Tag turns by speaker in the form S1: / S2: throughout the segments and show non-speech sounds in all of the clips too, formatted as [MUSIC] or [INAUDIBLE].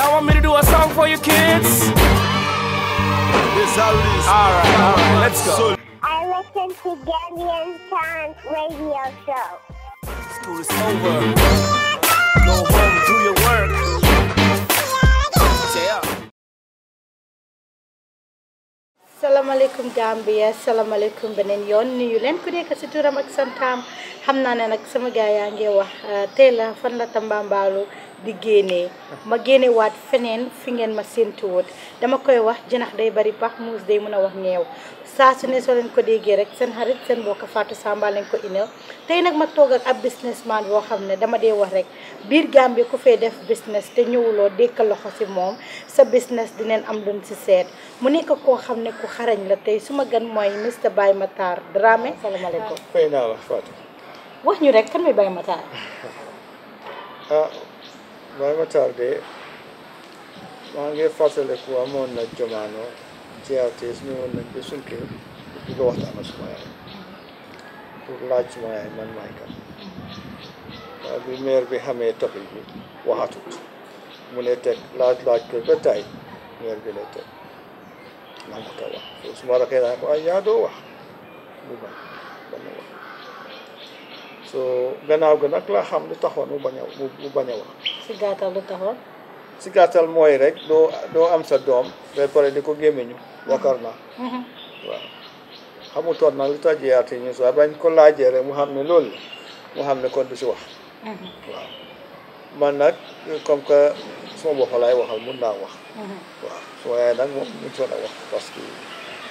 S1: Y'all want me to do a song for you kids? Alright, alright, let's go. I listen to Ganyan Town radio show.
S2: School is over. Go home, do your work.
S3: salaamaaleykum Gambia salaamaaleykum beneen yoon nuyu leen ku nekk si turam ak santam xam naa ne nag sama gaay yaa ngi wax eh, tey la fan la Tambambalu di génnee ma génne waat feneen fi ngeen ma séntu woon dama koy wax jënax day bari pax muus day mën a wax neew saa su ne soo leen ko déggee rek seen xarit seen mbokk Fatou Samba leen ko inéew tey nag ma toog ak ab businessman boo xam ne dama dee wax rek biir Gambie ku fee def business te ñëwuloo dékkal loxo si moom sa business dineen am luñ si seet mu nekk koo xam ne ku xarañ la tey su ma gan mooy Mr Baye Matar Dramé salaamaaleykum.
S1: fay naa la Fatou.
S3: wax ñu rek kan mooy Baye Matar.
S1: Ah, Buona tarde, mange fasele kuwa monna jomano, jiatis mi monna bisunki, lota mas maya, laj maya man maika. Abi mer bi hame tapi bi wahatut, mune tek laj laj ke betai, mer bi le tek, nangkutawa. Usmara kena ko ayado wah, bukan. so gannaaw ga nag la xam lu taxoon mu bañ mu bañ a wax.
S3: si gàttal lu taxoon.
S1: si gàttal mooy rek doo doo am sa doom ba pare di ko gémmiñu yaakaar naa. Mm-hmm. waaw xamutoon nag lu tax jiyaate ñu si bañ ko laajee rek mu xam ne loolu mu xam ne kon du si wax. Mm-hmm. waaw man nag comme que suma bopp laay waxal mun naa wax. Mm-hmm. waaw su ma yaay nag moom mu ngi doon a wax parce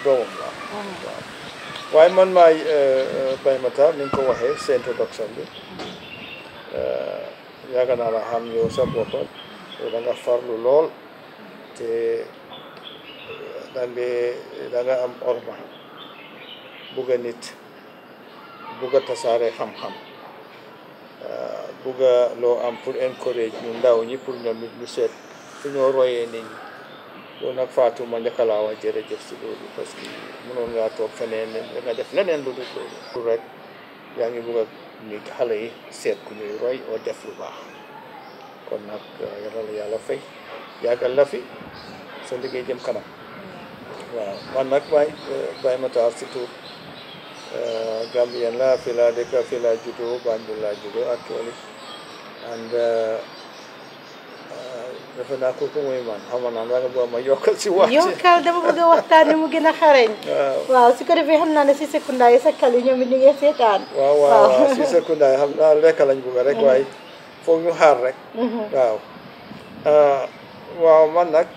S1: doomam
S2: waaw.
S1: waaye man maay euh, euh, Baye Matar ni nga ko waxee sa introduction bi euh, yàgg naa la xam yow sa bopp da nga farlu lool te dande da am orma buga nit bugg a tasaare xam-xam bugg a loo am pour encourage ñu ndaw ñi pour ñoom it ñu seet fu ñoo royee nit loolu nag Fatou ma njëkk laa wax jërëjëf si loolu parce que toog feneen nga def neneen lu dul rek yaa ngi bëgg nit xale yi seet ku ñuy roy oo def lu baax kon nag yàlla la yàlla fay yàggal la fi liggéey jëm kanam waaw man nag Baye Baye Matar si tur euh, Gambien la fi laa dëkk fi laa juddoo Banjul laa juddoo actually defe naa kooku mooy man xamal naa ma yokkal si wax yokkal
S3: dama bëgg a waxtaan ni mu gën a xarañ waaw su ko defee xam naa ne si secondaire yi sa kal yi ñoom it ñu ngi seetaan waaw waaw si
S1: secondaire yi xam naa lekk lañ bëgg rek waaye foog ñu xaar waaw waaw man nag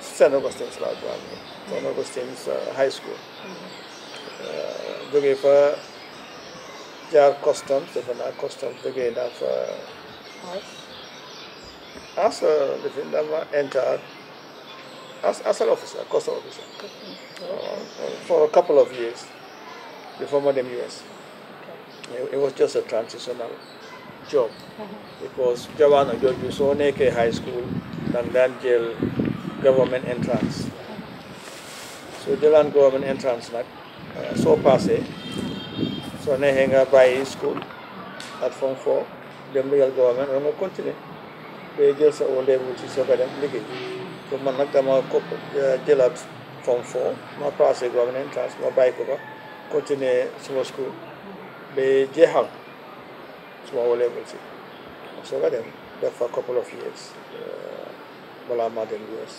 S1: Saint laa jàng Saint Augustine's high school jógee fa jaar customs defe naa customs jógee naa As a Lieutenant entered, as, as an officer, custom officer, uh, for a couple of years, before former MUS. Okay. It, it, was just a transitional job. because -huh. It was Jawan George Soneke High School, then Jail Government Entrance. Uh-huh. So Jalan Government Entrance, not uh, so passe, so Nehenga by School uh-huh. at Form 4, the Government, and we continue. day jël sa O level ci soog a dem liggéey man nag dama ko eh, jëlaat form four ma passé ko am entrance bàyyi ko ba continuer suma school ba jeexal suma O level ci soog a dem def fa couple of years eh, balaa maa dem US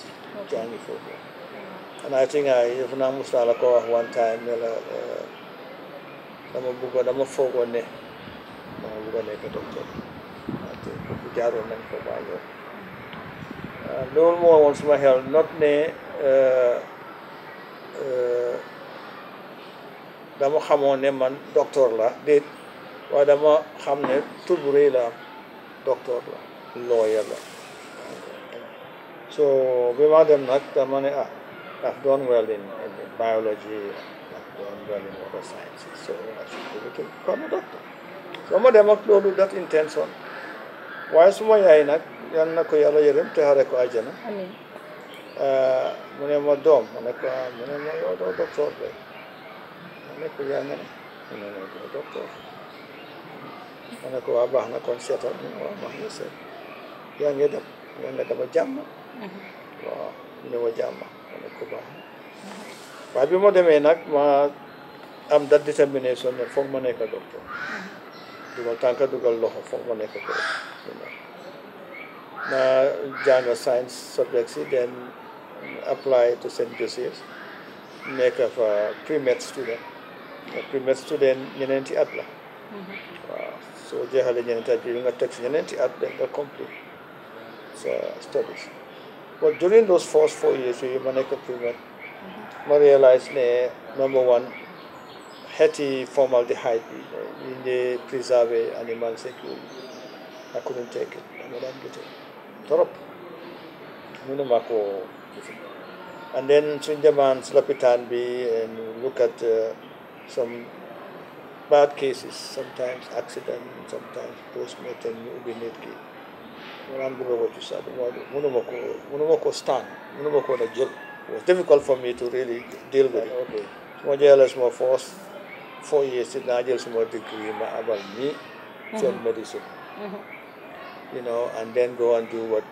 S1: jàngi foofu and I think I def naa mus naa la ko wax one time ne eh, dama bëggoon dama foogoon ne dama bëggoon nekk docteur government provider. Uh, no more wants my help, not ne uh, uh, dama xamoon man doctor, la déet waaye dama xam ne tur bu rëy la docteur la lawyer la so we ma dem nag dama ne ah I've done well in, in, in biology I've done well in water sciences so I should be become a doctor so ma dem ak loolu that intention waaye suma yaay nag yal na ko yàlla yërëm te xare ko àjjana eh, mu ne ma doom ma ne ko ah, yaa ngeen mu ne ma doo ma ne ko waa baax na kon seetal mu ne waa baax na yaa ngi dem yaa ngi dama jàmm mhm. waaw mu ne ma ma ne ko baax na waaye bi ma demee nag ma am dat détermination ne foog ma nekk docteur mhm. dugal tànka dugal loxo foog nga nekk ko ma jànga science subjects yi then apply to St. Joseph's nekk fa pre-med student pre-med student ñeneenti at la waaw soo jeexalee at bi nga teg si ñeneenti at studies but during those four years yooyu ma nekk pre ma realize ne number one heavy formaldehyde eh, in the preserve animal animals. I couldn't take it. I mean, I'm getting torop. And then Sunjaman, Slapitanbi, and look at uh, some bad cases, sometimes accident, sometimes post-mortem ubinetki. Wanambuga what you said, Munumoko stand, Munumoko na jail. It was difficult for me to really deal with it. Okay. So more forced years, si naa jël more degree ma abal mi from medicine you know and then go and do what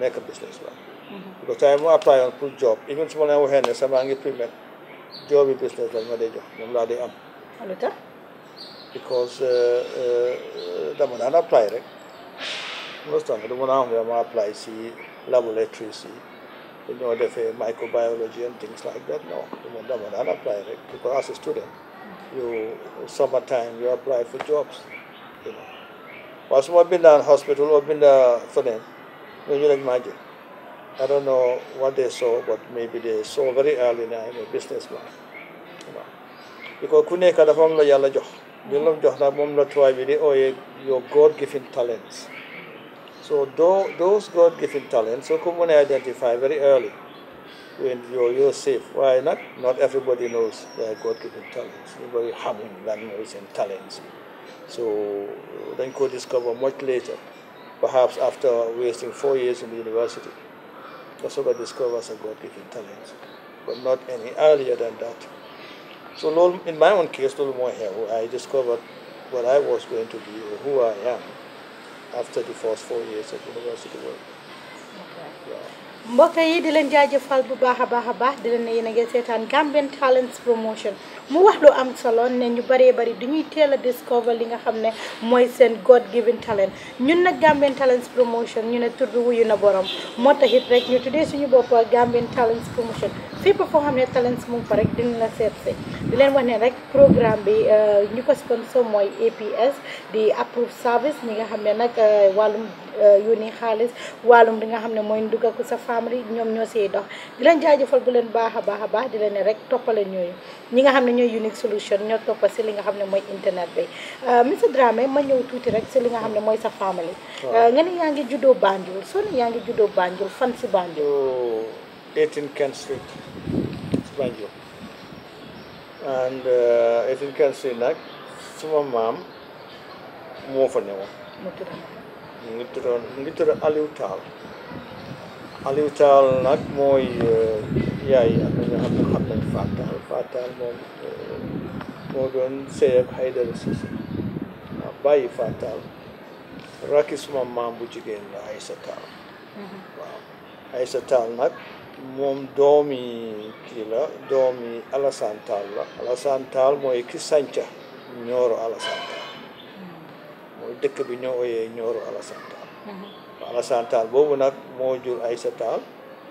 S1: a business man mm-hmm. because I'm apply on full job even su ma leen waxee ne sama ngi primaire job in business lañ ma dee jox moom laa am lu tax because dama uh, uh, I apply rek most time one i am dama apply si laboratories yi you know, they microbiology and things like that. No, you know, not one apply it because as a student, you summertime you apply for jobs, you know. what's I've been in hospital, I've been there uh, for them. You can imagine. I don't know what they saw, but maybe they saw very early in a businessman. You know. Because kune kada fam la yalla jox. Ñu lam na mom la tuway bi oye your god given talents. So those God-given talents so commonly identify very early when you're, safe. Why not? Not everybody knows their God-given talents. Everybody having languages and talents. So uh, then could discover much later, perhaps after wasting four years in the university. That's what discovers a God-given talent, but not any earlier than that. So in my own case, Lord Moore here, I discovered what I was going to be or who I am after the first
S3: yi di leen jaajëfal bu baax a baax a baax di leen ne yéen a ngi seetaan Gambian Talents Promotion mu wax lu am solo ne ñu baree bëri di ñuy teel a discover li nga xam ne mooy seen God given talent ñun nag Gambian Talents Promotion ñu ne tur bi wuyu na borom moo taxit rek ñu tuddee suñu bopp Gambian Talents Promotion. fépp foo talent ne talents mu ngi rek dinañ la seet si di rek programme bi ñu eh, ko sponsor moy APS di approve service ñi nga xamne nak eh, walum eh, yoni xaliss walum wàllum di nga xamne moy mooy ko sa family ñom ñoo sey dox di leen jaajëfal bu len baaxa baaxa baax a di leen rek topale ñoy. ñi nga xamne ñoy unique solution ñoo toppa ci li nga xamne moy internet bi monsieur Dramé ma ñew tuuti rek ci li nga xamne moy sa family Euh ngeen yaangi ngi bandjul, Banjul yaangi ne bandjul, Banjul fan ci Banjul
S1: 18 Kent Street Banjul and 18 uh, Kent Street nag suma maam moo fa newoon
S2: mu
S1: ngi tuddoon mu ngi tuddoon Aliou Tall Aliou Tall nag mooy uh, yaay am na ñoo xam ne xam nañ Fatal Fatal moom uh, moo doon sëy ak Haydara Cissé waaw bàyyi Fatal rakki suma maam bu jigéen la Aïssa Tall mhm. waaw Aïssa Tall nag moom doomi kii la doomi Alassane Tall la Alassane Tall mooy ki sanca Nioro Alassane Tall hmm. mooy dëkk bi ñoo ooyee Nioro Alassane Tall hmm. Alassane Tall boobu nag moo jur Aïssa Tall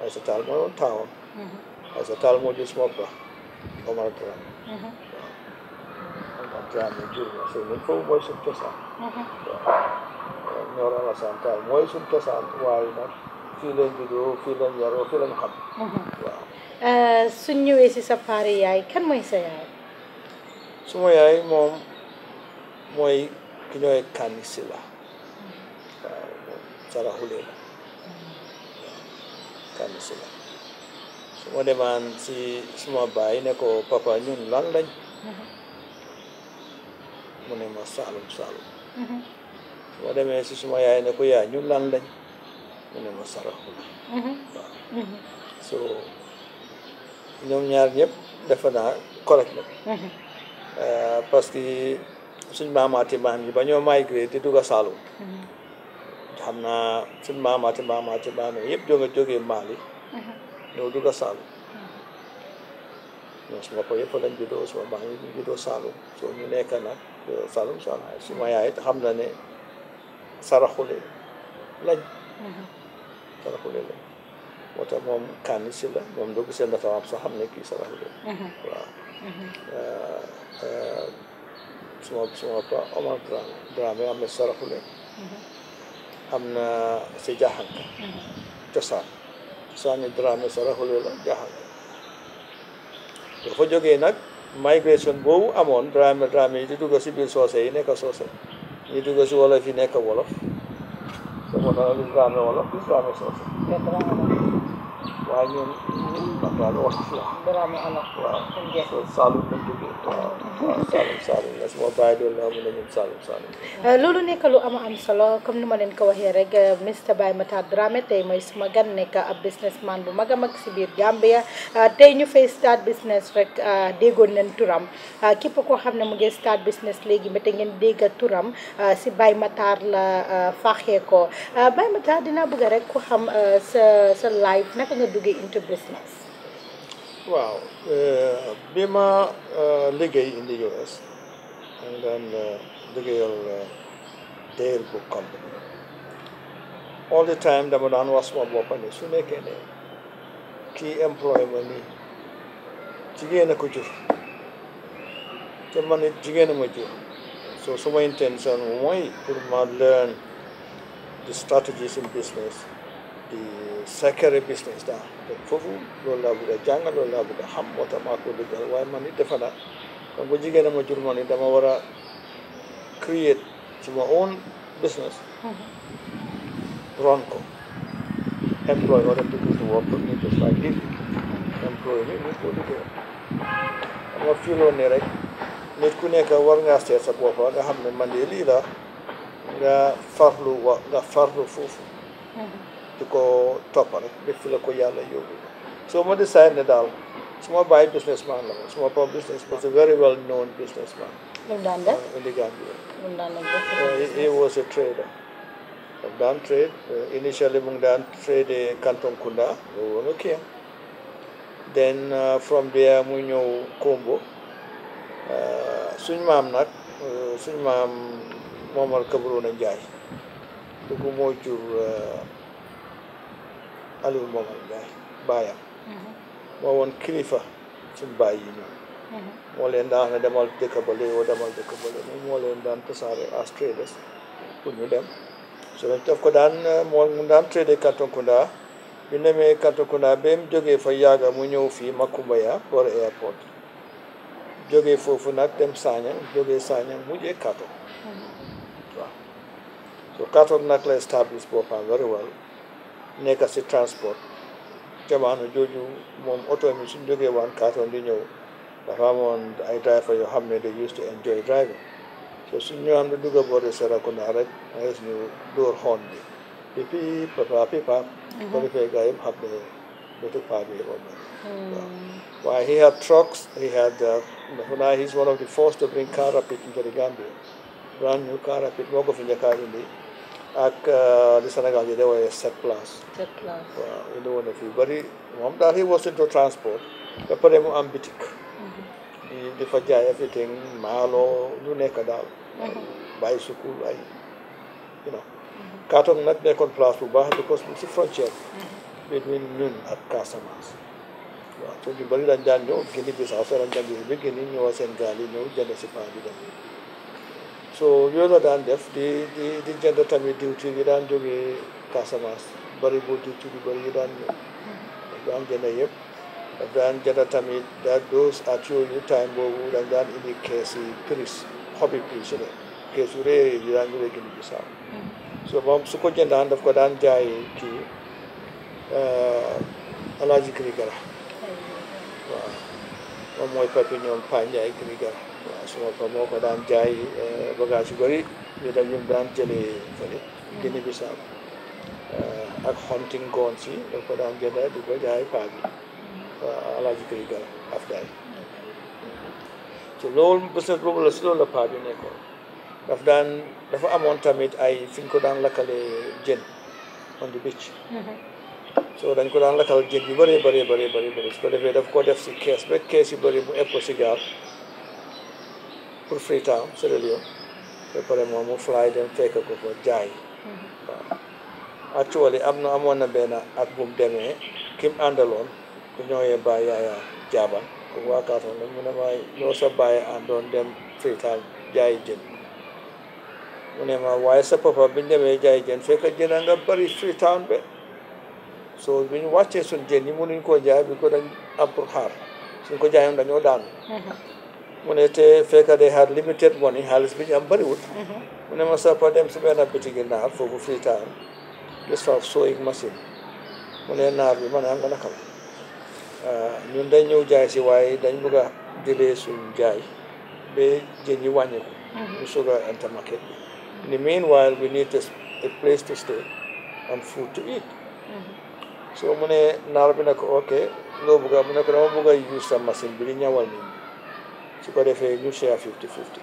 S1: Aïssa Tall moo doon taawam hmm. Aïssa Tall moo jur suma ba Omar Dramé waaw mooy suñu cosaan
S2: waaw
S1: mooy suñu cosaan waaye nag fii lañ juddoo fii lañ yaroo fii lañ xam waaw
S3: eh, suñ ñëwee si kan mooy sa yaay suma
S1: yaay moom mooy ki ñooy kànni si la si su ma suma baay ne ko papa ñun lan lañ mu ne ma saalum saalum su ma demee si suma yaay ne ko yaay ñun lan lañ mu ne ma saraxu la
S2: mhm. mhm.
S1: ñoom ñaar ñëpp defe naa la mhm. euh, parce que suñ maamaati maam yi ba ñoo migré di dugg Saalum xam naa suñ maamaati maamaati maam yi yëpp jóge jógee Mali ñoo dugg Saalum yëpp lañ juddoo suma maam yi soo ñu nekk nag euh, Saalum suma yaay suma yaay it xam na ne saraxule lañ dana ko moom kànni si la moom doo gisee ndafa am soo xam ne kii saraxu la mhm. waaw mhm. Euh, euh, suma suma pa Omar Dramé Dramé am na saraxule mhm. am na si jaaxanka cosaan cosaan yi Dramé la jaaxanka dafa jógee nag migration boobu amoon Dramé Dramé yi di dugg si biir soose yi nekk soose ñi dugg si wolof yi nekk wolof semua dalam Islam, bir Islam, Islam. waaye ñoom ñoom ndax daal wax la.
S3: darame anak
S1: waaw iya. Saalum lañ jógee waaw salut Saalum la sama bàyyi doon naa mun a ñun Saalum Saalum.
S3: loolu nekk lu am am solo comme ni ma leen ko waxee rek Mr Baye Matar Darame tey mooy suma gan nekk ab businessman bu maga maksibir mag si biir Gambia eh, tey ñu fay start business rek eh, déggoon nañ turam képp eh, koo xam ne start business lagi, ba te turam si Baye Matar la faaxee ko Baye Matar dinaa bëgg rek se xam sa sa life naka. naka
S1: nga euh, bi ma euh, liggéey in the US ma ngi daan liggéeyal euh, Dale all the time dama daan wax suma bopp ne su nekkee ne kii employé a ko jur te man a ma mooy pour ma the strategies in business säkrare business da ɗo fof ɗo laabuɗa janga ɗo laabuɗa hammota ma ko leggal wawi man bu fana kanko jigenemo jurmani dama wara create to my own business
S2: mm-hmm. ronko
S1: employ other people to work for ni just like this employ ni mi ko liggéey ama fiiloo ni rek nit ku nekk war ngaa seet sa bopp nga xam ne man lii la nga farlu wa nga farlu foofu mm-hmm. di ko topp rek ba fi la ko yàlla yóbbu so ma decide ne daal suma baay businessman la ma suma papa businessman bu a very well known businessman lu daan def in the
S3: Gambia
S1: lu was a trade eh, initially mu ngi daan trade Kanton Kunda loolu woon ok then uh, from there mu ñëw Kombo uh, suñ maam nag eh, suñ maam Momar Kabaruna Njaay dugg moo jur uh, Aliou Momar Mbaye baayam mhm. moo woon kilifa ci mbaay yi ñoom mhm. moo leen daan ne demal dëkk ba léegi woo demal dëkk ba moo leen daan tasaare as traders pour ñu dem so daf ko daan moo mu daan trader Kantonkunda bi nemee Kantonkunda ba mu jógee fa yàgga mu ñëw fii Makumbaya boor airport jógee foofu nag dem Saaña jógee Saaña mujjee Katong mhm. waaw nag la establish boppam very well nekka si transport jamono jooju moom oto mi suñ jógee waan kaatoon di ñëw dafa amoon ay driver yoo xam ne they used to enjoy driving so suñ ñoo xam ne dugga boori Serekunda rek agis ñu dóor xoon bi di piip papa pipaap ko defee gars yëpp xam ne bi
S2: moom
S1: mm. he had trucks he had uh, dafa naa he's one of the first to bring car rapid into the Gambia brand new car rapid moo ko fi njëkkaa indi ak eh, di set plus ಆಕ ದಿಸನಾಗ ಆಗಿದೆ ಓ ಎಸ್ ಸೆಟ್ class ಇದು ಒಂದು ಫೀ ಬರೀ Mamata he was in to transport paper ಎಮ್ ಅಂಬಿಟಿಕ್ ಈ ದಿಫಜ್ಜ ಎವ್ರಿಥಿಂಗ್ ಮಾಲೋ ದುನೆ ಕದಾ ಬಾಯಿ ಸುಕು ಬಾಯಿ ಯುನೋ ಕಾಟಮ್ ನಟ್ ನೆಕೊನ್ ಪ್ಲಾಸ್ ಉಬಾಹ because it's frontier between nun at customers waaw so ñu bëri dañ daan ñëw génn bi sax so dañ daan bi génn ñëw seen gaal yi ñëw jënd si paa dem so yooyu daan def di di di jënd tamit diwtiir yi daan jógee Casamance bari boo diwtiir yu bari yi daan ñëw daf daan jënd yëpp daf daan jënd tamit da dose boobu dañ daan indi kees yi pris xobi daan jógee Gine jëndaan daf ko daan jaay kii eh, Alaaji Kirigara waaw moom mooy papi ñoom suma ko moo ko daan jaay eh, bagage yu bëri yu dem ñu daan jëlee fële Guinée Bissau eh, ak hunting guns yi da ko daan jënd di ko jaay paa bi waaw alaaji koy gar afdaay ci loolu business boobu si loolu la paa bi nekkoon daf daan dafa amoon tamit ay fi ko daan lakkalee jën on the beach so dañ ko daan lakkal jën yu bëree bëree bëree bëri bëri su ko defee daf ko def si kees ba kees yu bari bu ëpp si gaal pour Freetown Sierra Leone ba pare moom mu fly dem fekk ko jaay mhm. actually am na amoon na benn ak bu mu demee ki mu àndaloon ku ñooyee Ba Yaaya Jaaba ku waa Kartoon mu ne ma ñoo sa bàyyi àndoon dem Freetown jaay jën mu ne ma waaye sa papa bi demee jaay jën fekk jën a nga bari Freetown be soo bi ñu wàccee suñ jën yi mënuñ koo jaay bi ko dañ am pour xaar suñ ko jaayoon dañoo daanu mhm. mu ne te they had limited money xaalis bi ñu am bariwut mu ne ma sapa dem si benn bitigi naar foofu fii taal gis fa ik machine mu ne naar bi ma ne nga naka ñun day ñëw jaay si waaye dañ bëgg a jëlee suñ jaay ba jën yi ko mm-hmm. ñu a enter in the meanwhile we need a place to stay and food to eat
S2: mm-hmm.
S1: so mu ne naar bi ne ko ok loo bëgg a mu ne ko dama a use sa machine bi di ñawal nit su ko defee ñu share fifty fifty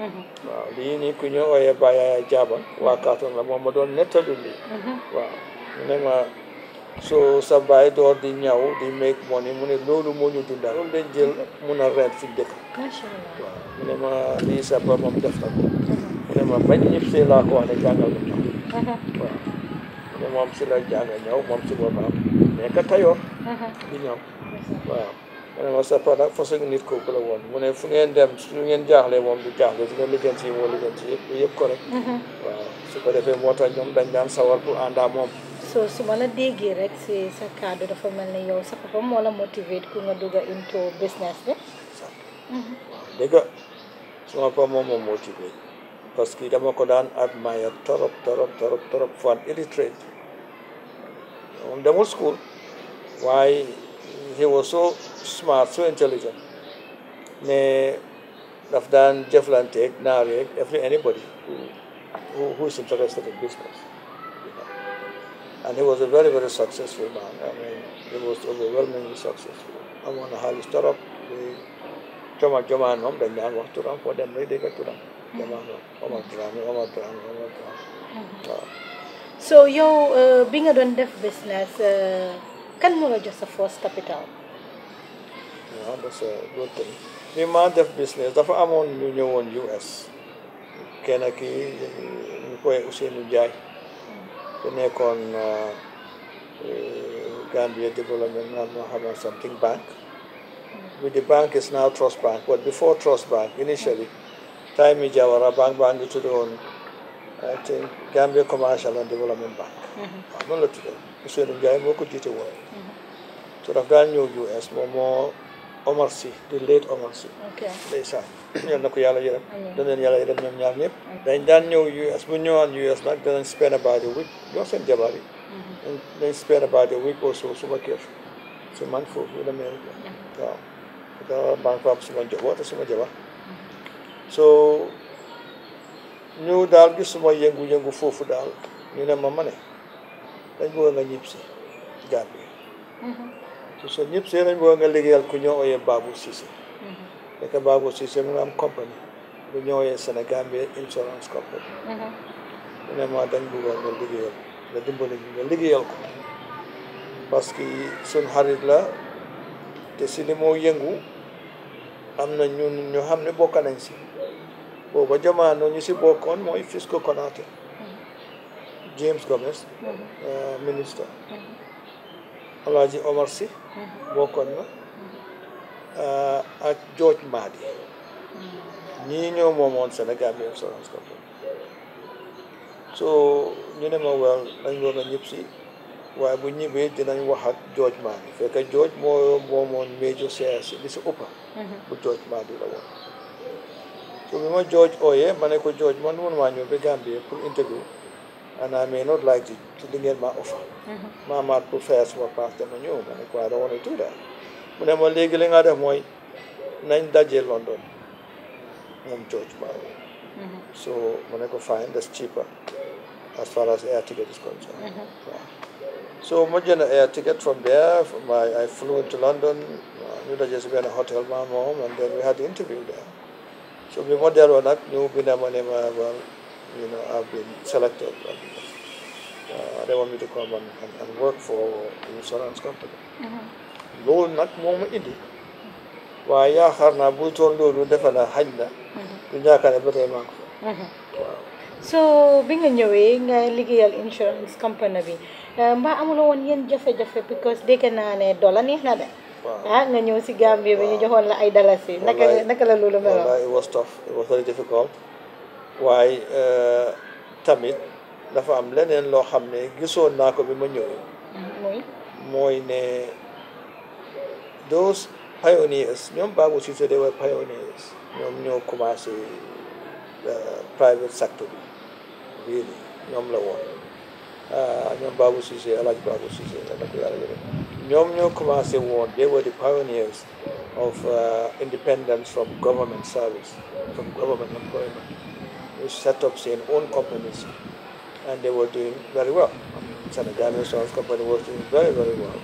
S1: mhm. waaw lii nii ku ñu ooyee Bayaya Jaaba waa Karton la moom ma doon nettali lii mhm. waaw mu ma soo sa baay door di ñaw di make money mu ne loolu moo ñu dundal loolu dañ jël mun a rent fi dëkk
S2: waaw
S1: mu ma lii ba moom def na ko mhm. mu ne ma bañ ñëpp see laa ko wax ne jàngal ko ñaw waaw si la jàng ñaw moom si boppam nekk tayoor di ñaw waaw mu masa ma sa product façon nit kooku la woon fu ngeen dem su ngeen jaaxlee moom du jaaxle su ngeen liggéey ci moo liggéey ci yëpp yëpp ko rek waaw su ko defee moo tax ñoom dañ daan sawar pour anda mom.
S3: so su ma la rek si sa kàddu dafa mel ne yow sa papa moo la motivate pour nga dugg into business bi
S1: dëgg semua papa moom moo motivate parce que dama ko daan admire torop torop torop torop fan illiterate moom demul school why? he was so smart, so intelligent. May Rafdan, Jefflantek, Narek, every anybody who, who, who is interested in business. You know. And he was a very, very successful man. I mean, he was overwhelmingly successful. I want to highly start up the Joma Joma and then they want to run for them, they get to run.
S3: So, you uh, being a done business, uh kan moo la jox sa first capital.
S1: waaw that's a good thing bi ma def business dafa amoon ñu ñëwoon US kenn ki ñu koy Ousseynou Ndiaye ku nekkoon Gambia Development and Mohammed something bank with the bank is now Trust Bank but before Trust Bank initially time yi Jawara bank bank baa ngi tuddoon I think Gambia Commercial and Development Bank waaw noonu la tuddee Ousseynou moo ko jiite woon so daf daan ñëw US moom moo Omar Sy di late Omar Sy ndeysaan ñoon na ko yàlla yërëm daneen yàlla yërëm ñoom ñaar ñëpp dañ daan ñëw US bu ñëwaan US nag danañ spend about a week ñoo seen jabar yi
S2: mhm.
S1: dañ spend about a week or so suma kër su man foofu l'Amérique waaw da maa mhm. daal gis suma yëngu-yëngu foofu daal ñu ne ma ma dañ bëggoon nga ñib si Gambie mm-hmm. su soo ñib see dañ nga liggéeyal ku ñoo ooyee Babou Cissé nekk mm-hmm. Babou Cissé mu am compagnie bu ñoo ooyee Sénégambie Insurance Company
S2: mu
S1: ne ma dañ bëggoon nga liggéeyal nga dimbali nga parce que suñ xarit la te si li moo yëngu am na ñun ñu xam ne bokk nañ si booba jamaano ñu si bokkoon mooy Fisco Konaté James Gomes mhm. euh, ministre mhm. Alaaji Omar Sy
S2: mhm.
S1: bokkoon na euh, ak George Mahdi ñii ñoo moomoon Sénégal bi insurance company so ñu ne ma wel dañ doon a si waaye bu ñibbee dinañ wax ak George Mahdi fekk George moo moomoon major CRC bi si ëppa bu George Mahdi la woon so bi ma George ooyee ma ne ko George man mënumaa ñëw ba Gambie pour interview and I may not like to, mm-hmm. to get my offer ma maat My fay prefers to dama ñëw ma ne ko I don't want to do that But I'm léegi li nga def in that daje London I'm George Barrow
S2: mm-hmm.
S1: so when I go find that's cheaper as far as air ticket is concerned waaw mm-hmm. so ma an air ticket from there I I flew into London I uh, just si a hotel my moom and then we had the interview there so we ma there, nag ñu bind ma ne ma you know, I've uh,
S2: mm-hmm.
S1: loolu nag moo indi waaye yaakaar naa bu toon loolu defe xaj na mm-hmm. du ñàkk ne ba tey maa ngi
S3: mm-hmm. bi nga ñëwee nga liggéeyal insurance company bi euh, mbaa amuloo woon yéen jafe-jafe because dégg naa ne a neex na de ah nga ñëw si Gambie bi ñu joxoon la ay dalasi naka naka la loolu meloon
S1: it was tough it was very difficult waaye euh, tamit dafa am leneen loo xam ne gisoon naa ko bi ma
S3: ñëwee
S1: mooy ne those pioneers ñoom Babou Ceesay they were pioneers ñoom ñoo commencé euh, private sector bi really ñoom la woon ah, ñoom Babou Ceesay El Hadj Babou ñoom ñoo commencé woon they were the pioneers of euh, independence from government service from government employment set up their own companies and they were doing very well. Senegambia Insurance Company was doing very, very well.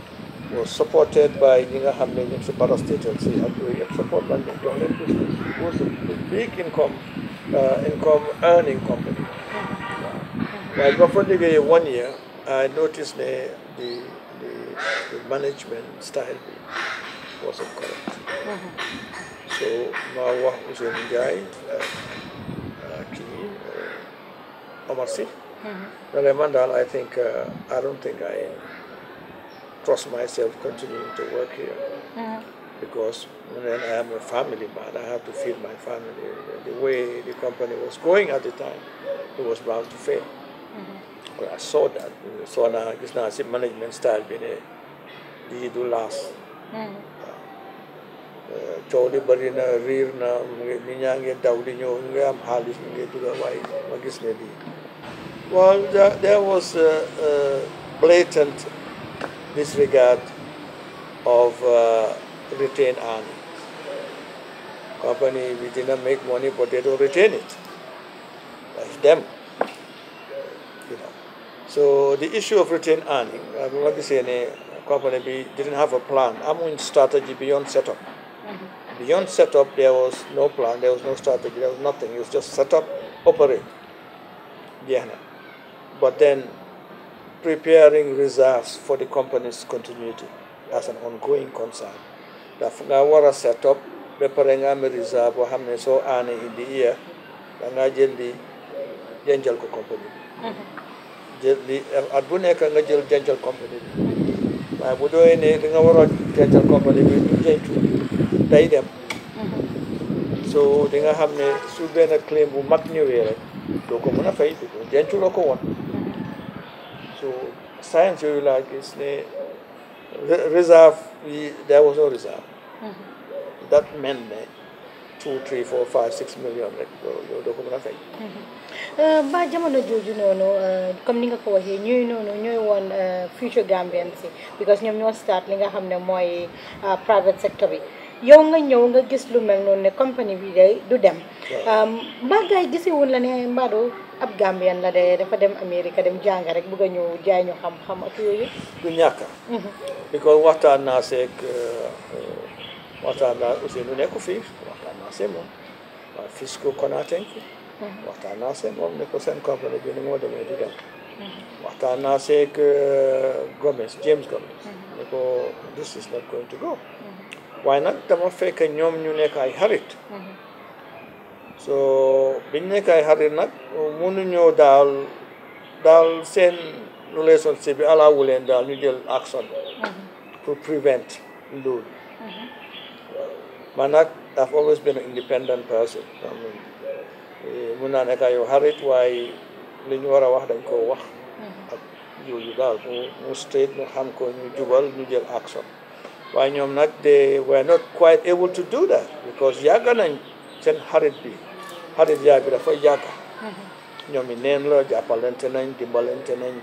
S1: Was supported by Nina Hamlin in Sibara State and support by McDonald's It was a big income uh, income earning company. But before one year, I noticed the, the, the, the management style wasn't correct. Mm -hmm. So Marwa was a guy. Uh, actually, Amarsi. Oh, mm-hmm. When I I think, uh, I don't think I trust myself continuing to work here. Mm-hmm. Because when I am a family man, I have to feed my family. The way the company was going at the time, it was bound to fail.
S2: Mm-hmm.
S1: I saw that. So now, it's now management style being a, do last. Mm-hmm na rir na minyak tahu nyong halis juga magis well that, there was a, a blatant disregard of uh, retained earnings company we did not make money but they don't retain it Like them you know so the issue of retained earning I would like to say any uh, company we didn't have a plan I'm in strategy beyond setup -hmm. Beyond setup, there was no plan, there was no strategy, there was nothing. It was just set up, operate. Guyana. But then preparing reserves for the company's continuity as an ongoing concern. The war a set up preparing pare reserve boo xam ne soo aanee The year the ngaa company bi. Mm-hmm. Uh, at bu nekk nga jël dencal company I would do doonee ne li a company bi du đấy, them. So dengan hamne sudah nak claim umat ni weh, loko phải fai tu, jangan cuma loko có, So science you là cái này, reserve we there was no reserve. Ừ. That meant that two, three, four, five, six million rek loko mana fai.
S3: ba jamono jooju noonu comme ni nga ko waxee ñooy noonu ñooy woon future Gambians yi because ñoom ñoo start li nga xam ne ờ, private sector bi yow nga ñëw nga gis lu mel noonu ne compagnie bi day du dem um, mbaa gars yi gisee woon la ne Mbado ab Gambien la de dafa dem Amérique dem jàng rek bëgg a ñëw jaay ñu xam-xam ak yooyu du ñàkk mhm.
S1: bi ko waxtaan naa seeg uh, waxtaan naa aussi nu nekku fii waxtaan naa mhm. waxtaan naa seeg moom ne ko moo demee du dem mhm. waxtaan naa seeg uh, Gomez James Gomez ne this is not going to go waaye nag dama fekk ñoom ñu nekk ay xarit so biñ nekk ay xarit nag ñëw daal daal seen relationship bi alaawu daal ñu jël action pour prevent loolu man nag I've always been independent person eh, mun naa nekk yow xarit waaye li ñu war a wax dañ koo wax ak yooyu daal mu straight mu xam ko ñu jubal ñu jël action waaye ñoom nag they were not quite able to do that because yàgg nañ seen xarit bi xarit bi dafa yàgg ñoom i neen la jàppalante nañ dimbalante nañ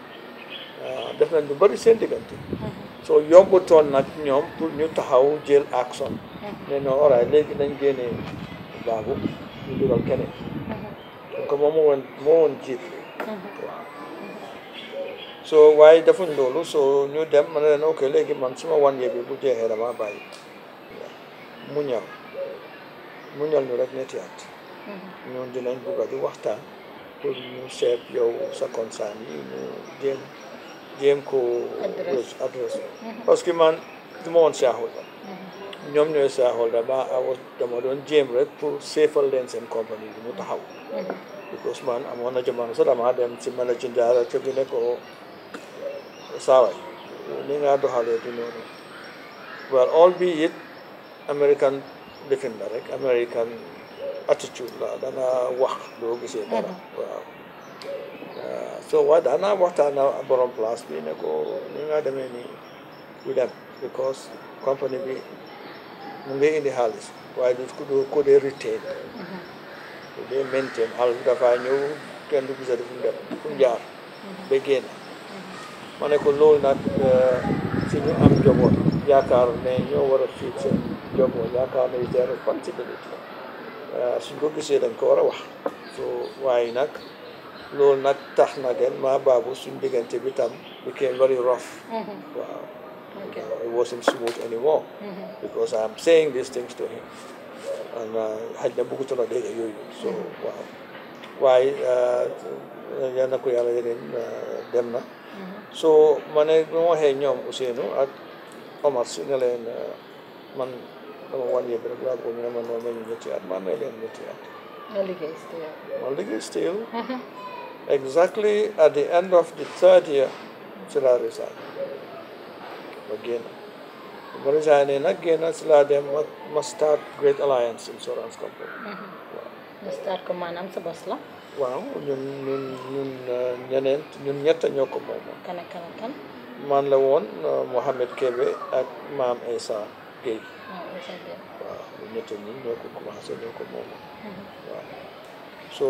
S1: ah, def nañ lu bëri seen diggante soo yombutoon nag ñoom pour ñu taxaw jël action ne non oraay léegi nañ génne baabu ñu dugal keneen donc mhm. moom jiit mhm. so waaye defuñ loolu soo ñu dem ma ne leen ok léegi man suma one year bi bu jeexee ramaa bàyyi mu ñal mu ñal ñu rek ñetti at mm-hmm. ñoon dinañ bugga di waxtaan pour ñu seet yow sa concern yi ñu jéem jéem ko adresse mm-hmm. parce que man du ma woon shareholder
S2: mm-hmm.
S1: ñoom ñooy shareholder ba awa dama doon jéem rek pour seefal leen seen compagnie bi mu taxaw because man amoon a jamono sax dama dem ci managing director bi ne ko saawaay li nga doxalee du noonu well albeit American lifin la rek American attitude la wax doo gisee dara mm-hmm. waaw uh, so waaye daana waxtaan ak borom place bi ne ko ni nga deme nii du dem because company bi mu ngi indi xaalis waaye du ko dee retain du mm-hmm. dee maintain xaalis bi dafaa kenn du gisati fu mu dem fu mu mm-hmm. ma ne ko loolu nag si eh, ñu am njaboot yaakaar ne ñoo war a fiit seen njaboot yaakaar ne it's their responsibility eh, suñ ko gisee dañ ko war a wax so waaye nag loolu nag tax na gen maa baabu suñ diggante bi tam became very rough waaw Okay. Uh, it wasn't smooth anymore mm -hmm. because I'm saying these things to him. And had uh, na bugutu mm-hmm. eh, na dega yoyo. So, wow. Why, uh, yan ako yala yun, dem na. So management hanya usia no at komersi nelayan eh, man one oh, year berapa aku mina man normal ni chat man nelayan ni chat.
S2: Maldives still. Maldives
S1: still. Exactly at the end of the third year, sila resign. Again. Resign and again, sila they must start Great Alliance Insurance Company. Mm start
S3: Must start kumanam sa Basla?
S1: waaw ñun ñun ñun eh, ñeneen ñoo ko moomoon
S3: kan kan
S1: ak la woon eh, Mohamed Kébé ak maam Essa Gueye
S3: waaw
S1: ñu ñett ñoo ko commencé ñoo ko moomoon mhm. waaw so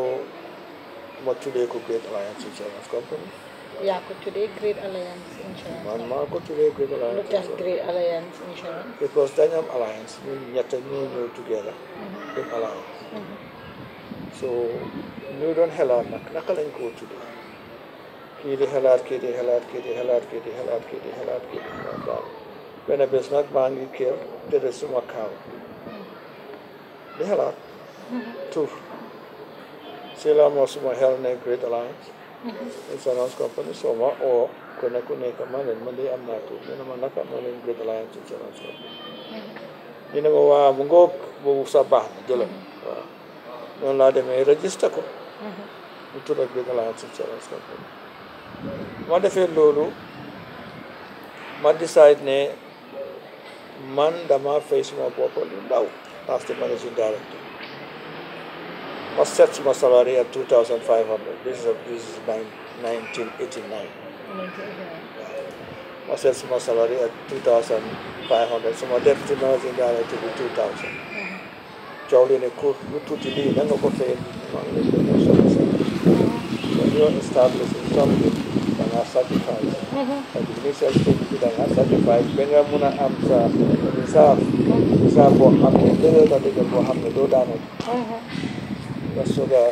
S1: ma tuddee ko Great Alliance Insurance Company
S3: yaa ko tuddee ko Great Alliance lu tax Alliance
S1: Insurance alliance ñun ñett ñoo ñëw together mhm. so kii di xelaat kii di xelaat kii di xelaat kii di xelaat kii di xelaat daal benn bés nag maa ngi kër dede suma xelaat ɗi si la silamo suma ne great alliance insurance company soma o kone ku neka manen mandi am ma naka manaka leen great alliance insurance company ina mm-hmm. ma wa mu ngoog boobu sa na jelo mm-hmm. waaw Nonade me register ko turak bi nga la hansi insurance company ma defee loolu ma decide ne man dama fay suma bopp lu ndaw as the managing director ma set suma salary at two thousand five hundred this is this is nineteen eighty nine ma set suma salary at two thousand five hundred suma deputy managing director bi two thousand Jawline, and to delay then go for so you establish something that are sacrifice and the initial stage that are sacrifice when you muna amsa reserve reserve for Then you da to go hamne do da
S2: ne
S1: so ga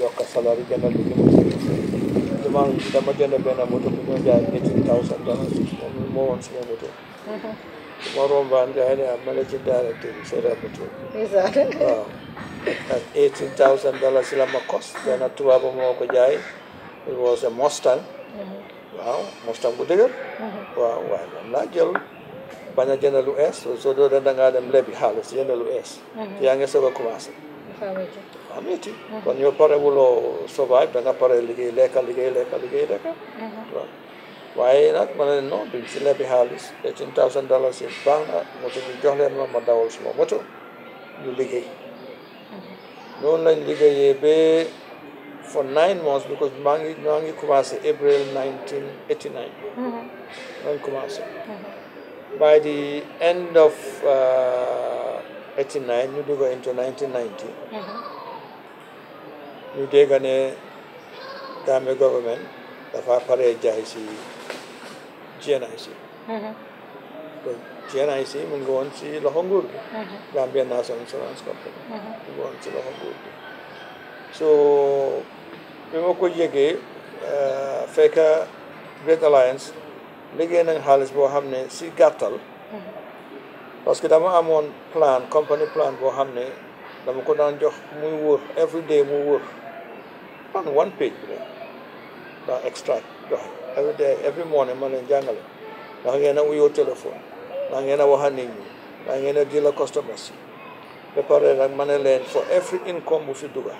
S1: yo ka salary gana de ko demand da magana bena moto ko ja 18000 dollars more on small motor maroon ba ndi hani a managing director Sarah Mutu waaw at eighteen thousand dollars la ma cost benn tubaab moo ko jaay it was a Mustang waaw Mustang bu dëgër waaw waaye moom laa jël bañ a jënd lu ees soo doo da ngaa dem lebi xaalis jënd lu ees yaa ngi soog a commencé waaw kon yow pare wuloo survive da nga pare liggéey lekka liggéey lekka liggéey lekka waaw mm-hmm. waaye nag ma ne leen non duñ si lebi xaalis eighteen thousand dollars yi baax na moto bi jox leen ma ma dawal suma moto ñu liggéey noonu lañ liggéeyee ba for nine months because maa ngi maa ngi commencé April nineteen eighty nine lañ commencé mm-hmm. mm-hmm. by the end of uh, eighty nine ñu dugg into nineteen ninety ñu mm-hmm. government dafa pare jaay si GNIC. Mm-hmm. GNIC mu ngi woon ci loxo nguur gi. Mm-hmm. Insurance Company. Mm-hmm. mu ngi woon ci loxo nguur bi ma ko yëgee euh, fekk Alliance liggéey nañ xaalis boo xam ne si gàttal. parce que dama amoon plan company plan boo xam ne dama ko daan jox muy wër every day muy wër plan one page bi rek daa extract every day every morning ma leen jàngale ndax ngeen a wuyoo téléphone ndax ngeen a wax a nit ñi ndax ngeen a deal a customers yi ba pare nag ma ne leen for every income bu fi duga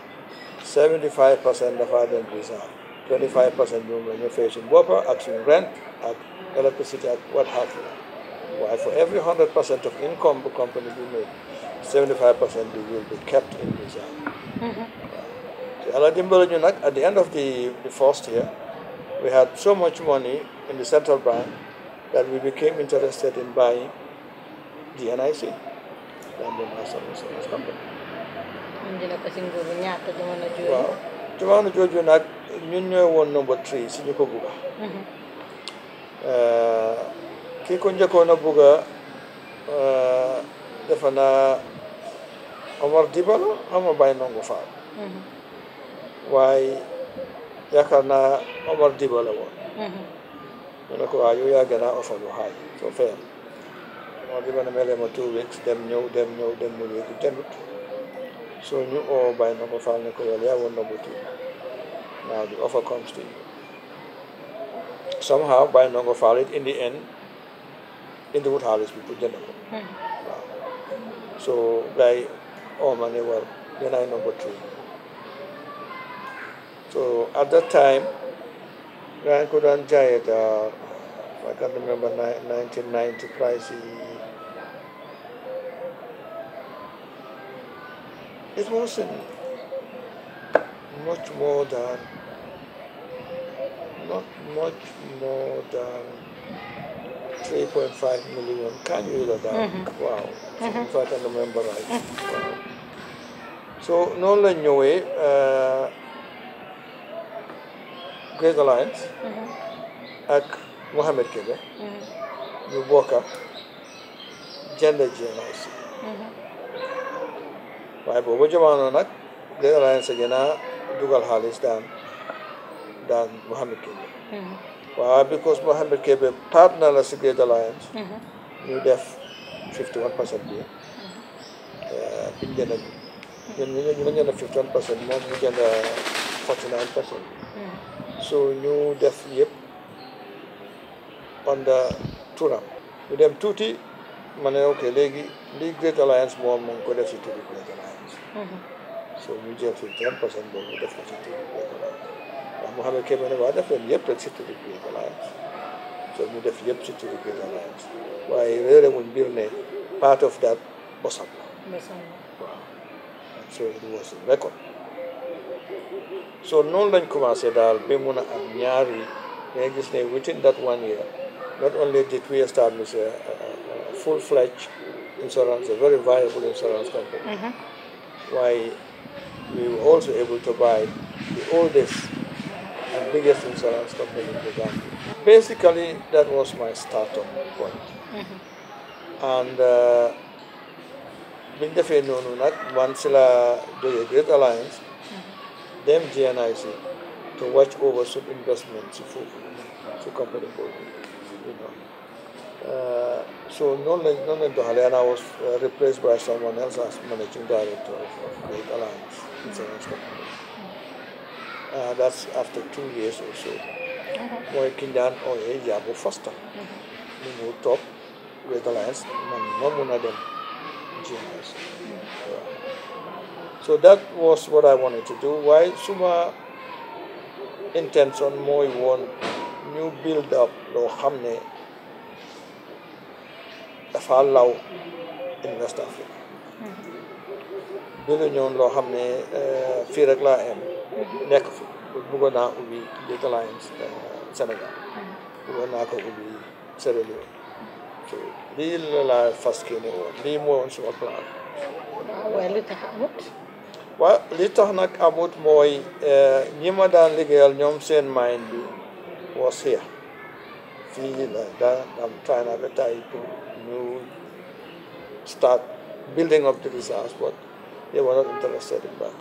S1: seventy five percent dafa dem reserve twenty five percent bi moom la ñu fay suñu boppa ak suñu rent ak electricity ak what have you waaye for every hundred percent of income bu company bi made seventy five percent bi will be kept in reserve mm-hmm. yàlla dimbali ñu nag at the end of the the first year We had so much money in the central bank that we became interested in buying the NIC, London National Insurance Company. hindi na number three si ñu ko bugga. Mm-hmm. Eh, kii ko njëkkoon a bugga eh, defe naa Omar Dibalo ama Baye Ndongo Fall. Mm-hmm. waaye. yaakaar naa Omar Diba woon mm-hmm. mu ne ko waaw yow yaa gën a offer lu xaay soo fayal Omar Diba ne melee two weeks dem ñëw dem ñëw dem mu wéegi demut so ñu oo bàyyi na faal ne ko yaa woon nëbbutu now the offer comes to you somehow bàyyi na faal it in the end indi wut xaalis bi pour jënd ko waaw so gars war yéen number two So at that time, Rankuran Jayata, uh, I can't remember, 1990 crisis, it wasn't much more than, not much more than 3.5 million. Can you hear that? Mm -hmm. Wow. Mm -hmm. If I can remember right. Mm -hmm. wow. So, no, uh, Grace Alliance mm-hmm. ak Mohamed Kébé mm-hmm. ñu bokka gender GNI aussi
S2: mm-hmm.
S1: waaye boobu jamono nag Grace Alliance a gën a dugal xaalis daan daan Mohamed Kébé waaw because Mohamed Kébé la si Great Alliance ñu def fifty one percent bi eh, biñ jënd ñun ñu so ñu def yëpp under turam ñu dem tuuti ma ne ok léegi li Great Alliance moom mu ngi ko def si turi mm-hmm. Great Alliance so ñu def ko si turi Great Alliance ndax Mohamed Kébé waa def yëpp rek si def yëpp mbir ne part of that bosam so it was record so noonu lañ commencé daal ba mun a am ñaari dangay gis ne within that one year not only did we establish a full fledged insurance a very viable insurance company mm-hmm. why we were also able to buy the oldest and biggest insurance company in the country. basically that was my startup point mm-hmm. and uh, biñ defee noonu nag man si la jógee Great Alliance them GNIC to watch over some investments for to company board, you know. Uh, so Nolan, Nolan Dohaliana was uh, replaced by someone else as managing director of, Great Alliance Insurance Company. Uh, that's after two years or so.
S2: Uh-huh.
S1: Working down on a Yabo Foster.
S2: You
S1: know, top Great Alliance, one of them GNIC. so that was what I wanted to do waaye suma intention mooy woon ñu build up loo xam ne dafa law in Africa bilu ñoon loo xam ne eh, fii rek la am nekk fi naa ubbi Legal Alliance eh, Sénégal naa ko ubbi Sierra Leone la laa fas kii woon lii moo woon suma plan waaye lu tax wa li tax nag amut mooy eh, ñi ma daan liggéeyal ñoom seen mind bi was fii la da am trying appetite to ñu start building up the resource but they were not interested in that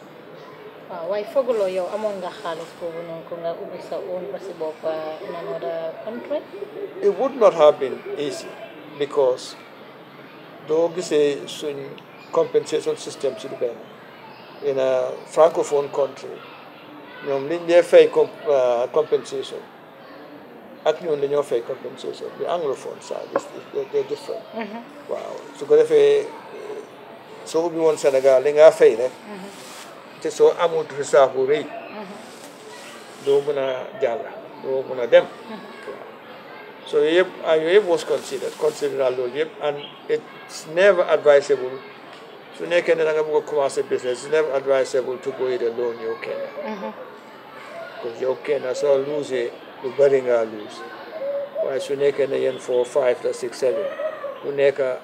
S3: waaw ah, waaye fooguloo yow amoon nga xaalis boobu noonu ko nga ubbi sa own ba si bopp ah, in another country
S1: it would not have been easy because doo gisee suñ compensation system si du benn in a francophone country you ñoom liñ dee uh, fay compensation ak ñun dañoo pay compensation The anglophone service they are different mm-hmm. waaw su ko defee soo ubbi woon Sénégal li ngaa fay rek mm-hmm. te soo amut risaaf bu rëy mm-hmm. doo mën a jàll doo mën a dem waaw so yooyu them. So it was considered considered loolu yëpp and it's never advisable so ne kene da nga bëgg a commencer business it's never advisable to go it alone You kenn because yow kenn soo lose lu bëri are lose Why? su nekkee ne yéen four five la six seven ku a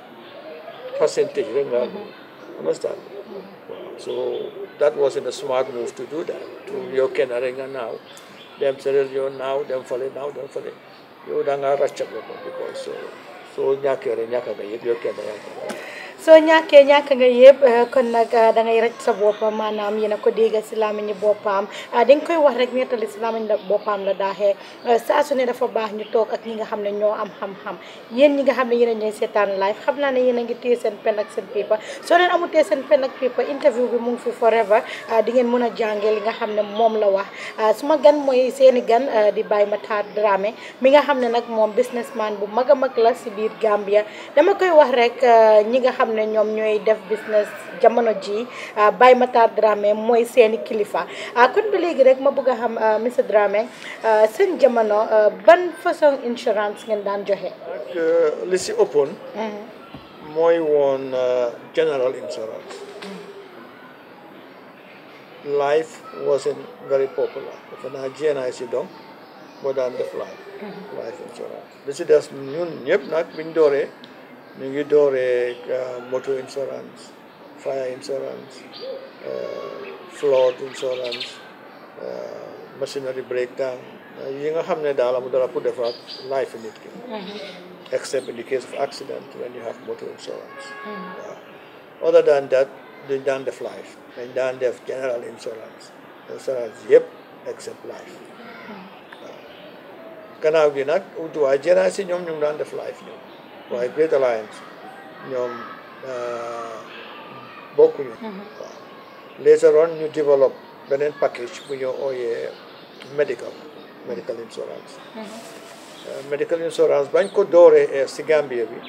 S1: percentage rek ngaa lose understand mm-hmm. so that wasn't a smart move to do that to yow kenn rek nga naaw dem sëréer yow naaw dem fale naaw dem fale yow da ngaa ràcca boppam because uh, so soo ñàkkee rek you nga yëpp yow kenn yaa
S3: soo ñàkkee ñàkk nga yëpp eh, kon nag eh, da ngay rëcc sa boppam maanaam yéen a ko déggal si làmmiñu boppam eh, di nga koy wax rek nettali si làmmiñ la boppam la daaxee saa su ne dafa baax ñu toog ak ñi nga xam ne ñoo am xam yéen ñi nga xam ne yéen a seetaan live xam naa ne yéen a ngi téye seen pen ak seen seen pen ak paper interview bi mu ngi fi forever di ngeen mën a jàngee li nga xam ne moom la wax suma gan mooy seeni gan di Baye Matar Dramé mi nga xam ne nag moom businessman bu mag a mag la si biir Gambia dama koy wax rek ñi nga xam xamne ñom ñoy def business jamono ji ah, ma tar Dramé moy seen kilifa ah, kon ba légui rek ma bëgg xam ah, monsieur Dramé seen jamono ban façon insurance ngeen daan joxé ak
S1: euh, li ci opone moy mm-hmm. won euh, general insurance. life wasn't very popular defe naa GNI si dom moo daan life. Mm-hmm. life insurance li si des ñun ñep nak biñ dooree. mingi dooree uh, moto insurance fire insurance uh, flood insurance uh, machinery breakdown yi nga xam ne daal amul dara pour life nit ki
S2: mm-hmm.
S1: except in the case of accident when you have motor insurance
S2: mm-hmm.
S1: other than that dañ daan def life dañ daan def general insurance insurance yëpp except life
S2: mm-hmm.
S1: gannaaw gi nag utuwaay jëraa si ñoom ñu ngi daan def life ñoom why Great Alliance ñoom bokkuñu. waaw later on you develop beneen package bu ñu ooyee medical medical insurance. Mm-hmm. Uh, medical insurance bañ ko dooree eh, si Gambia bi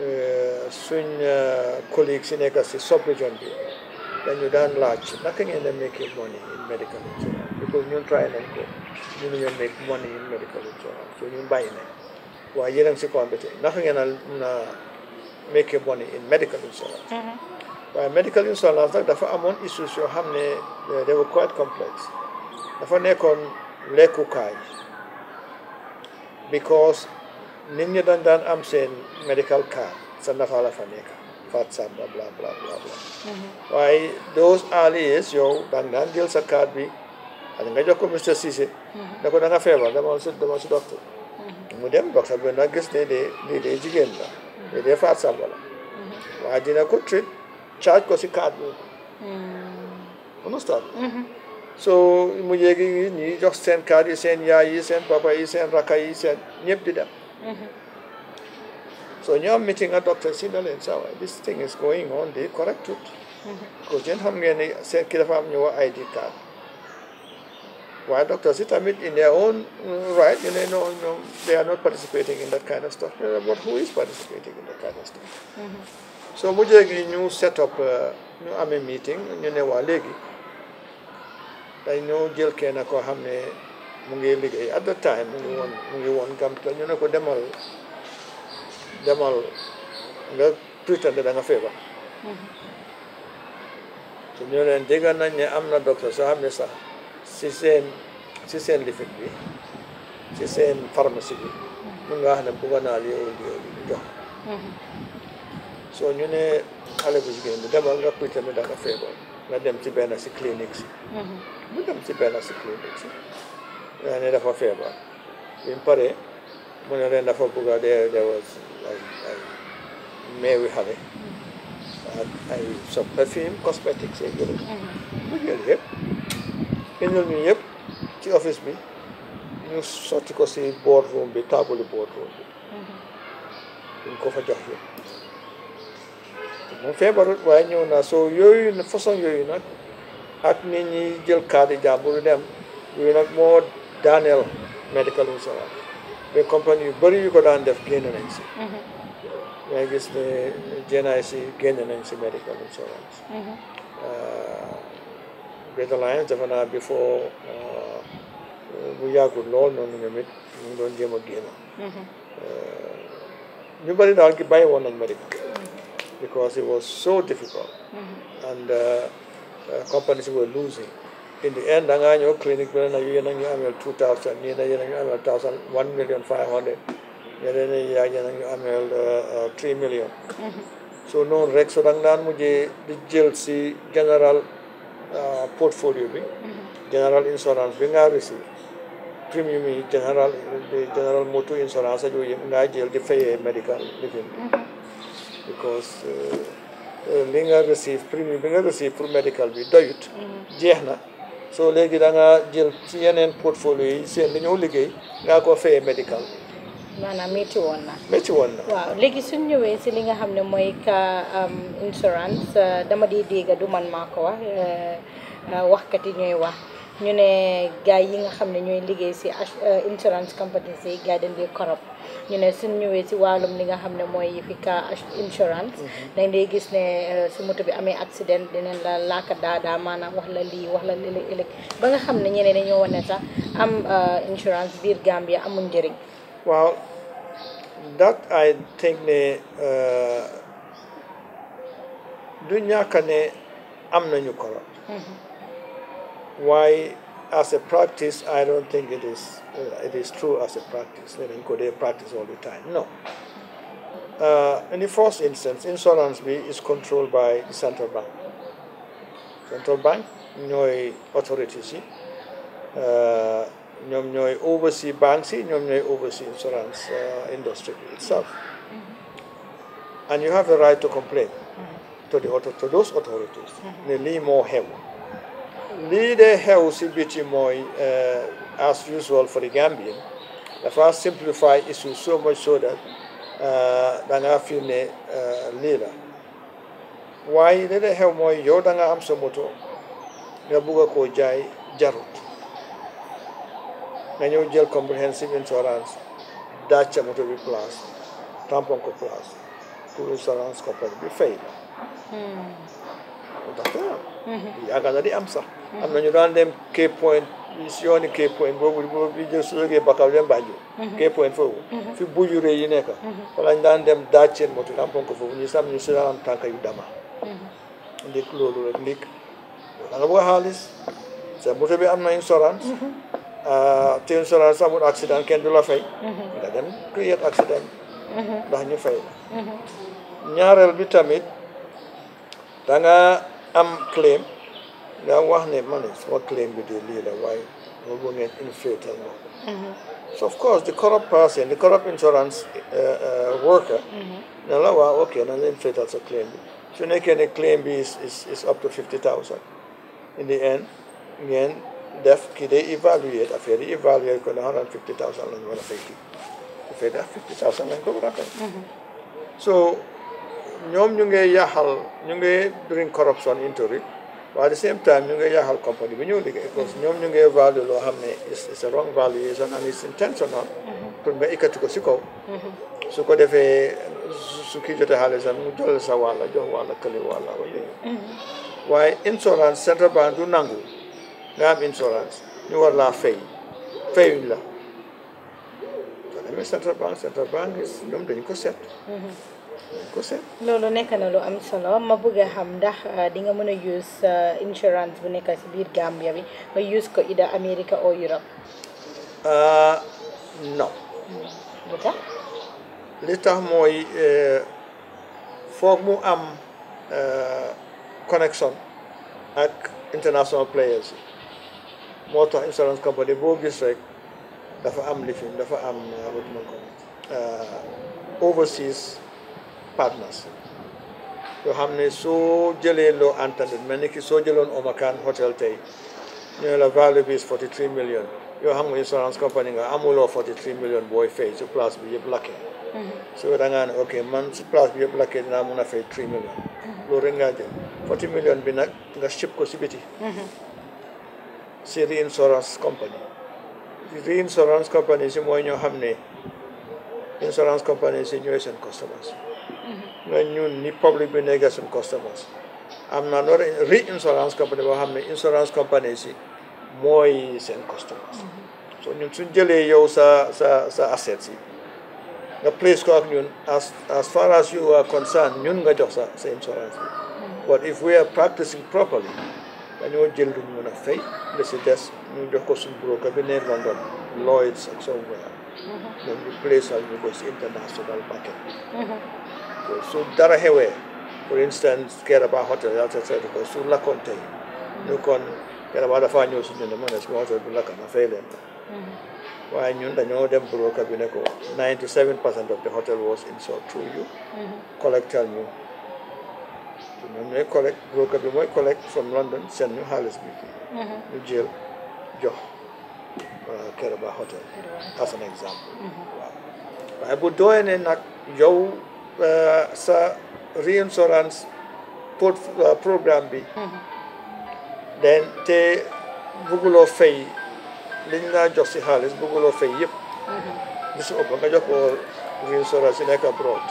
S1: eh, uh, colleagues, collègue si nekk si sub-region bi dañu daan laaj naka ngeen a make money in medical insurance because you try nañ ko mënuñu make money in medical insurance so you buy it. while yearning sick on betting. Nothing in a make your money in medical insurance. Mm -hmm. While medical insurance, like dafa amount issues you have, euh, they were quite complex. The for nekon lekukai because ninja dan dan am seen medical card sanda fala faneka fat samba blah blah blah blah. Mm-hmm. those early years yo dan dan sa card bi, alinga joko Mr. Sise, mm -hmm. nako nga fever, dama sa dama sa doctor. mu dem box bi nag gis ne de lii de jigéen la lii de Fatou Samba
S2: mm-hmm.
S1: waaye dina ko treat charge ko si card boobu
S2: mm-hmm.
S1: mm-hmm. so mu jéegi yi jox seen card yi seen yaay yi seen papa yi seen raka yi ñëpp di dem so ñoom meeting a docteur si na leen sawa this thing is going on di correct tout because yéen xam ngeen ne seen ki dafa am ID card Why Dr. Sitamit, in their own mm, right, you know, you know, they are not participating in that kind of stuff. Mm-hmm. So mu jéegi ñu set uh, ñu amee meeting ñu ne waa léegi dañoo jël kenn koo xam ne mu ngi liggéey at the time mu ngi woon mu ngi ñu ne ko demal demal nga pretend da nga feebar
S2: mm-hmm.
S1: su ñu leen dégg nañ ne am na docteur soo xam ne sax si seen lifik bi si seen pharmacie bi mm-hmm. mun nga wax ne bëgg naa yow yow jox mm-hmm. soo ñu ne xale bu jigéen bi demal nga kuy tamit da nga nga dem ci benn si clinique si mm-hmm. mu dem ci benn si clinique si dafa feebar bi mu paree mu ne leen dafa bëgg a dee dee ay ay ay so perfume cosmétique see jël bu jël yëpp indil ñu yëpp ci office bi ñu sotti ko si board room bi taabali board room bi mm-hmm. duñ ko fa jox yëpp moom feebarut waaye ñëw naa so yooyu na façon yooyu nag ak nit ñi jël kaadi jàmbur dem yooyu nag moo daaneel medical insurance mais compagnie yu bari yu ko daan def génn nañ si mm-hmm. yaa gis ne si génn nañ si medical insurance mm-hmm. euh, Netherlands dafa naa before bu yàggul lool noonu ñoom it ñu ngi doon jéem a génn ñu daal gi bàyyi woon nañ because it was so difficult mm-hmm. and uh, uh, companies were losing in the end da ngaa ñëw clinique bi na yéen a ñu ameel two thousand nii na a ñu million five hundred yeneen yi yaa yéen a million mm-hmm. so noonu rek so dang naan mujjee di jël si général Uh, portfolio bi general insurance bi nga resi premium yi general general motor insurance ak yooyu yëpp ngaa jël di fayee medical uh, uh, lifin nga receive premium bi nga receive pour médical bi doyut jeex na soo léegi danga nga jël ci yeneen portfolio yi seen li ñëw liggéey ngaa ko fayee medical
S3: maanaam métti woon na. métti
S1: woon na waaw
S3: léegi suñ ñëwee si li nga xam ne mooy ka insurance euh, dama di dégg du man maa ko wax euh, euh, waxkat yi ñuy wax ñu ne gars yi nga xam ne ñooy liggéey si insurance companies yi gars dañ di korop ñu ne suñ ñëwee si wàllum li nga xam ne mooy fi ka insurance. Mhm. dañ day gis ne su moto bi amee accident dinañ la laaka daadaa maanaam wax la lii wax la lële ëllëg ba nga xam ne ñeneen ñoo wane sax am insurance biir Gambia amul njëriñ.
S1: Well, that I think the uh, dunya kane ne am nañu koro mm-hmm. as a practice I don't think it is uh, it is true as a practice ne dañ ko dee practice all the time no uh, in the first instance insurance B is controlled by the central bank central bank no authority see. Uh, ñoom ñooy Overseas banks yi ñoom Overseas oversee insurance ờ, industry itself
S2: ừ.
S1: and you have the right to complain
S2: ừ.
S1: to the auto to those authorities ne lii moo xew lii dee xew si biti mooy as usual for the Gambian dafa simplify issue so much so that da nga fi ne lii la waaye li dee xew mooy yow da nga am sa moto nga bugg a koo jaay jarul nga ñëw jël comprehensive insurance daaj moto bi place tampon ko place pour insurance compagnie bi fay la ndax yàgg na di am sax am nañu ñu daan dem Cape Point si yooni Cape Point boobu boobu jël su jógee Bakau dem Banjul hmm. Cape Point foofu hmm. fi bujure yi nekk wala hmm. ñu daan dem daaj seen moto tampon ko foofu ñu sam ñu si daan am tànk yu dama loolu rek ndik da nga bëgg xaalis sa moto bi am na insurance teel assurance amul accident kenn du la fay nga dem create accident mhm. ndax ñu fay mhm. ñaareel bi tamit da nga am claim nga wax ne man sama claim bi de lii la waaye loolu ngeen so of course the corrupt person the corrupt insurance eh, eh, worker ne la waa ok na la inflated sa claim So, su nekkee claim bi is is up to fifty thousand in the end ngeen def ki day évaluer affaire yi évaluer ko ne hundred fifty thousand lañ war a fay kii bu fekkee fifty thousand lañ ko war a fay mm-hmm. so ñoom ñu ngi yaxal ñu ngi bring corruption into it waaye the same time ñu ngi yaxal company bi ñu liggéey parce que mm-hmm. ñoom ñu ngi value loo xam ne it's a wrong valuation and it's intentional mm-hmm. pour nga ikkati ko si kaw su ko defee su kii jotee xaalisam mu jël sa wàlla jox wàlla kële wàlla wala waaye insurance central bank du nangu nga am insurance ñu war laa fay fayuñ la soo demee central bank central bank ñoom dañ ko set
S3: loolu nekk na lu am solo ma bëgg xam ndax di nga mën a use insurance bu nekk si biir Gambia bi nga use ko ida America or Europe
S1: uh, non li tax mooy uh, foog mu am uh, connection ak international players motax insurance company bo gis rek dafa am lifin dafa am what man euh overseas partners Yo xamne so jele lo loo melni ki soo jëloon Omakan hotel tay ñu la value bi 43 million Yo xam nga insurance company nga amuloo 43 million boy fay ci place bi yeb lakkee mhm. so da nga ok man ci place bi yeb lakkee dinaa mun fay 3 million mhm. lo rek jël 40 million bi nak nga ship ko ci biti mhm. ci reinsurance company reinsurance company si mooy ñoo xam ne insurance company si ñooy seen customers nga mm-hmm. ñun ni public bi nekk seen customers am na noonu reinsurance company boo xam ne insurance company si mooy seen customers mm-hmm. so ñun suñ jëlee yow sa sa sa asset si nga place ko ak ñun as as far as you are concerned ñun nga jox sa sa insurance bi mm-hmm. but if we are practicing properly dañoo jël lu ñu mën a fay li si des ñu jox ko suñu broker bi London Lloyds ak somewhere ñoom mm-hmm. ñu place it ñu ko si international market su dara xewee for instance Keraba hotel yàlla sa seetu ko su lakkoon tey ñu kon Keraba dafa ñëw suñu ne ma ne suma hotel bi lakk na fay leen ko waaye ñun dañoo dem broker bi ko 97 percent of the hotel was insured through you mm-hmm. collectal ñu ñoom ñooy collecte broker bi mooy collecte from London seen ñu xaalis bi mhm. ñu jël jox euh, Kereba Hotel as an example mhm. bu doyee ne nag yow euh, sa reinsurance pot euh, programme bi mhm. den te bugguloo fay liñ laa jox si xaalis bugguloo fay yëpp bu su ëpp jox reinsurance yi nekk abroad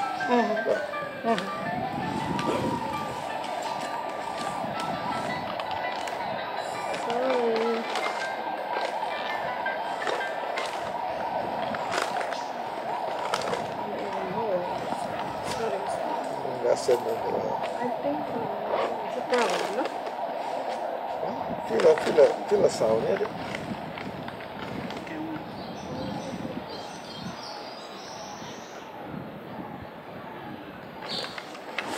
S1: Killa sao, ne?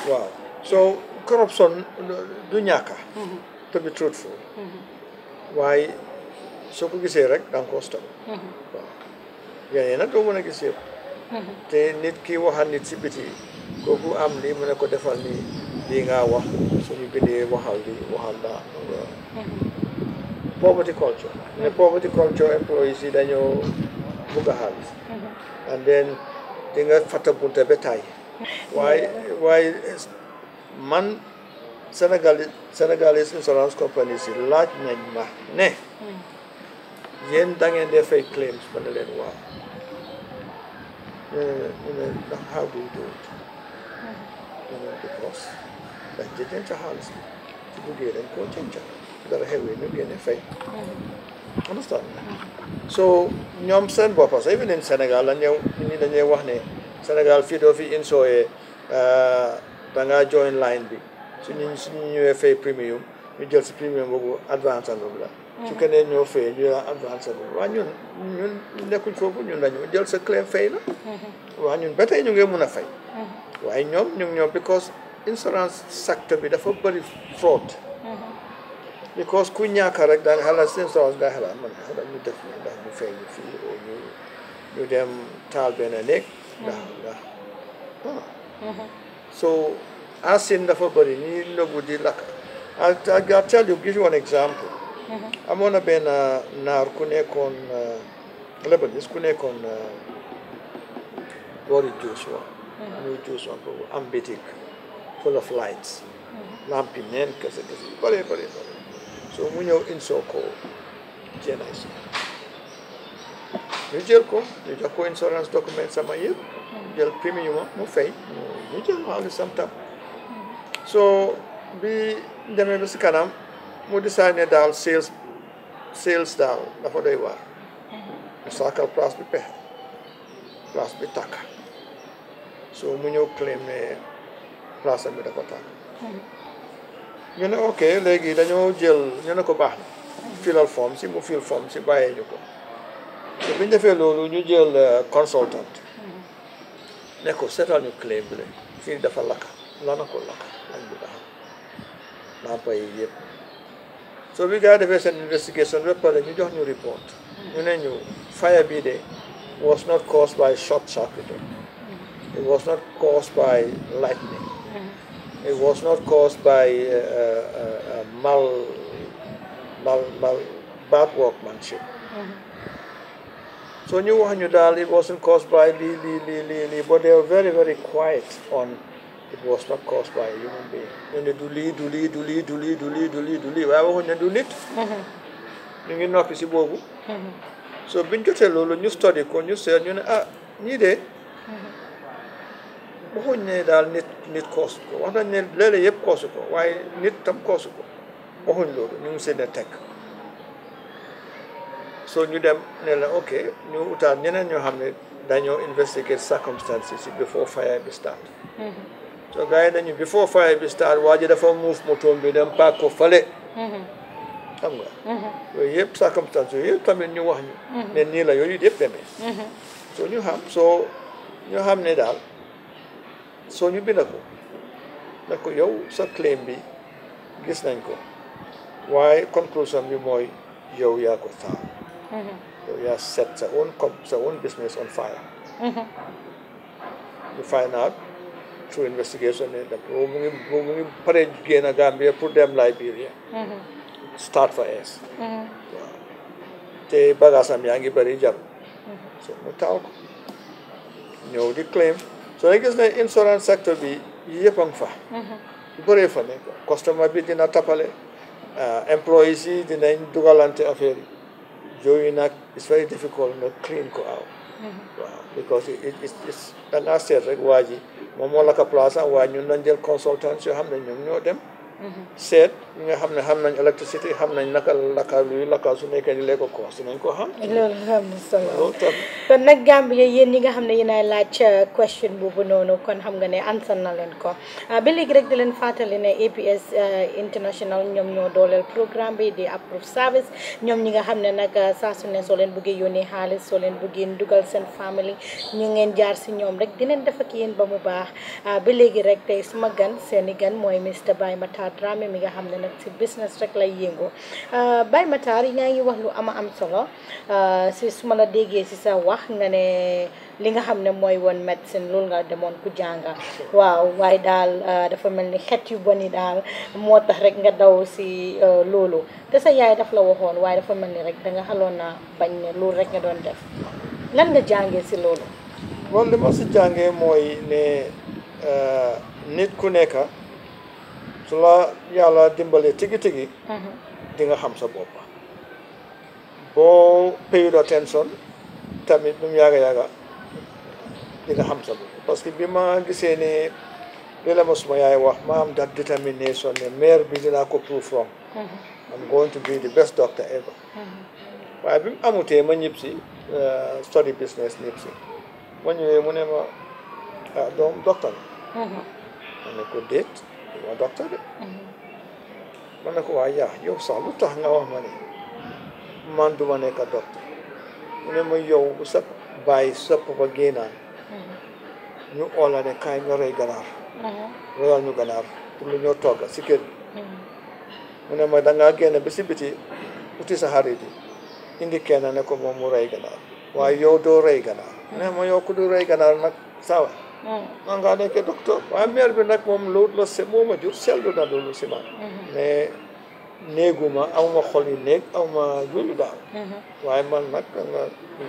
S1: waaw corruption du ñàkka mm-hmm. to be truthful
S2: mm-hmm.
S1: waaye soo ko gisee rek danga ko mm-hmm. waaw yeneen nag doo mën a gis yëpp te nit ki waxa nit si biti kooku am lii mu ko defal nii lii ngaa wax suñu bindee waxal lii waxal naa poverty culture. In a poverty culture, employees see then you hands. And then they get fatta betai. Why why man Senegalese, Senegalese insurance companies is nañ ma ne Yen da ngeen dee fay claims for the leen eh, how do you do it ñu mm-hmm. ne because dañ ci denc xaalis bi dara xewee ñu génne fay
S2: mm-hmm.
S1: understand so ñoom seen boppa sax even in Sénégal la ñëw ñi dañuy wax ne Sénégal fii doo fi insooyee euh, da ngaa join line bi suñu suñu ñëwee fay premium ñu jël si boobu advance boobu la su mm-hmm. keneen ñoo fay ñu nekkuñ foofu ñun dañu jël sa fay la
S2: mm-hmm.
S1: waa ñun ñu ngi mun a fay waaye ñoom ñu ngi insurance sector bi dafa bëri fraude because ku ñàkk rek da nga xalaat seen soxla nga xalaat man xanaa ñu def nii ndax ñu fii ñu ñu dem taal benn néeg ndax ndax so asin dafa bëri ñu nëbbu di lakk I tell you give you an example amoon na benn naar ku nekkoon uh, Lebanese ku nekkoon boori uh, Joshua muy Joshua full of lights lampi neen kese kese yu bëree bëri so mu ñëw insoo ko ci ñu jël ko ñu jox ko insurance document sama yëpp jël premium mu fay ñu jël sam tam so bi demee ba si kanam mu designé daal sales sales daal dafa doy waar mu saakal place bi pexe place bi tàkk so mu ñëw claim ne place am bi dafa tàkk ñu ne ok léegi dañoo jël ñu ne ko baax na filal form si mu fil form si bàyyee ñu ko te bi defee loolu ñu jël euh, consultant ne ko seetal ñu claim bi la fii dafa lakka la na ko la lañ bu daxam lampa yi yëpp soo bi gars yi defee seen investigation ba pare ñu jox ñu report ñu ne ñu fire bi de was not caused by short circuiting it was not caused by lightning It was not caused by uh, uh, uh mal, mal, mal, bad workmanship. Mm -hmm. So New Hanyudal, it wasn't caused by Li, Li, Li, Li, Li, but they were very, very quiet on it was not caused by a human being. When they do Li, do Li, do Li, do Li, do Li, do Li, do Li, waaye waxuñ ne du nit. ñu ngi noppi si boobu. so when you tell ñu study ko ñu seet ñu ne ah ñii de. waxuñ ne daal nit nit koosu wax nañ ne léeg-léeg yëpp koosu ko waaye nit tam koosu ko waxuñ loolu ñu ngi seen a tekk soo ñu dem ne la ok ñu utaat ñeneen ñoo xam ne dañoo investigate circumstances si before fire bi start mm-hmm. so gars yi nañu before fire bi start waa ji dafa muuf motoom bi dem paak ko mm-hmm. xam nga mm-hmm. yooyu yëpp circumstances yooyu yëpp tamit ñu wax ñu ne nii la yooyu yëpp demee soo ñu xam soo ñu xam ne daal soo ñu binda ko ne ko yow sa claim bi gis nañ ko waaye conclusion bi mooy yow yaa ko taal mm-hmm. yow yaa set sa own sa own business on fire mm-hmm. ñu find out through investigation ne da boobu mu ngi pare génn Gambia pour dem Liberia mm-hmm. start for us te bagaasam yaa ngi bëri jaru so mu taal ko ñëw di claim soo gis ne insurance secteur bi yëpp a fa bu
S2: mm-hmm.
S1: bëree fa nekk customer bi dina tappale uh, employees yi dinañ dugalante affaire yi yooyu nag it's very difficult nga clean ko out mm-hmm. waaw because it it dangaa seet rek waa ji moom moo la ko place am ñun dañ jël consultants yoo xam ne ñoom ñoo dem seet ñi nga xam ne xam nañ électricité xam nañ naka lakka luy lakka su nekkee di lee ko ko xam loolu
S3: am na solo kon nag Gambie ñi nga xam ne yéen ay laaj uh, question boobu noonu kon xam nga ne ansal na leen ko uh, ba léegi rek di leen fàttali ne APS uh, international ñoom ñoo dooleel programme bi di approve service ñoom ñi nga xam ne nag saa ne soo leen bëggee yónnee xaalis soo leen bëggee dugal seen family ñu ngeen jaar si ñoom rek dinañ def ak ba mu baax ba léegi rek tey suma gan seen i gan Matar Dramé mi nga xam ne nag si business rek lay yëngu euh, Baye Matar yaa ngi wax lu ama am solo euh, si su ma la déggee si sa wax nga ne li nga xam ne mooy woon médecine loolu nga demoon ku jànga waaw waaye daal euh, dafa mel ni xet yu yi daal moo tax rek nga daw si loolu te sa yaay daf la waxoon waaye dafa mel ni rek da nga xaloon naa bañ ne loolu rek nga doon def lan nga jàngee si loolu.
S1: loolu li ma si jàngee mooy ne nit ku nekk. su la yàlla dimbalee tigi tigi di xam sa bopp boo période attention tamit mu yàgga yàgga di nga xam sa bopp parce que bi ma gisee ni li ma suma yaay wax ma am that determination ne maire bi dinaa ko prove mm-hmm. mm-hmm. waaye bi mu amutee ma ñib si uh, study business ñib si ma ñëwee mu ne ma ah, doom docteur la mm-hmm. ma ne ko déet ma docteur de ma ne ko waa yaa yow sax lu tax nga wax ma man du ma nekk docteur mu ne ma yow bu sa bàyyi sa papa génnaan ñu oola ne kaay nga rey ganaar reyal ñu ganaar pour lu ñoo togga si kër bi mu ne ma dangaa génn ba si biti uti sa xarit yi indi kenn ne ko moom mu rey ganaar waaye yow doo rey ganaar mu ne ma yow ku du rey ganaar nag sawa maa ngaa nekkee docteur waaye mère bi nag moom loolu la se moo ma jur seetlu na loolu si ma xol yi néeg aw ma yooyu daal waaye man nag nga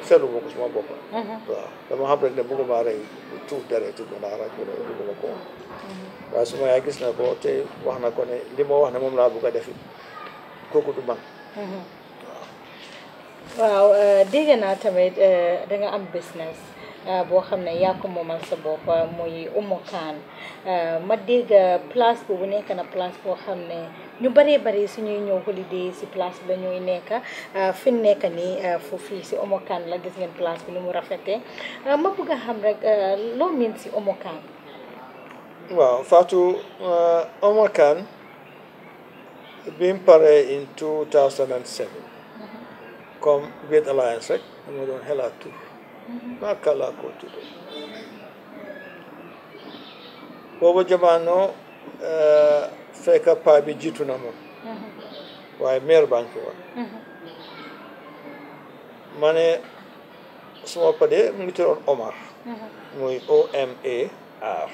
S1: seetlu ma ko suma bopp waaw dama xam rek ne bëgguma rey tuur deretu ganaar ak yooyu bëgguma ko woon waaye suma yaay gis na ko te ne li ma wax ne moom laa bëgg a defi kooku du
S3: waaw dégg naa tamit danga am business Euh, boo xam ne yaa ko moomal sa bopp euh, muy Oumou Kane euh, ma dégg place bu nekk na place boo xam ne ñu baree bari suñuy ñëw holiday si place bi la ñuy nekk fi mu nekk nii fu fii si Oumou Kane la gis ngeen place bi nu mu rafetee ma bëgg a xam rek loo miin si Oumou Kane.
S1: waaw Fatou Oumou Kane bi mu paree in Eh, ma kala kotuɗo bobo jamano feka paaɓe jituna mon wawi maire banque wa mane somo paɗe mbitere on omar moy oma r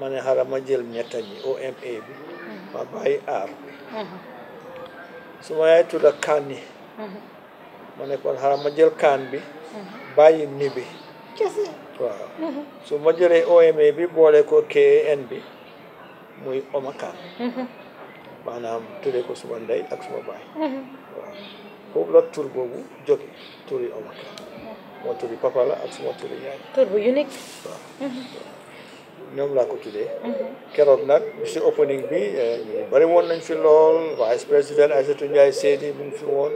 S1: mane hara ma jël ñettañi oma bi ma bàyyi r bi su tudda kanni ma kon hara ma jël kaan bi bàyyi ni bi
S3: kese mm-hmm.
S1: su ma jëlee OMA bi boole ko KAN bi muy omakaan mm-hmm. maanaam tuddee ko suma ndey ak suma baay mm-hmm. waaw foofu la tur boobu jóge turi omakaan moo turi papa ak suma turi yaay
S3: tur unique
S1: ñoom laa ko tuddee. keroog nag ci opening bi eh, ñu bëri nañ fi lool vice président Aïssatou Ndiaye Seydi mu ngi fi woon.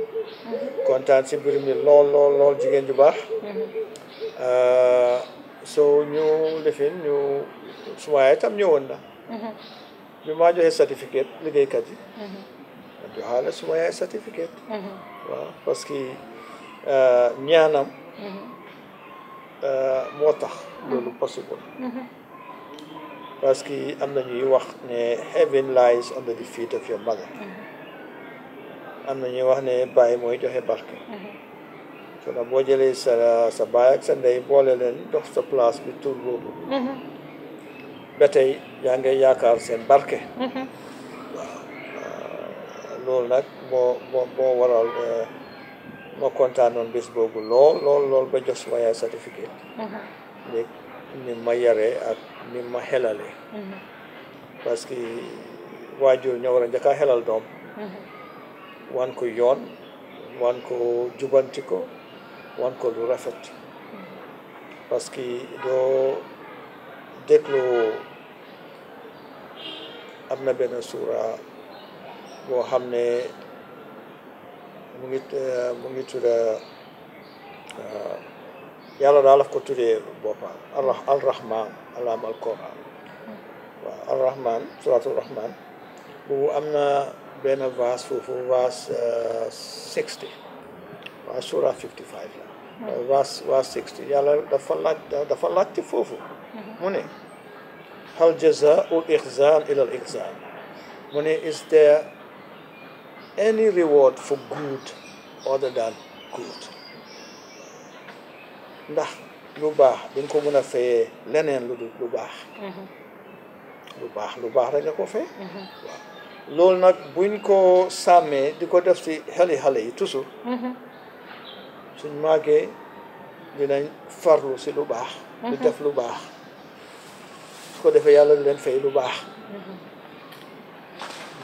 S1: kontaan ci mbir mi lool lool lool jigéen ju baax. Eh, soo ñu lifin ñu suma yaay tam ñëwoon na. bi maa joxe certificate liggéeykat yi. ma joxaale suma yaay certificate. parce que eh, ñaanam. moo tax parce que am na ñuy wax ne heaven lies under the feet of your mother
S2: mm-hmm.
S1: am na ñuy wax ne baay mooy joxe barke
S2: mm-hmm.
S1: so boo jëlee sa sa baay ak sa ndey boole leen dox sa place bi tur boobu mm-hmm. ba tey yaa ngi yaakaar seen barke loolu nag boo moo moo waral eh, moo kontaanoon bés boobu lool lool lool ba jox suma yaay certificat ni ma yaree ak mi ma xelale mm-hmm. parce que waajur ñoo war a njëkk xelal doom mm-hmm. wan ko yoon wan ko jubanti ko wan lu rafet mm-hmm. parce que doo déglu am na benn suura boo xam ne mu ngi euh, mu ngi tudda euh, yàlla daal daf ko tuddee boppam al rahman alaam alquran waaw arrahman suratul rahman boobu am na benn verse foofu verse euh, sixty waaw sura fifty five la hmm. verse verse sixty yàlla dafa laaj dafa laajte foofu
S2: hmm. mu ne
S1: hal jazaul ixzaan ila al ixzaan mu ne is there any reward for good other than good ndax lu baax duñ ko mën a fayee leneen lu dul lu baax mhm. lu baax lu baax rek nga ko fay mhm. waaw loolu nag buñ ko sàmmee di ko def si xeli xale yi toujours mhm. suñ màggee dinañ farlu si lu baax di def lu baax su ko defee yàlla di leen fay lu baax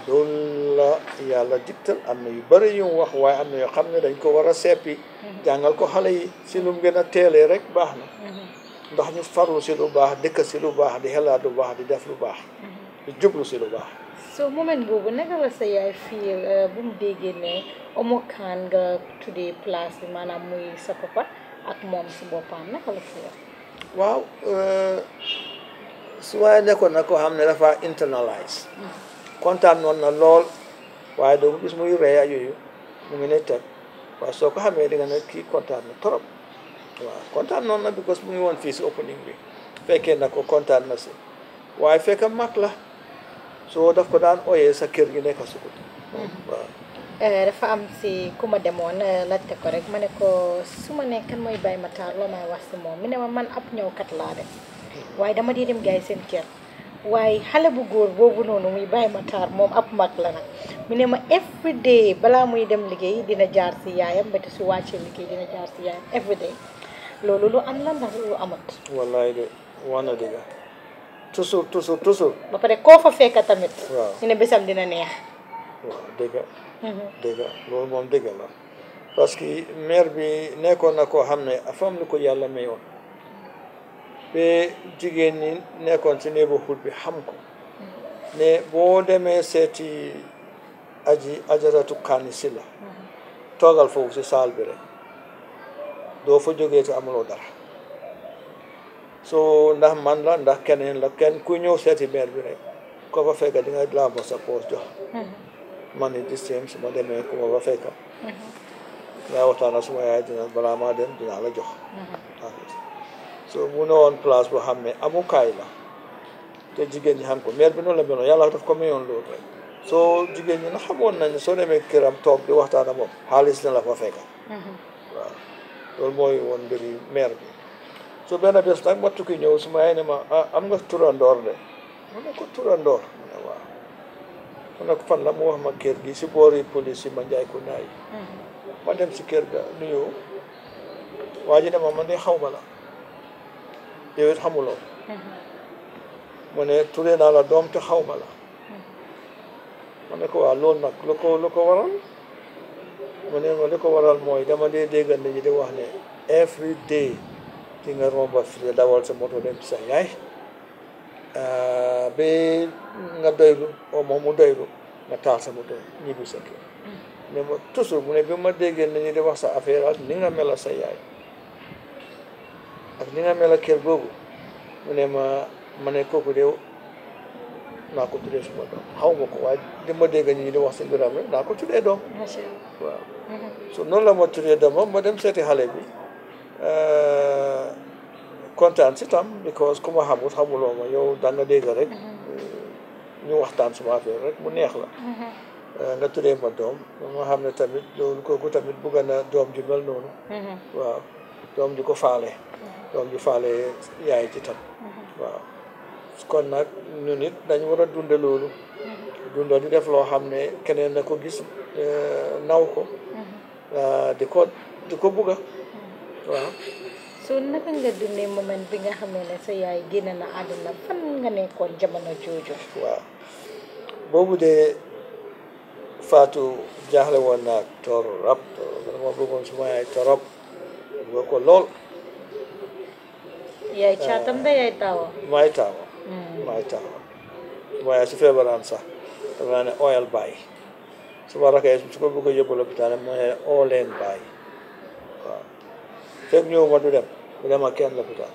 S1: loolu la yàlla digtal am na yu bëri yu mu wax waaye am na yoo xam ne dañ ko war a seppi jàngal ko xale yi si nu gën a teelee rek baax na ndax ñu farlu si lu baax dëkk si lu baax di xelaat lu baax di def lu baax di jublu si lu baax
S3: so moment boobu naka la sa yaay fiil uh, bu mu déggee ne Omo Kane nga tuddee place bi maanaam muy sa papa ak moom si boppam naka la fiil
S1: waaw uh, su nekkoon na xam ne dafa kontaan noonu na lool waaye doo ko muy rey ak yooyu mu ngi ne teg waaye soo ko xamee di nga ne kii kontaan na trop waaw kontaan noonu na because mu ngi woon fii si opening bi fekkee na ko kontaan na si waaye fekk mag la soo daf ko daan ooyee sa kër gi nekk su ko
S3: eh, dafa am si ku ma demoon eh, laajte ko rek ma ne ko su ma ne kan mooy Baye Matar la may wax si moom mu ne ma man ab ñëwkat laa de hmm. waaye dama di dem seen kër waaye xale bu góor boobu noonu muy Baye Matar moom ab mag la nag mu ne ma every day balaa muy dem liggéey dina jaar si yaayam ba te su liggéey dina jaar si yaayam every day loolu lu am la ndax lu amat.
S1: wallaay de wax na dëgg toujours toujours
S3: ba pare koo fa fekk tamit. waaw ñu ne bésam dina neex. waaw dëgg. Mhm.
S1: loolu moom dëgg la parce que maire bi nekkoon na ko xam ne fam lu ko yàlla mayoon. ba jigéen ñi nekkoon ci neighborhood bi xam ko ne boo demee seeti aji ajaratu kaani si toogal foofu si saal bi rek doo fa jógee te amuloo dara so ndax man la ndax keneen la kenn ku ñëw seeti maire bi rek ko fa fekka di nga laabo sa poos jox man di same su ma demee ku ma fa fekka mm-hmm. nga waxtaan ak suma yaay dina balaa maa dem dinaa la jox so mu ne woon place boo xam ne amukaay la te jigéen ñi xam ko maire bi noonu la meloon yàlla daf ko mayoon loolu rek soo jigéen ñi na xamoon nañ soo demee këram toog di waxtaan ak moom xaalis na la fa fekka mm-hmm. waaw loolu mooy woon mbiri maire bi so benn bés nag ma tukki ñëw su ma yaay ne ma ah, am nga turandoor de mu ne ko turandoor mu ne waaw mu ne ko fan la mu wax ma kër gi si boori police yi ma njaay ko naay
S2: mm-hmm.
S1: ma dem si kër ga nuyu waa ji ne ma man de xaw ma yow xamuloo mu ne turee naa la doom te xawma la ma ne ko waa loolu nag lu ko lu ko waral mu ne ma li ko waral mooy dama dee dégg nit ñi di wax ne every day di nga romba fii dawal sa moto dem ci sa yaay ba nga doylu o moom mu doylu nga taal sa moto ñibbi sa kër mais ma toujours mu ne bi ma déggee nit ñi di wax sa affaire ak ni nga mel sa yaay ak ni nga mel ak kër googu mu ne ma ma ne kooku de naa ko tuddee suma doom xaw ko waaye li ma dégg ñi di wax si biram ko tuddee doom waaw mhm. so noonu la dem seeti xale euh, kontaan si tam because ku ma xamut mhm. euh, waxtaan suma affaire rek mu neex la mhm. euh, nga tuddee ma doom ma xam ne tamit loolu kooku tamit bugg na doom ju noonu doom ju ko faale doom ju faale yaay ci tam mhm. waaw kon nag ñun it dañ war a dunde loolu mhm. dunda di def loo xam ne keneen na ko gis eh, naw ko mhm. ah, di ko di ko bugga waaw
S3: soo naka nga dundee moment bi nga xam ne sa yaay génn na àdduna fan nga nekkoon jamono jooju waaw
S1: boobu de faatu jaaxle woon naa torop dama bëggoon suma yaay torop bëgg ko lool
S3: yaay caatam maay taawa maay taawa
S1: waaye su feebaraan sax dafa ne ooyal bàyyi suma rakk yi su ko bëgg a yóbbu lopitaan ma ne oo fekk ñëwuma mhm. du dem du dem kenn lopitaan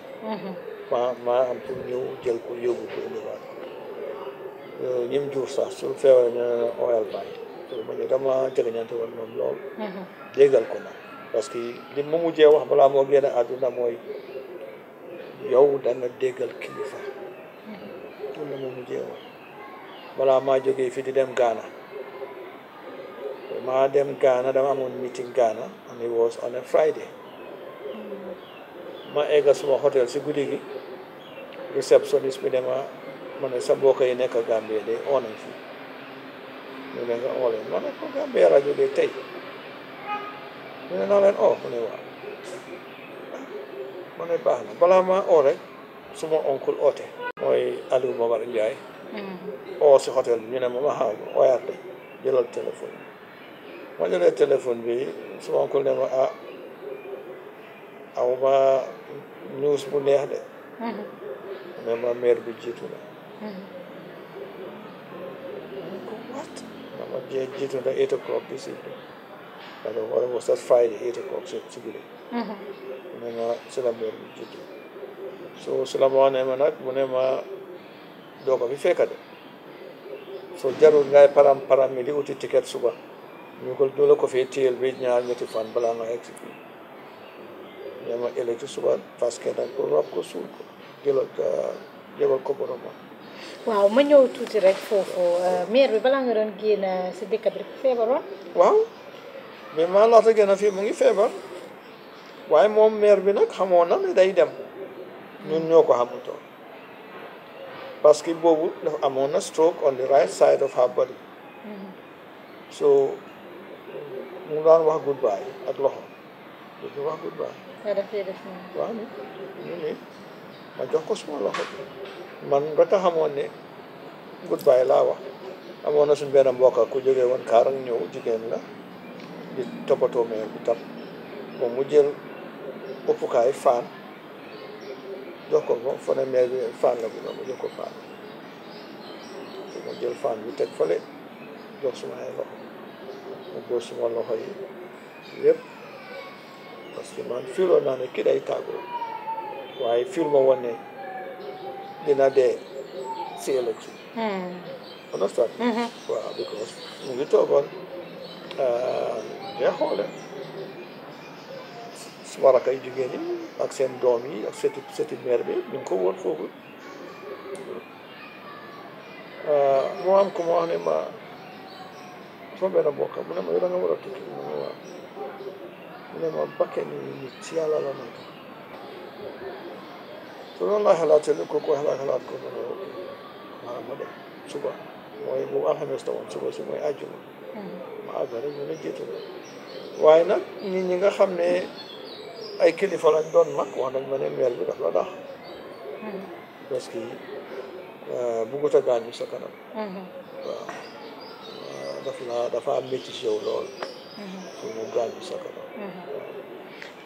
S1: ma maa am pour ñëw jël ko yóbbu ko ñim jur sax su feebaree ñu ne ooyal bàyyi ma ñu dama lool déggal ko nag parce mu mujjee wax balaa moo génn àdduna mooy yow da nga déggal kilifa loolu ma mujjee jógee fii di dem gaana ma dem Ghana dama amoon meeting Ghana and it was on a Friday ma egga suma hôtel si guddi gi receptionist bi dema ma ne sa mbokk yi nekk Gambie de oo fi ñu ne nga oo ma ne ko Gambie rajo de tey ñu ne naa leen oh, mu ne waaw ma ne baax na balaa maa oo rek suma oncle oote mooy Aliou Momar Ndiaye hmm. oo si hôtel ñu ne ma ma xaar oyaat la jëlal téléphone ma jëlee téléphone bi suma oncle ne ma ah awma news bu neex de
S2: hmm.
S1: ma maire bi jiitu na hmm. ma jiitu na eight o'clock this evening wala was that Friday eight o'clock si guddi munema silamor jutu so silamaxa nema nak munema doka fi feka de so jarul ngai param param mi di uti tiket suba ñu ko dola ko fe teel bi ñaar ñetti fan bala nga exécuté nema électu suba parce que nak ko rap ko sul ko jëlal jëlal ko borom
S3: waaw ma ñëw tuuti rek foofu euh, maire bi bala nga doon génn si dëkk bi dafa
S1: waaw mais maa laata génn fii mu ngi feebar waaye moom maire bi nag xamoon na day dem ñun ñoo ko xamutoon parce que boobu dafa amoon na stroke on the right side of her so mu daan wax goodbye ak loxo du wax goodbye waaw ni jox ko suma loxo man rek a xamoon ne goodbye laa wax amoon na suñu benn mbokk ku jógee woon Kaarang ñëw jigéen la di toppatoo maire tam moom mu jël uppukaay faan jox ko ko fone meer faan la bëgg mu jox faan bi jël faan bi teg fële jox suma loxo mu góor suma loxo yi yëpp parce que man fiiloon naa ne kii day waaye fiil ma dina dee si ëllëg hmm. si mm-hmm. waaw because mu ngi toogoon dee euh, xoole waraka yi jigéen ak seen doom yi ak sëti sëti meer bi ñu ngi ko wóor foofu moo am ko ma ne ma sama benn bokk mu ne ma nga war a tukki ne ma bakke ni nit ci yàlla la nekk te loolu laa xalaatee ne kooku ko ay kilifa lañ doon mag wax nañ ma ne meel bi daf la dax parce que buggut a gaañu sa kanam waaw daf la dafa am métti ci yow lool pour mu gaañu sa kanam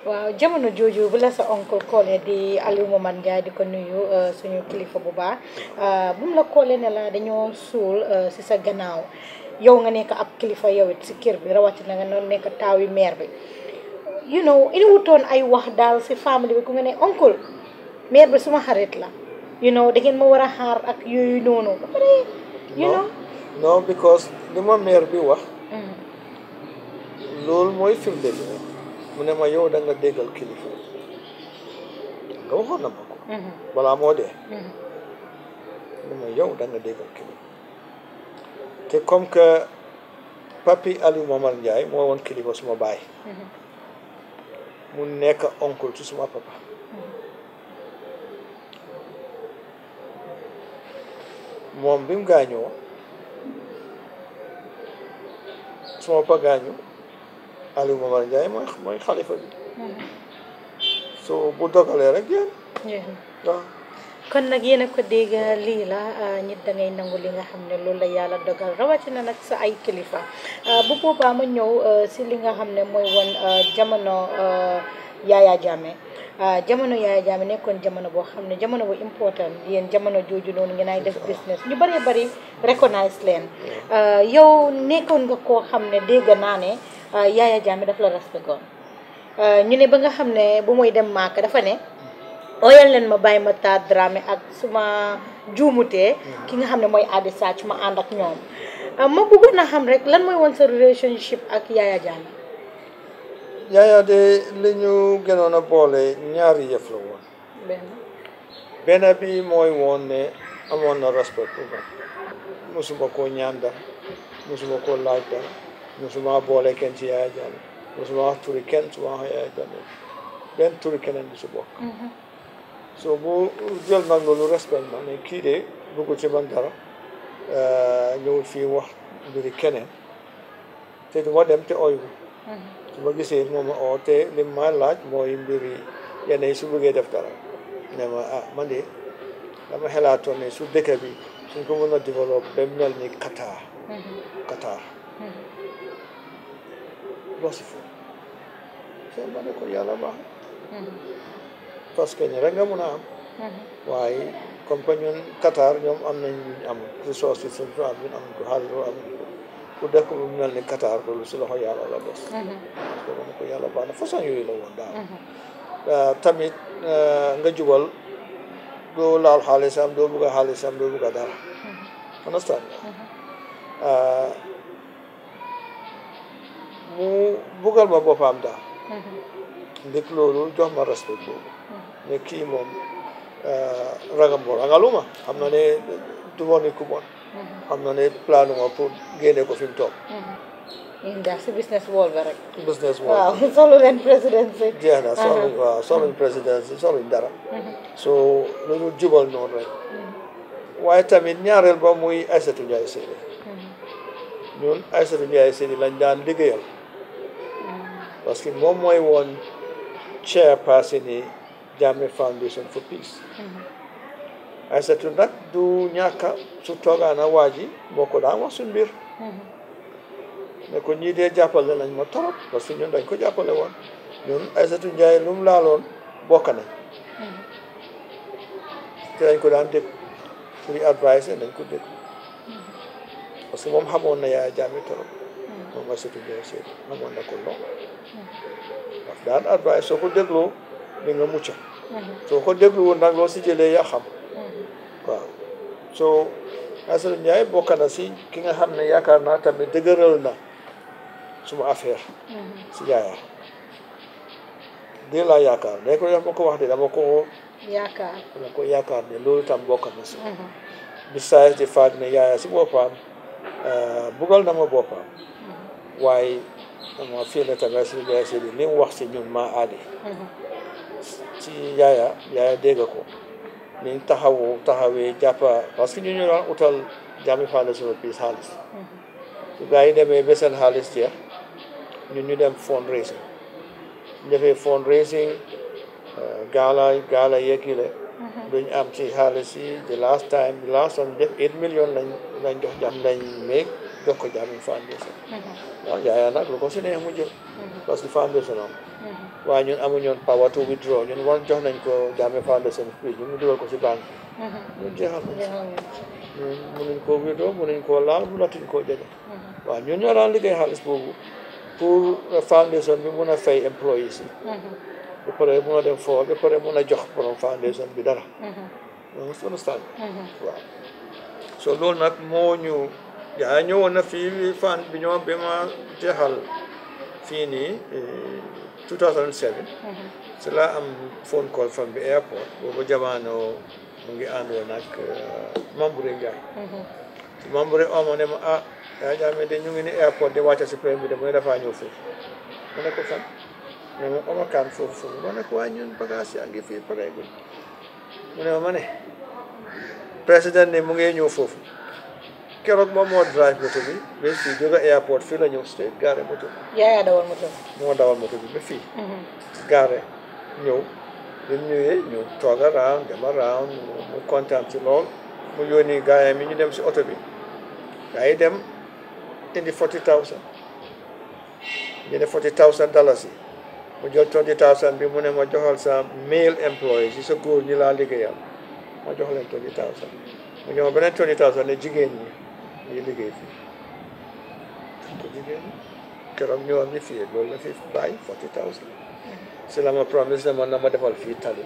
S3: waaw jamono jooju bu la sa oncle koole di Alieu Momar Njie di ko nuyu suñu kilifa bu baax bu mu la koole ne la dañoo suul si sa gannaaw yow nga nekk ab kilifa yow it si kër bi rawatina nga nekk taawi meer bi you know indiwutoon ay wax daal si family bi ku nga ne oncle bi suma xarit la you know da ngeen ma war a xaar ak yooyu noonu ba pare
S1: you know non because li ma mère bi wax mm. loolu mooy firnde bi mu ne ma yow da nga déggal kilifa mm-hmm. moo dee mm-hmm. yow da nga déggal kilifa te comme que papi Aliou Momar Ndiaye moo woon kilifa suma baay
S2: mm-hmm.
S1: mu nekk oncle ci suma papa moom bi mu gaañoo suma papa gaañu Aliou Momar Ndiaye mooy mooy xalifa bi mm-hmm. so bu dogalee rek yéen waaw
S3: kon nag yéen a ko dégg lii la ah, nit da nangu li nga xam ne loolu la yàlla dogal rawatina nag sa ay kilifa ah, bu boobaa ma ñëw ah, si li nga xam ne mooy woon jamono Yaya Jammeh jamono Yaya Jammeh nekkoon jamono boo xam ne jamono bu important yéen jamono jooju noonu ngeen ay def business ñu bari bëri recognize leen yow nekkoon nga koo xam ne dégg naa ne Yaya Jammeh daf la respecté ñu ne ba nga xam ne bu muy dem maaka dafa ne. ooyal leen ma bàyyi ma taa Dramé ak suma juumutee ki nga xam ne mooy Adi Sath ma ànd ak ñoom ah, ma bëggoon a xam rek lan mooy woon sa relationship ak Yaya Jammeh
S1: de li ñu gënoon a boolee ñaari yëf la woon benn bi mooy woon ne amoon na respect pour ma musuma koo ñaan dara musuma koo laaj dara musuma boole kenn ci Yaya Jammeh musuma wax turi kenn su ma wax Yaya so boo jël nag loolu respect ma ne kii de bëggu ci man dara eh, ñëwul fii wax mbiri keneen te du ma dem te oyu mm-hmm. su ma gisee moom ma oo te li ma laaj mooy mbiri yenn su bëggee def dara ma ah man de dama xelaatoon ne su dëkk bi suñ ko mën a développe ba mel ni Qatar mm-hmm. Qatar
S2: loo mm-hmm.
S1: foofu seen ma ne ko yàlla baax parce que ñu rek nga mun a am mhm. waaye comme que Qatar ñoom am nañ luñ am ressources yi suñ am ñun amuñ ko xaalis loolu si loxo yàlla mhm. ko yàlla baax na façon yooyu la woon daal mhm. euh, tamit euh, nga jubal doo laal xaalisam doo bugg a xaalisam doo bugg a euh, mu bugal ma boppam daal ndik loolu jox ma respect boobu ne kii moom eh, ragambor ragaluma xam na ne du ma nit ku mhm. na ne planuma pour génne ko fi mu toog
S3: yéen mhm. daal si business world ba
S1: business world waaw
S3: [LAUGHS] solu leen présidence jeex na solu waaw soluñ
S1: présidence dara mhm. so lu ñu jubal noonu rek waaye tamit ñaareel ba muy Aysatu Njaay Sédé ñun Aysatu Njaay Sédé lañ daan liggéeyal parce que moom mooy woon chairperson yi Jammeh Foundation for Peace Aysatu nag du ñàkka su toogaana waa ji moo ko daan wax suñ mbir ne ko ñii dee jàppale nañ ma torop parce ñun dañ ko jàppale woon ñun Aysatu Njaay lu mu laaloon bokk nañ te dañ ko daan dégg suñu advice dañ ko dégg parce que moom xamoon na Yaya Jammeh torop moom Aysatu Njaay Seydi xamoon na ko lool daf daan advice soo ko dégloo di nga soo ko dégluwul nag loo si jëlee yaa xam waaw soo Assane Ndiaye bokk na si ki nga xam ne yaakaar naa tamit dëgëral na suma affaire si yaaya di laa yaakaar day ko dama ko ko yaakaar dama ko yaakaar ne loolu tam bokk na si besides the fact ne yaaya si boppam bugal na ma boppam waaye dama fii ne tamit si li mu wax si ñun maa aade ci yaaya yaaya dégg ko niñ taxawu taxawee jàppa parce que ñu ñu daan utal jàmmi faale suma piis xaalis su gars demee ba seen xaalis jeex ñu ñu dem fundraising ñu defee fundraising gaala gaala duñ am ci xaalis yi the last time the eight million lañ jox jàmm lañ meeg jox ko jàmmi foundation yaaya nag lu ko si neex mu jël parce que foundation am waaye ñun amuñoon power to withdraw ñun war jox nañ ko Jammeh Foundation fii ñu dugal ko si banque
S2: mm-hmm. ñun jeexal
S1: ñun mënuñ koo withdraw mënuñ koo laal mënatuñ koo jege
S2: mm-hmm.
S1: waaw ñun ñoo daan liggéey xaalis boobu pour foundation bi mun a fay employees yi
S2: mm-hmm.
S1: ba pare mun a a jox borom foundation bi dara sunu stan so loolu nag moo ñu yaa ñëwoon na fii fan bi ñoo bi ma jeexal fii nii eh, 2007 la am phone call from the airport boobu jamono mu ngi àndoon ak uh, Mamboure Ndiaye mm-hmm. Mamboure omo oh, ne ah, ma a yaa jaame de ñu ngi ni airport di wàcce si plane bi de mu ñëw foofu mu ne oh, ko fan ne ma Omar Kane foofu foofu ma ne ko waa ñun yaa ngi fii pareegul mu ne ma ne ne mu ngi ñëw foofu keroog moom moo drive moto bi ba fii jóge airport fii la ñëw straight gaare moto
S3: bi. yaa yaa dawal moto bi.
S1: moo dawal moto bi ba fii. Mhm. gaare ñëw bi mu ñëwee ñu toog around dem around mu kontaan ci lool mu yónni gaayam ñu dem si oto bi dem indi forty thousand ñu ne forty thousand dollars yi mu jël twenty thousand bi mu ne ma joxal sa male employees yi sa góor ñi laa liggéeyal ma jox leen twenty thousand mu ñëw beneen twenty thousand ne jigéen ñi. ñu liggéey fii te jigéen keroog ñu am ni loolu la fi bàyyi si mm-hmm. la ma promise ne man na ma defal fii tali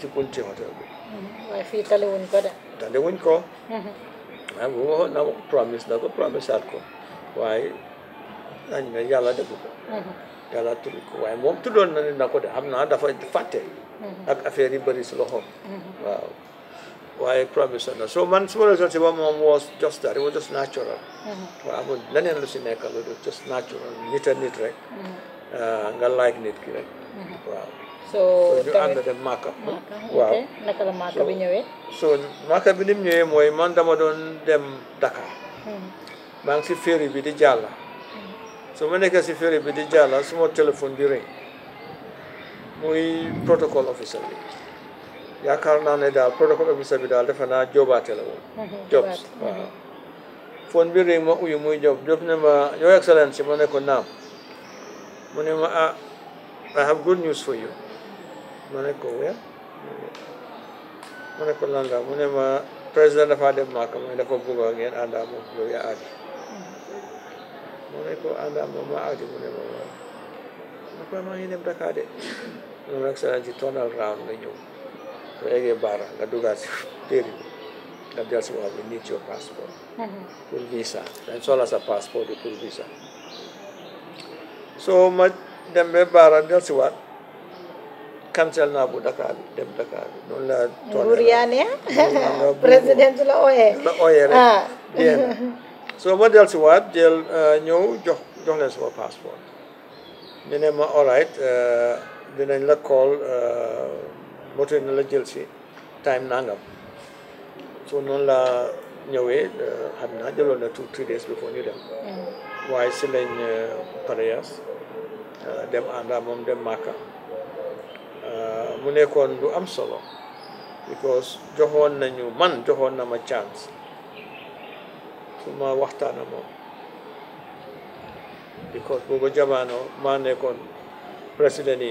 S1: ci bunti hôtel bi
S3: mm-hmm. waaye fii tali wuñ ko de
S1: tali wuñ ko
S3: mm-hmm.
S1: ah bu ma na promise na ko promise aat ko waaye dañ yàlla defu ko yàlla tudd ko waaye moom tuddoon na ne na ko de xam naa dafa fàtte ak affaire yi bëri si loxoom waaw Why and So Mansoor Zanzibar was just that, it was just natural. Nani yang lusi make a little just natural, nita nit rek. Nga like nit mm-hmm. Wow.
S3: So Waaw. So, so ànd dem Màkka. waaw naka la Màkka so ñëwee.
S1: so Màkka bi ni mu ñëwee man dama doon dem daka. maa mm-hmm. si ferry bi di So, mm-hmm. so when I si ferry bi di so so téléphone di ring my protocol officer yaakaar naa ne daal protocol officer bi daal defe naa jobaate la woon jobs waaw bi réy ma uyu muy job job ne ma your excellence ma ne ko naam mu ne ma ah I have good news for you ma ne ko where ma ne ko lan la mu ne ma président dafa dem maaka ma dafa bëgg a ngeen àndaa moom yow yaa aadi mu ne ko àndaa moom ma ne ma ma ne तो एक बारह लड्डू का तेरह that girl said, well, we need your passport, mm-hmm. full visa, as well as a passport, full visa. So ma dem be bara del si wat kam sel na bu dakar dem dakar non la buriane
S3: president la oye la
S1: oye re, bien ah. so ma dia si wat jël ñew eh, jox jox leen sama passeport ñu ne ma all right eh, dinañ la call uh, moto na la jël si time nangam so noonu la ñëwee euh, xam naa jëloon na two three days before ñu dem mm-hmm. waaye si lañ euh, euh, dem ànda moom dem màkka mu nekkoon lu am solo because joxoon nañu man joxoon na ma chance su ma waxtaana moom because booba jamono maa nekkoon président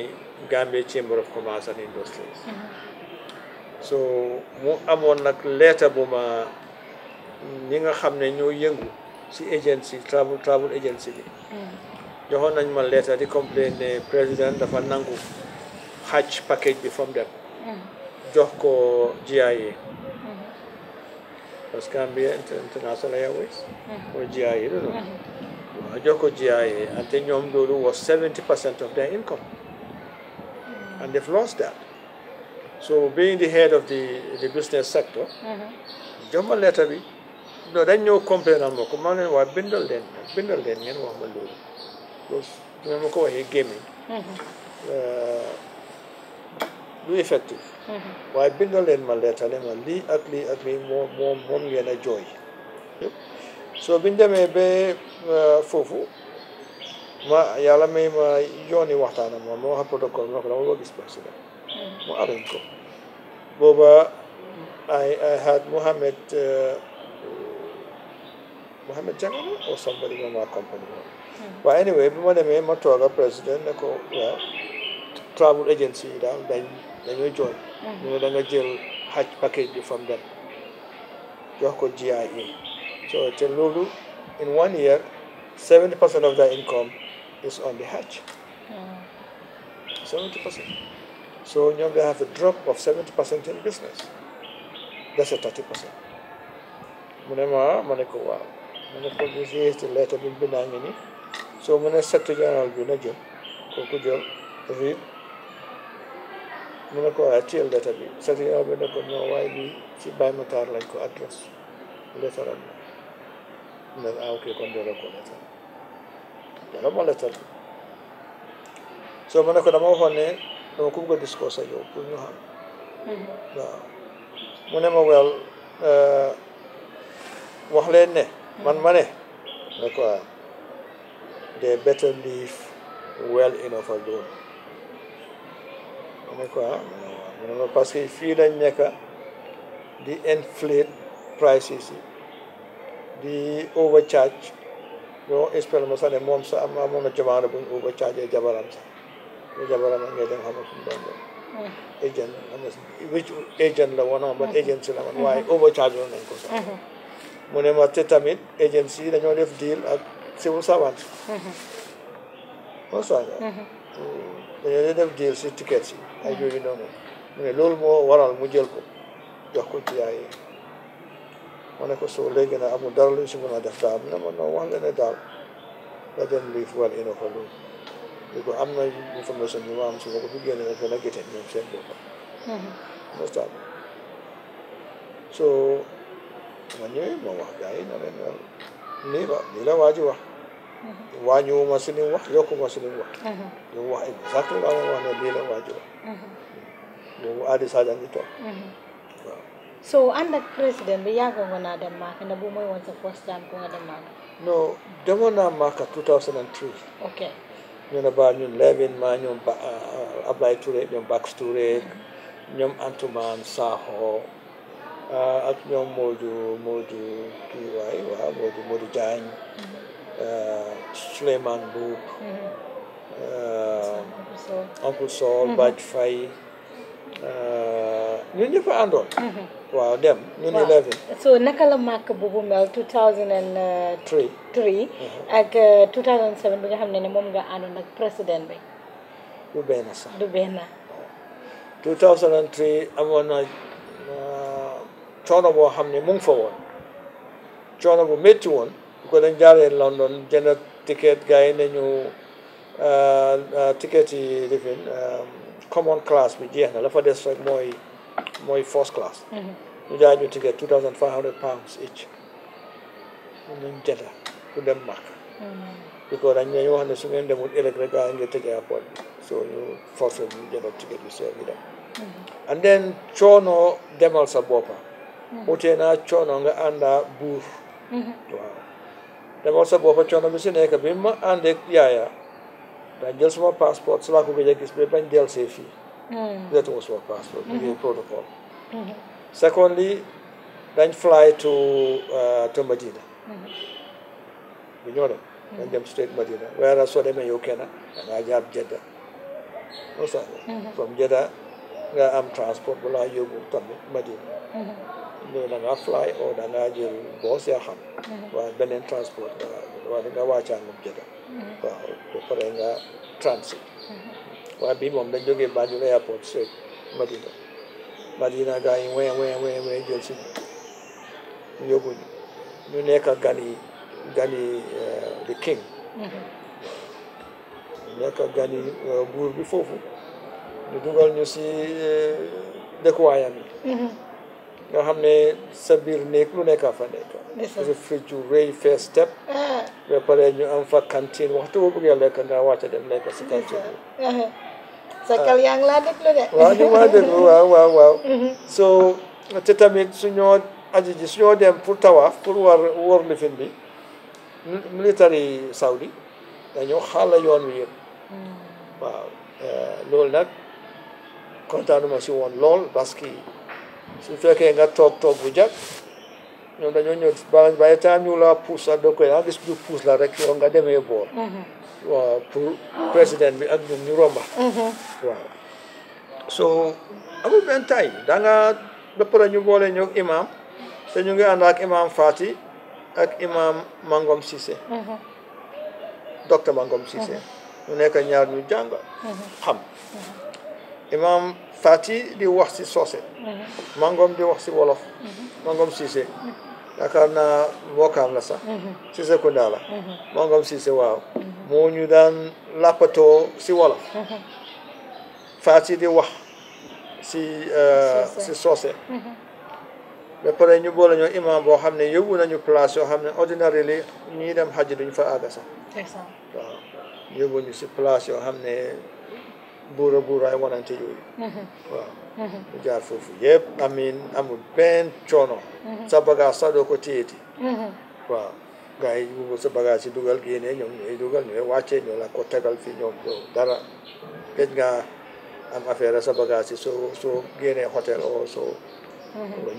S1: Gambia Chamber of Commerce and Industries mm-hmm. so mu amoon nag leeta bu ma ñi nga xam ne ñoo yëngu si agency travel travel agency bi mm-hmm. joxoon nañ ma leeta di complain ne président dafa nangu xaaj package bi fam dem mm-hmm. jox ko GIA parce que Gambia International Airways mooy GIA loolu waaw jox ko GIA ante ñoom loolu was 70 percent of their income and they've lost that. So being the head of the, the business sector, mm-hmm. jommal leta bi no then ñoo complain al ma ko ma then waa bindal leen bindal leen ngeen wax ma loolu loolu dina ma ko waxee gémmiñ du effectif waaye bindal leen ma leeta ne ma lii ak lii ak more more moom moom ngeen a jooy so biñ demee ba uh, foofu ma yàlla may ma yooni waxtaanam moom ma wax protocole is ko dama bëgg gis président mu arrange ko booba I, had Mohammed uh, or somebody from our company. Mm. anyway, ma demee ma toog a président ne ko waaw travel agency yi daal dañ dañoo jooy. ñu ne da nga jël package bi from them jox ko GIA so te loolu in one year of their income is on the Hajj. 70%. So you have a drop of 70% in business. That's a 30%. mu ne ma ma ne ko waaw ma ne ko visite lettre bi bi naa ngi ni soo mu ne sett général bi na jël kooku jël riid mu ne ko waaye tiyel lettre bi sett général bi ko non waaye bi ci Baye Matar lañ ko adresse lettre am na ah ok kon delloo ko lettre dafa ma lettre bi soo ma ne ko dama waxoon ne dama ko bëgg a yow pour ñu xam mu ne ma wel wax leen ne man ma ne ne ko they parce que fii lañ nekk di inflate prices yi di overcharge yo espérance ne moom sax am amoon na jamono bu ñu uba caajee jabaram sax ñu jabaram a ngay dem xam mu doon dem agent la woon am ban agency la woon waaye uba caajoo nañ ko sa mu ne ma te tamit agency dañoo def deal ak civil servant moo sax dañoo def deal si ticket si ay yooyu noonu mu ne loolu moo waral mu jël ko jox ko ci ma ne ko soo léegi nag amul dara luñ si a def daal ne ma non wax nga ne daal nga am na information bi ma am su ma ko bu génnee a gite ñoom seen bopp understand mm-hmm. so ma wax gars na leen nii la nii la waa ji wax
S2: mm-hmm.
S1: si li mu wax yokkuma si li wax li mm-hmm. mu wax exactement wax ne lii la waa wax boobu aadi Sadio a ngi
S3: so ànd ak président bi yàggoon naa dem Màkka ne bu mooy woon sa first time nga dem Màkka.
S1: non demoon naa Màkka 2003. ok ñu ne Levin ma ñoom ba uh, Ablaye ñoom Bax Touré uh, ak ñoom Modou Modou kii waay waaw Modou Modou Diagne uh, Souleymane Boub mm-hmm. mm-hmm. ñun ñëpp a waaw dem ñun eleven
S3: so naka la màkk boobu mel 2003 3 uh-huh. ak 2007 uh, bi nga xam ne ne moom nga àndoon ak président bi
S1: du benn sax du benn 2003 amoon na uh, boo xam ne mu ngi fa woon coono bu métti woon bu ko dañ jaaree London jënd ticket gars yi nañu uh, ticket yi lifin um, common class bi jeex na la fa des rek mooy first class mm-hmm. you to get 2,500 pounds each nañ jata ku dem màkk because dañ dañu wax ne su yang electric car and get to the airport bi so ñu forcé ñu jëndal ticket you seer with them. Hmm. and then chono demal Sabopa. boppa na Chono hmm. chono nga booth. buur waaw demal Sabopa Chono coono bi Bima nekk Yaya. ma àndeeg yaaya daa jël suma passeport su laa ko gëj a gis ba del Secondly, then fly to uh, to Medina mm-hmm. You know, dem dañ dem straight Medina whereas soo demee yow kenn dangaa jaar Jeddah osa mm-hmm. from Jeddah I am transport bu laa yóbbu tamit Medina ñëw da ngaa fly or then I jël boos yaa xam waaye beneen transport waaye nga wàccaangum Jeddah waaw ba pare nga transit waaye bii moom dañ jógee Banjul airport straight Medina badinaga enwe enwe enwe enwe egyoki neka gali gali uh, the king mm-hmm. neka gali uh, guru bifofu dugal ñu si dëkkuwaayam yi nga xam ne sa biir néeg lu nekk fa nekk parce que fridge yu rëy fees step ba ah. pare ñu am fa cantine waxtu boo bëggee lekk nga wàcca dem lekk si cantine bi
S3: Sakal yang ladet lo deh. Wah, ni wow
S1: wow wow. So tetamit sunyod ajiji sunyod yang purtawaf purwar war lifin bi military Saudi dañoo xaala yoon wi yëpp waaw loolu nag kontaanuma si woon lool parce que su fekkee nga toog toog bu jag ñoom dañoo ñëw bala bàyyi ñu la puus la da koy gis la rek nga waaw pour président bi ak ñoom ñu romba mhm. waaw so amul benn tay da nga ba ñu boole ñoog imam te ñu ngi ànd imam Fati ak imam Mangom Cissé mhm. docteur Mangom Cissé ñu mhm. nekk ñaar ñu jàng xam imam Fati di wax si soose Mangom di wax si wolof Mangom Cissé yaakaar naa mbokkaam la sax si mhm. sekunda la mhm. moo ngam si se waaw ñu daan làppatoo si wolof mhm. faat di wax si euh, si soose ba pare ñu boole ñoo imam boo xam ne yóbbu nañu place yoo xam ne ordinary ñu ñii dem xaj duñ fa àgg sax waaw yóbbu ñu si place yoo xam ne buura buuraay wanante yooyu ku mm-hmm. jaar foofu yëpp amin amul benn coono mm-hmm. sa bagage sax doo ko téyeti mm-hmm. waaw gars yi bu sa bagage yi dugal génne ñoom ñooy dugal ñooy wàcce ñoo la ko tegal fi ñoom doo dara gëj nga am affaire sa bagage yi soo soo génnee o soo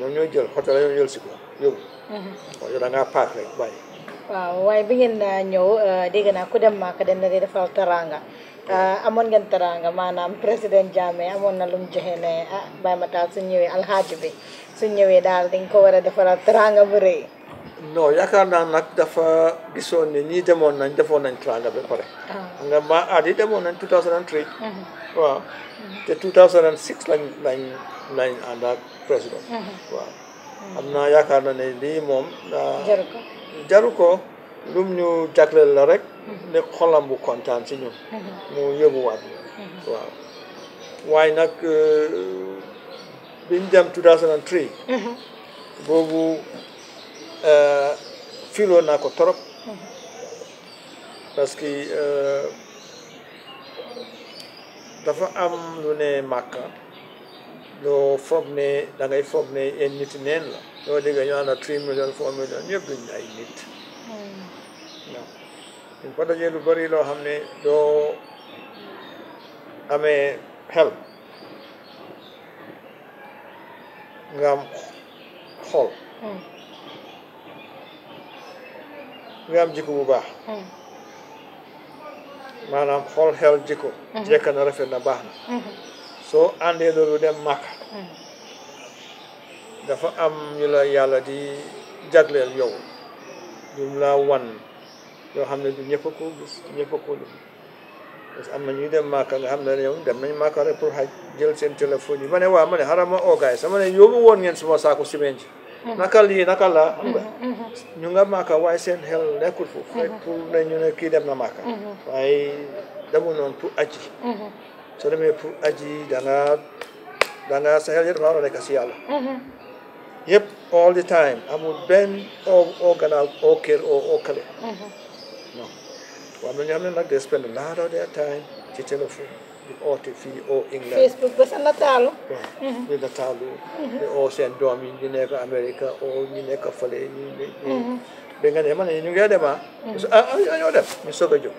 S1: ñoom ñooy jël hôtel la ñoo jël si ko yóbbu waaw yow paak rek bàyyi
S3: waaw waaye bi ngeen ah, ñëw ah, dégg ku dem Màkka dañ la defal teraanga Ah, amoon ngeen teraanga maanaam président Jammeh amoon na lu mu joxe ne ah Baye Matar su ñëwee alxaaji bi su ñëwee daal dañ ko war a defaral teraanga bu rëy.
S1: yaakaar naa nag dafa gisoon ne ñii demoon nañ defoon nañ teraanga ba pare. xam ah. nga ma at ah, yi demoon nañ 2003. Mhm. waaw te 2006 lañ lañ lañ ànd ak président. Mhm. waaw mhm. am naa yaakaar na ne lii moom. jaru ko ko. lum ñu jagleel la rek mhm. ne xolam bu kontaan si ñun mhm. mu yóbbuwaat mhm. waaw waaye nag euh, biñ dem 2003 boobu euh, filoo naa ko trop parce que euh, dafa am lu ne màkka loo foog ne da ngay foog ne nit neen la loo dégg ñu naan 3 millions 4 millions ñëpp duñ ay nit ñu lu bari loo xam ne doo amee xel nga am xool hmm. nga am bu baax hmm. maanaam xool xel jikko hmm. jekk na rafet na baax na soo àndee loolu dem màkk dafa am ñu yàlla di jagleel yow ñu wan yoo xam ne du am na ñuy dem Màkka nga xam dem nañ Màkka rek seen yi ma ne waaw sama ngeen suma saako ciment ji mm-hmm. naka lii naka la mm-hmm,
S2: mm-hmm.
S1: ñu nga Màkka waaye seen xel nekkul foofu rek pour ne ñu ne kii dem na Màkka waaye demu noonu pour aji soo demee pour aji da nga sa xel yëpp war a nekk si yàlla yëpp all the time amul benn oo oo gannaaw oo kër oo waaw am na ñoo xam ne nag they spend a lot time ci téléphone di oote fii oo England Facebook
S3: ba sa nataalu
S1: waaw mhm. mhm. seen doom yi ñu nekk Amérique oo ñu nekk fële ñu ma ne ñu ngee demaa añoo dem ñu soog a jóg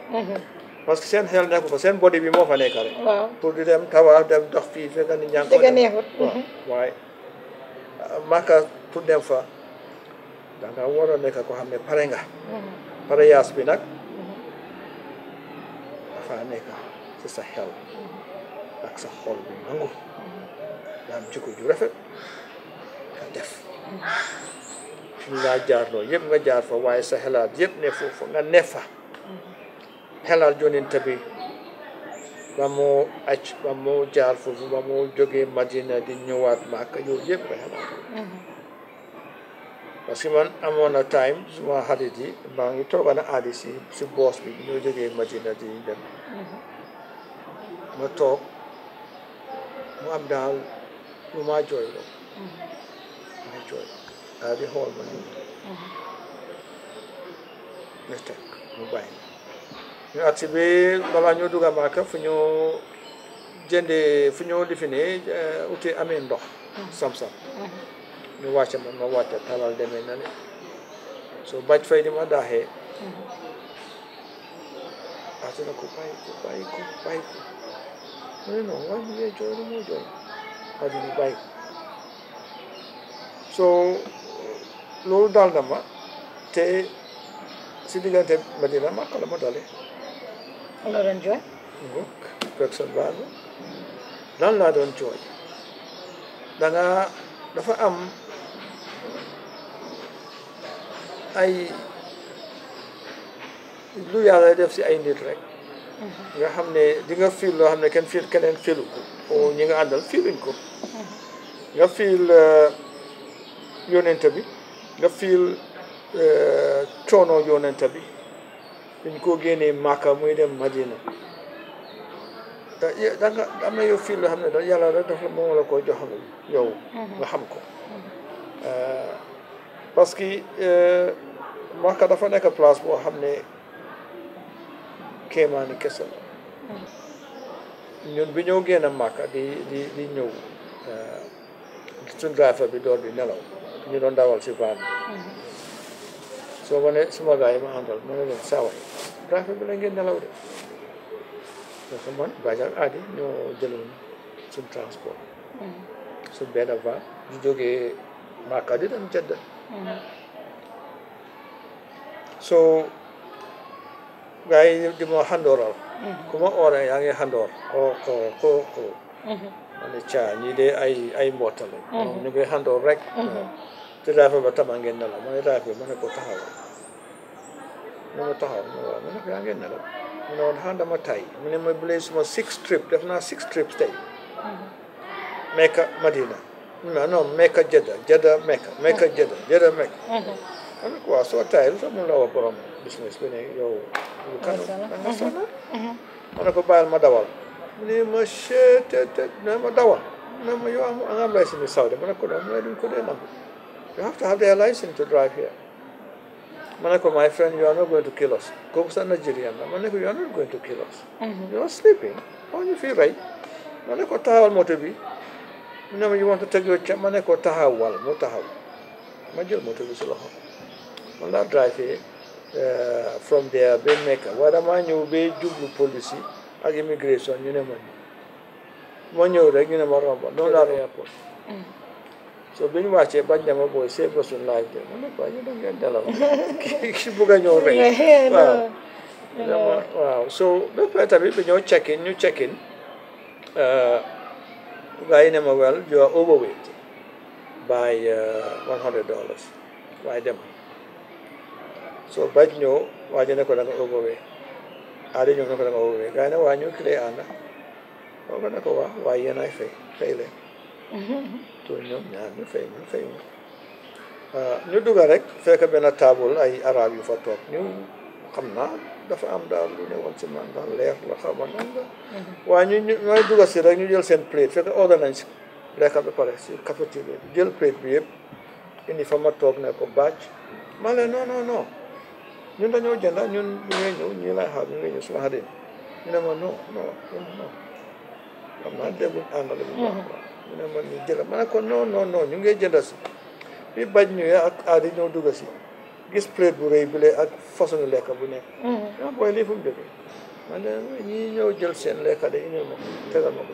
S1: parce que seen xel nekku fa seen body bi moo fa nekk rek pour di dem tawaaf dem dox fii fekk ni ñàkk dëgg dem fa da war a nekk koo xam ne pare nga mhm. pare yaas bi nag dafa nekk ci sa xel ak sa xol bu nangu nga am jikko ju rafet nga def fi ñu jaar loolu yëpp nga jaar fa waaye sa xelaat yëpp ne foofu nga ne fa xelaat yonente bi ba moo aj ba jaar foofu ba moo jógee Madina di ñëwaat Màkka yooyu yëpp nga xelaat parce que man amoon na time suma xarit yi maa ngi tooga na aadi si boos bi ñoo jógee Madina di dem ma toog mu am daal lu maa jooy loo
S2: mm-hmm.
S1: maa jooy daal di xool ma nii ne
S2: mm-hmm.
S1: teg mu bàyyi ñu agsi balaa ñoo dugga maaka fu ñu jëndee fu ñu lifine eh, uti amee ndox mm-hmm. sam-sam ñu wàcce man ma wàcce talal demee na ne soo baj fay di ma daaxee 足がこぱいこぱいこぱいこれの one year journey mo a hadi ni baik. so lo dal dama te sidiga te nama, kalau kala modale
S3: ala ran joy ngok
S1: kaksan baru. dan la don joy danga dafa am ai, lu a def si ay nit rek nga xam ne di nga fiil loo xam ne kenn fiil keneen fiilu ko ñi nga àndal fiiluñ ko nga fiil euh, yonente bi nga fiil euh, coono yonente bi dañ koo génnee Màkka muy dem Madina euh, da nga am na yow fiil loo xam ne da yàlla rek dafa moom la ko joxam yow nga xam ko parce que dafa nekk place boo xam ne kéemaani kese la ñun bi ñoo génn a màkka di di ñëw eh, suñ driver bi door di nelaw ñu doon dawal si van soo ma ne suma gars yi ma àndal ma ne leen saway driver bi ngeen nelaw de parce que man bajak aadi ñoo jëloon suñ transport suñ benn van du jógee màkka di dem jëdd
S2: mm-hmm.
S1: so gaa yi di mm-hmm. ku ma oora yaa ngi xandoor oo oo oo oo mm-hmm. ma ne caa ñii de ay ay mboota la mm-hmm. ñu ngi xandoor rek te raafe ba tama ngeen nelaw ma ne raafe ma ne ko taxawal ma ne ko yaa nelaw mu ne woon xanaa tay mu ne ma bu suma six trip def naa six trip tey Mekka Madina non Mekka Jedda Jedda Mekka Mekka Jedda Jedda Mekka ma ne ko waaw soo tayal mun la wax business bi ne yow. Alasana ma ne ko ma dawal. ma te ma dawal. ma yow am ah. nga am license Saudi ma ko doon mu duñ ko you have to have their license to drive here. ma ko my friend you are not going to kill us. kooku sa Nigerian la ko you are not going to kill us. Mm-hmm. you are sleeping. how you feel right. ma ko taxawal moto bi. mu you want to take your chance ma ne ko taxawal mu taxaw. ma to moto bi si loxo. drive uh, from their bill maker. What am I new? be double policy, ag immigration, you know money. Money or regular maramba, no that airport. So when you watch a bad demo boy, save us on life. No, but you don't get that. [LAUGHS] Keep looking your rate. Wow. Wow. So the better when uh, you check in, you check in. guy name well, you are overweight by uh, $100 by them. so baƴño wajane ko laga ogowe aade ñom noon ko laga ogowe gayna waño kile ana ogona ko wa wayena fe feyle to [LAUGHS] ñom ñaami feymum feymum ñu ah, duga rek fekk benn table ay arab yu fa toog ñu xam naa dafa am daal lu ne woon si man daal leer la xama nan la [LAUGHS] waaye ñu ñooy duga si rek ñu jël seen plate fekk order nañ si lekka ba pare si cafétéria jël plate bi yëpp indi fa ma toog ne ko bàcc ma ne non ñun dañoo jënd ñun ñu ngay ñëw ñii lay xaar ñu ngay ñëw suma xarit ñu ne ma non non non xam naa demul àndale bu baax ñu ne ma ñu jënd ma ne ko non non non ñu ngay jënd si bi bañ ñu ak aadi ñëw dugg si gis plaid bu rëy bi lee ak façon lekk bu nekk ñoo booy lii fu mu jógee ma ne ñi ñëw jël seen lekk de indil ma tegal ma ko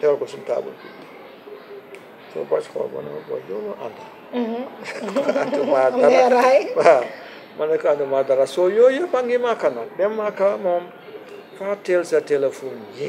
S1: tegal ko suñu taabul so bas xool ma ne ma booy yow loo
S2: ànd waaw
S1: మనకు అనుమాదర సో యో యో పంగిమా కన దెమ్మా ka moom faa teel sa téléphone yi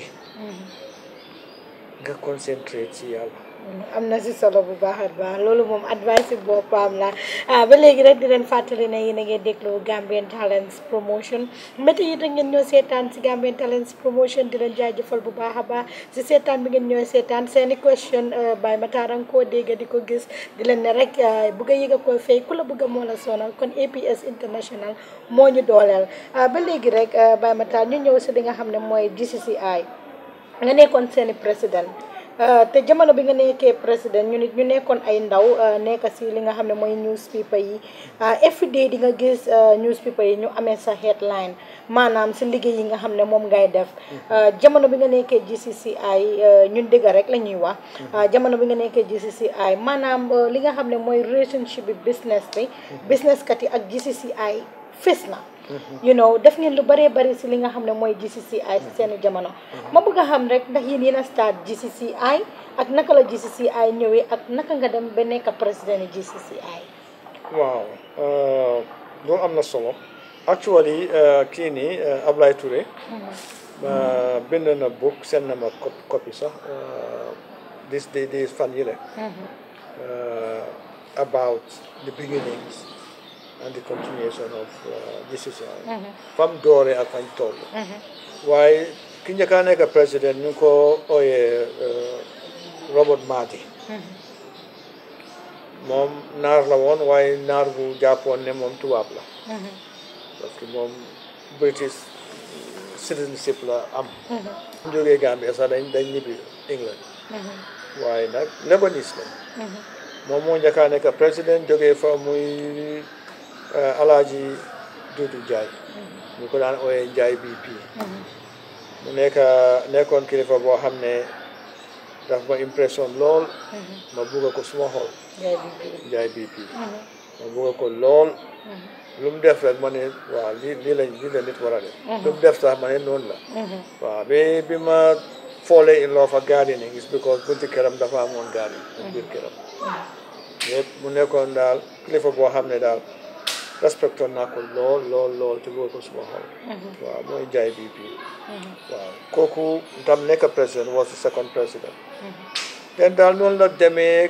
S1: nga concentré ci yàlla
S3: am na si solo bu baax a baax loolu moom advice yi boppam la ah, ba léegi rek di leen fàttali ne yéen a ngi déglu Gambian Talents Promotion métti yi da ngeen ñoo seetaan si Gambian Talents Promotion di leen jaajëfal bu baax a baax si seetaan bi ngeen ñoo seetaan seen i question euh, Baye Matar nga koo dégg di ko gis di leen ne rek euh, bëgg a yëg a ko fay ku la bëgg a moo la sonal kon APS International moo ñu dooleel ah, ba léegi rek euh, Baye Matar ñu ñëw si li nga xam ne mooy GCCI nga nekkoon seen i président Eh, te jamono bi nga nekkee président ñu nit ñu nekkoon ay ndaw eh, nekk si li nga xam ne newspaper yi eh, every day di nga gis newspaper yi ñu amee sa headline maanaam si liggéey yi nga xam ne moom ngay def jamono bi nga nekkee GCCI ñun dëgg rek la ñuy wax jamono bi nga nekkee GCCI maanaam li nga xam ne relationship business bi mhm. business kat yi ak GCCI fés na Mm-hmm. you know def ngeen lu bëree bëri si li nga xam ne mooy GCCI si seen jamono mm-hmm. ma bëgg a xam rek ndax yéen yéen a start GCCI ak naka la GCCI ñëwee ak naka nga dem ba nekk président GCCI
S1: waaw euh, loolu am na solo actually euh, kii nii euh, Ablaye Touré mm-hmm. bind na book seen na ma copie sax this day day fan yi la about the beginnings and the continuation of uh, uh, mm-hmm. fam doore ak fañ toll mm-hmm. waaye ki njëkk a nekk ñu ko ooyee uh, Robert Madi mm-hmm. moom naar la woon waaye naar bu jàppoon ne moom tubaab la parce que moom British citizenship la am mu jógee Gambia sax dañ dañ ñibbi England waaye nag Lebanese la moom moo njëkk a nekk président fa muy Euh, alaaji Duudu Njaay ñu ko daan ooyee Njaay BP mu nekkoon kilifa boo xam ne daf ma impression lool ma bugga ko suma jaay Njaay BP mhm. ma bugga ko lool mhm. lu mu def rek ma ne waaw lii lii la lii la nit war a def mhm. def sax ma ne noonu la waaw bi bi ma foolee in love ak gardening is because dafa amoon garden biir mu nekkoon daal kilifa boo xam ne daal respecté naa ko lool lool lool te boo ko suma xol waaw mooy jaay bi bi waaw kooku tam nekk président was the second président ten daal uh, noonu la demee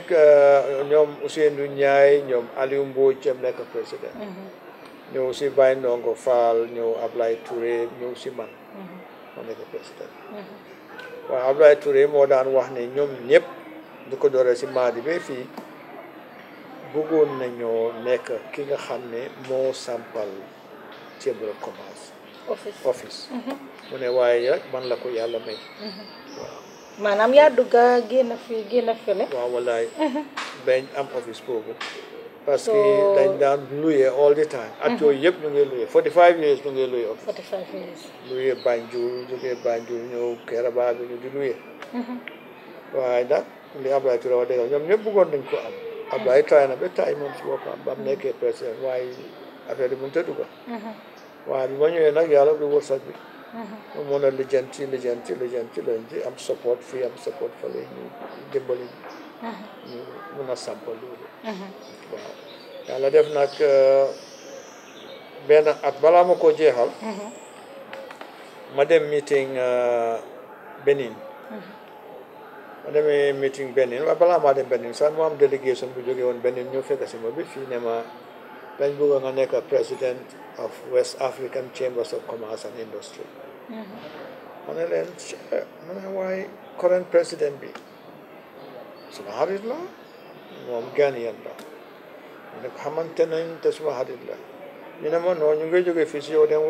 S1: ñoom Ousseynou Ndiaye ñoom Aliou Mbodj am nekk président ñëw si Baye Ndongo Fall ñëw Ablaye Touré ñëw si man ma nekk président waaw Ablaye Touré moo daan wax ne ñoom ñëpp du ko dooree si maadi bi fii bëggoon nañoo nekk ki nga xam ne moo sampal chambre of commerce office mhm. mu ne waaye rek man la ko yàlla may mhm. waaw
S3: maanaam yaa dugg génn fii génn fële waaw
S1: wallaay mhm. bañ am office boobu parce que dañ daan luye all the time at yooyu yëpp ñu ngi luye forty five years ñu ngi luye office forty five years luye Banjul jógee Banjul ñëw Keraba bi ñu di luye waaye nag li Ablaye Touré wax dëgg ñoom ñëpp bëggoon nañ ko am Ablaye mhm. try na ba taay moom si boppam ba mu nekkee président waaye affaire yi mënut a dugg waaye bi ma ñëwee nag yàlla du wërsëg bi mu mën a lijjanti lijjanti lijjanti lañ ci am support fii am support fële ñu dimbali ñu mun a samp loolu mhm. waaw yàlla def nag eh, benn at balaa ma ko jeexal mhm. ma dem meeting eh, Benin demee meeting Benin waaye balaa maa dem Benin san mu am délégation bu jógee Benin new fekk si ma bi fii ne ma dañ bëgg nga nekk president of West African Chambers of Commerce and Industry. ma ne leen ma current president bi suma xarit la moom Ghanaian la ma ko xamante nañ te suma xarit la ñu ne ma non ñu ngi jógee fii si yow dem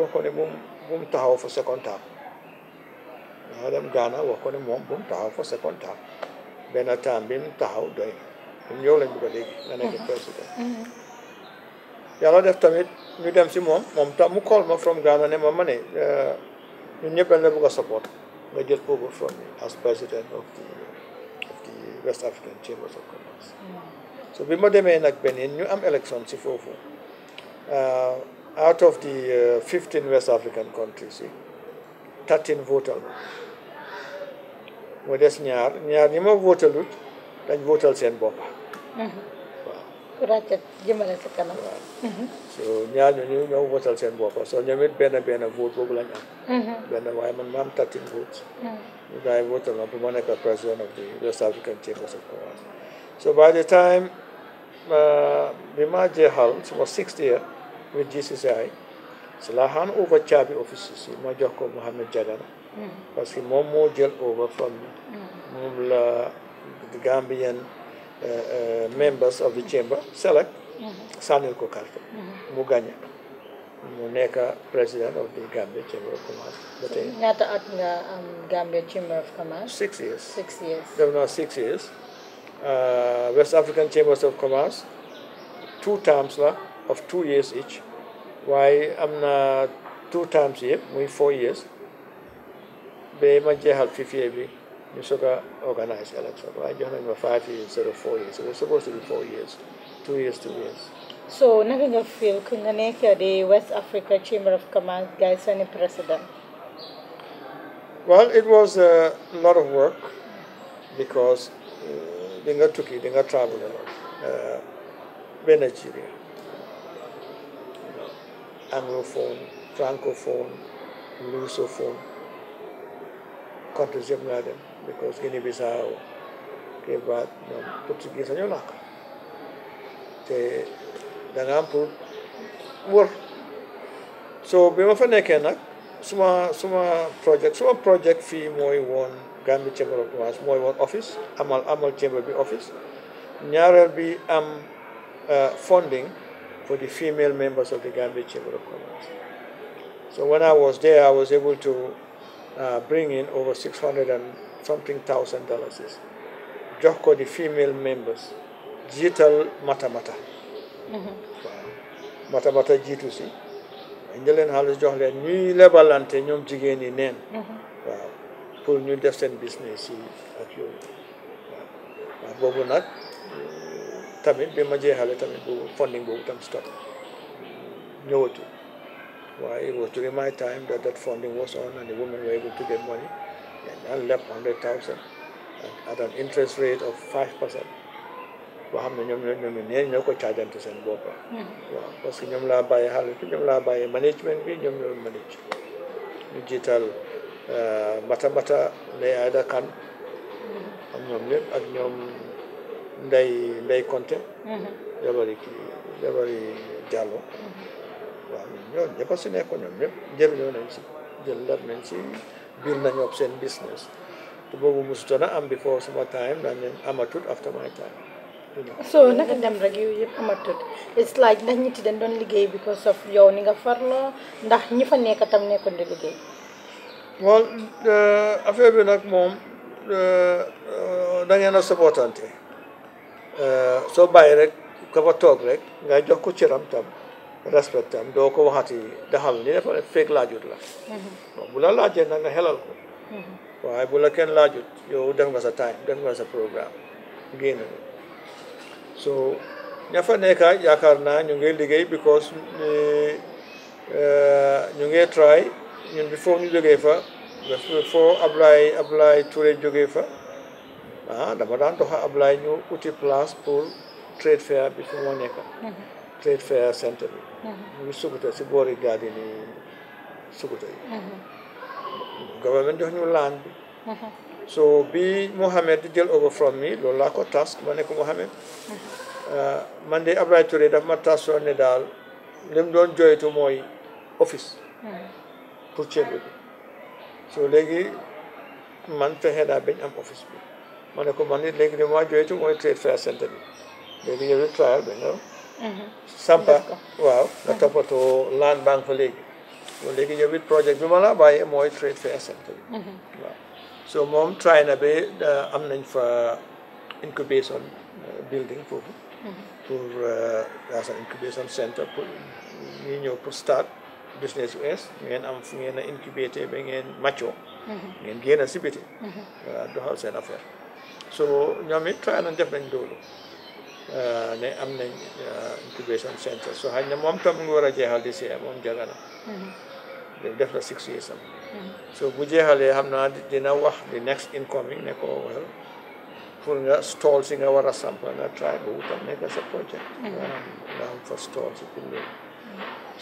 S1: taxaw fa second nga dem Ghana wax ko ne moom bu mu taxaw for second term benn taxaw doy na yow lañ bëgg a dégg nga nekk mhm. Mhm. def tamit ñu dem si moom moom tam mu call ma from Ghana ne ma ma ne eh, ñun ñëpp dañ la a support nga jël over from me as president of the West African Chambers of Commerce so bi ma demee nag Benin ñu am élection si foofu eh, out of the 15 eh, West African countries yi 13 voter mu des ñaar ñaar ñi ma vóotalut dañ vóotal seen bopp
S3: waaw mm-hmm. jëmale sa kanam mm-hmm.
S1: so ñaar ñooñu ñoo vóotal seen bopp so ñoom it benn benn vote boobu lañ am mm-hmm. benn waaye man ma am thirteen votes ñu gars yi vóotal ma pour ma nekk president of the West African Chambers of Commerce so by the time uh, bi ma jeexal suma sixth year with GCCI si laa xaan over caabi office si ma jox ko Mohamed Jagana Because he more more jël over from moom the Gambian euh, euh, members of the chamber select sànnil ko Muganya, Muneka, président of the Gambia Chamber of Commerce ba
S3: tey Gambia Chamber of Commerce six years six years
S1: def naa six years euh, West African Chambers of Commerce two terms la of two years each i am not two terms here? Maybe four years Baymanjay had 50 you Misoka organize election. I do you have five years instead of four years? It was supposed to be four years, two years, two years.
S3: So, nothing of feel kunganeka the West Africa Chamber of Commerce guys and president.
S1: Well, it was a lot of work because uh, they got took it, they got traveled a lot. Uh, Nigeria, Anglophone, Francophone, Lusophone, partnership में आ because because bisa kebat के बाद पुर्तगी संजो लाख ते दनामपुर so bima fa nekké nak suma suma project suma project fi moi won Gambia Chamber of Commerce moi won office amal amal chamber bi office ñaarel bi am um, uh, funding for the female members of the Gambia Chamber of Commerce so when I was there I was able to Uh, bring in over 600 and something thousand dollars. Is, ko the female members mata mata,
S2: mm-hmm.
S1: mata mata jitu si ñu halis xaalis jox leen ñuy lebalante ñoom jige ñi neen waaw new ñu mm-hmm. business si ak yooyu waaw boobu nag uh, tamit bi funding boobu tam stop ñëwatu why it was during my time that that funding was on and the women were able to get money and I left 100,000 at an interest rate of 5%. boo xam ne ñoom ñoo ñoom ñeen ñoo ko caajante seen boppa waaw parce que ñoom laa bàyyi xaalis bi ñoom laa bàyyi management bi ñoom ñoo manage ñu jiital uh, Mata Mata Ndeye Aida Kane hmm. ak ñoom ñëpp ak ñoom Ndeye Ndeye Conte hmm. jabari kii jabari Diallo ñooñu ñëpp si nekkoon ñoom ñëpp njëriñoo nañ si jël leer nañ si biir nañoo seen business te boobu mosutoon a am before sama time daañu leen amatut after my time.
S3: so naka dem rek yooyu yëpp amatut it's like ndax ñi ci dañ doon liggéey because of yow ni nga farloo ndax ñi fa nekk tam nekkoon di liggéey.
S1: bon affaire bi nag moom uh, da ngeen a supportante uh, soo bàyyi rek ka toog rek nga jox ko cëram tam. respect doo ko waxati daxal ni dafa fekk laajut la mm-hmm. bu la laajee nag xelal ko
S2: mm-hmm.
S1: waaye bu la kenn laajut yow def nga sa time def nga sa programme génn so ña fa nekk yaakaar naa ñu ngi liggéey because eh, eh, ñu ngi try ñun before ñu jógee fa before Ablaye ture Touré jógee fa ah dama daan doxa Ablaye ñu uti place pour trade fair bi fi moo nekk mm-hmm. trade fair centre ñu ngi si boori garden yi Sukuta
S2: uh-huh. yi
S1: government jox ñu land bi uh-huh. so bi Mohamed di jël over from mi loolu laa ko tas ma ne ko Mohamed uh-huh. uh, man de Ablaye Touré daf ma tasoon ne daal li mu doon joytu mooy office pour ceeb bi so léegi man fexe naa bañ am office bi ma ne ko man it léegi li ma joytu mooy trade fair centre bi léegi yow it trial bi sampah waaw nga toppatoo land banque fa léegi moom léegi yóbbu projet lah bi ma trade fair centre mhm. so mom try na ba am nañ for incubation uh, building for mhm. for uh, as an incubation center. pour ñu ñëw start business US ngeen am fu ngeen a incubate ba ngeen màccoo. ngeen génn si biti. waaw doxal seen affaire so ñoom try nañ def nañ Euh, ne am nañ euh, incubation center so xaj na moom tam mu war a jeexal di see moom jagana mm-hmm. def na six years am mm-hmm. so bu jeexalee xam naa dina wax di next incoming ne ko well pour nga stall si nga war a samp nga try ba wutam nekk sa projet mm-hmm. nga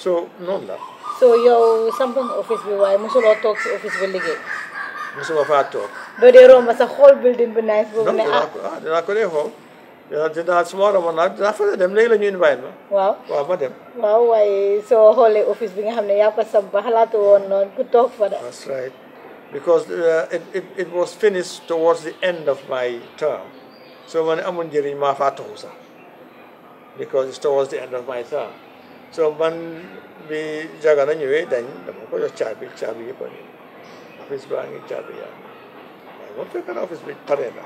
S1: so noonu la
S3: so yow sampam office bi waaye mosuloo toog si office bi liggéey
S1: mosuma faa toog doo dee
S3: romba sa xool building bi nice boobu ne ah.
S1: ah dinaa ko dee xool dina suma war a mën a daa fële dem léegi la ñu invite Wow. Wow, waaw ma dem.
S3: waaw waaye soo office bi nga xam ne yaa ko sampa xalaatu woon noonu ku that's
S1: right because uh, it it it was finished towards the end of my term so ma ne amul njëriñ maa faa taxu sax because it's towards the end of my term so man bi jagana ñëwee dañ dama ko jox caabi caabi yëpp a nii office baa ngi caabi yaa waaye moom fekk na office bi pare na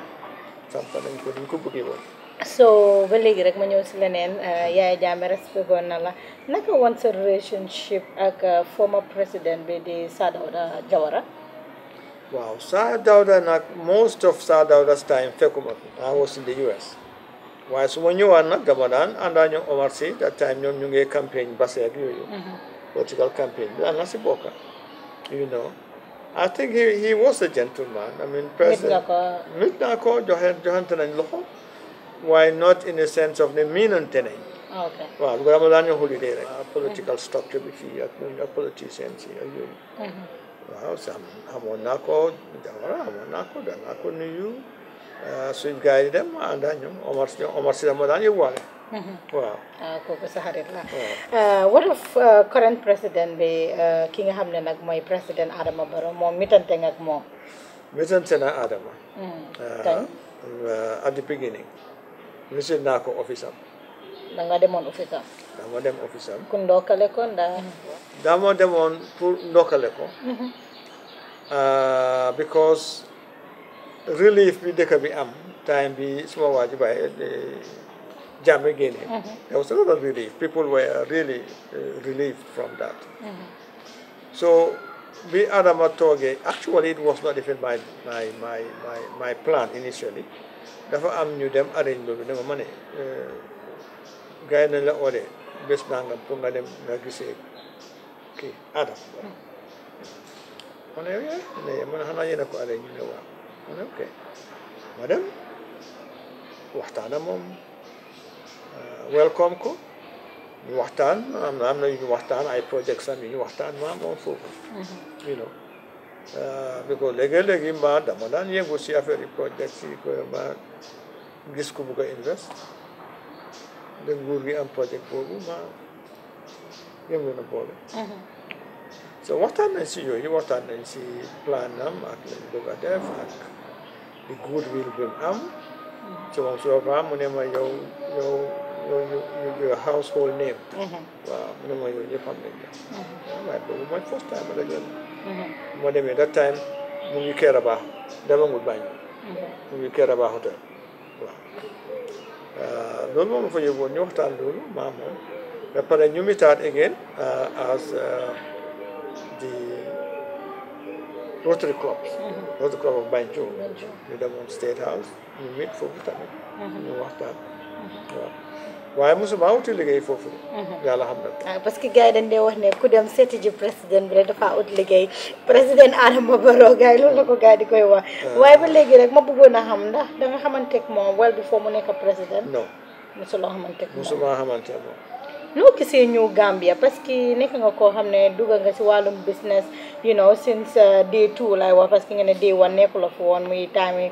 S1: sampa nañ ko ni ñu ko bëggee woon.
S3: so ba léegi rek ma ñëw si leneen eh, Yaya Jammeh respecté naka woon sa relationship ak eh, former president bi di Sir Jawara
S1: waaw Sir Dawda most of Sir time fekkuma I was in the US waaye su ma ñëwaan nag dama daan àndaa ñoom Omar Sy that time ñoom ñu ngi campagne base ak yooyu mm-hmm. political campaign daan na si bokka you know I think he he was a gentleman I mean president nit naa ko joxe joxante nañ loxo why not in a sense of the meenantene waaw because dama daan ñëw holiday rek political structure bi fii ak ak politiciens yi ak yooyu waaw sam xamoon naa ko Jawara xamoon naa ko daan naa ko nuyu suñ gars yi dem ànd ak ñoom Omar si Omar si dama daan yóbbuwaale waaw
S3: kooku sa xarit la uh, what of uh, current president bi uh, ki nga xam ne nag mooy président Adama Barrow moom mitante nga ak moom
S1: mitante na Adama mm. ah, at the beginning visit naa ko office am
S3: da nga demoon office am
S1: dama dem office am
S3: ku ndokkale ko
S1: ko because relief bi dëkk bi am um, time bi suma waa ji bàyyi jàmm génne there was a lot of relief people were really uh, relieved from that mhm. so bi Adama toogee actually it was not even my my my my my plan initially dafa am ñu dem arrange loolu ne ma ma ne euh, gars yi la ooree bés nangam pour dem nga gisee kii Adam ma ne yow eh, xanaa yéen ko arrange ñu ne waaw ma dem waxtaana moom euh, welcome ko ñu waxtaan am na am na yu ñu waxtaan ay project sam yu ñu waxtaan ma moom foofu mm-hmm. you know euh, because léegi dama daan yëngu si affaire project yi ko ma gis ku bugg a invest da nguur gi am projet boobu ma yëm leen a boole mhm. so waxtaan nañ si yooyu waxtaan nañ si plan am ak lañ bëgg ak di good will bi am mhm. so moom su boobaa mu ne ma yow yow yow yow household name mhm. waaw mu ne ma yow ñëpp xam nañ mooy first time ma dajal ma demee that time mu ngi Keraba dama ngul bàñ mu ngi Keraba hotel loolu uh, moom fa yóbboon ñu waxtaan loolu maa moom ba pare ñu mitaat again uh, as uh, the Rotary clubs, mm-hmm. Rotary Club of Banjul ñu demoon State House ñu mit foofu tamit ñu waxtaan waaye mosuma wuti liggéey foofu. Mhm. yàlla xam na
S3: ah, parce que gars yi dañ wax ne ku dem seeti ji président bi rek dafa ut liggéey président Adama Barrow gars yi loolu la ko gars yi di koy wax. Ah. waaye ba léegi rek ma bëggoon a xam ndax da nga xamanteeg moom wala bi foo mu nekk président. non mosula xamanteeg moom mosuma xamanteeg moom. noo Gambia parce que nekk nga koo xam ne dugg nga si wàllum business you know since uh, day two lay wax parce que nga ne day one nekku la fi woon muy time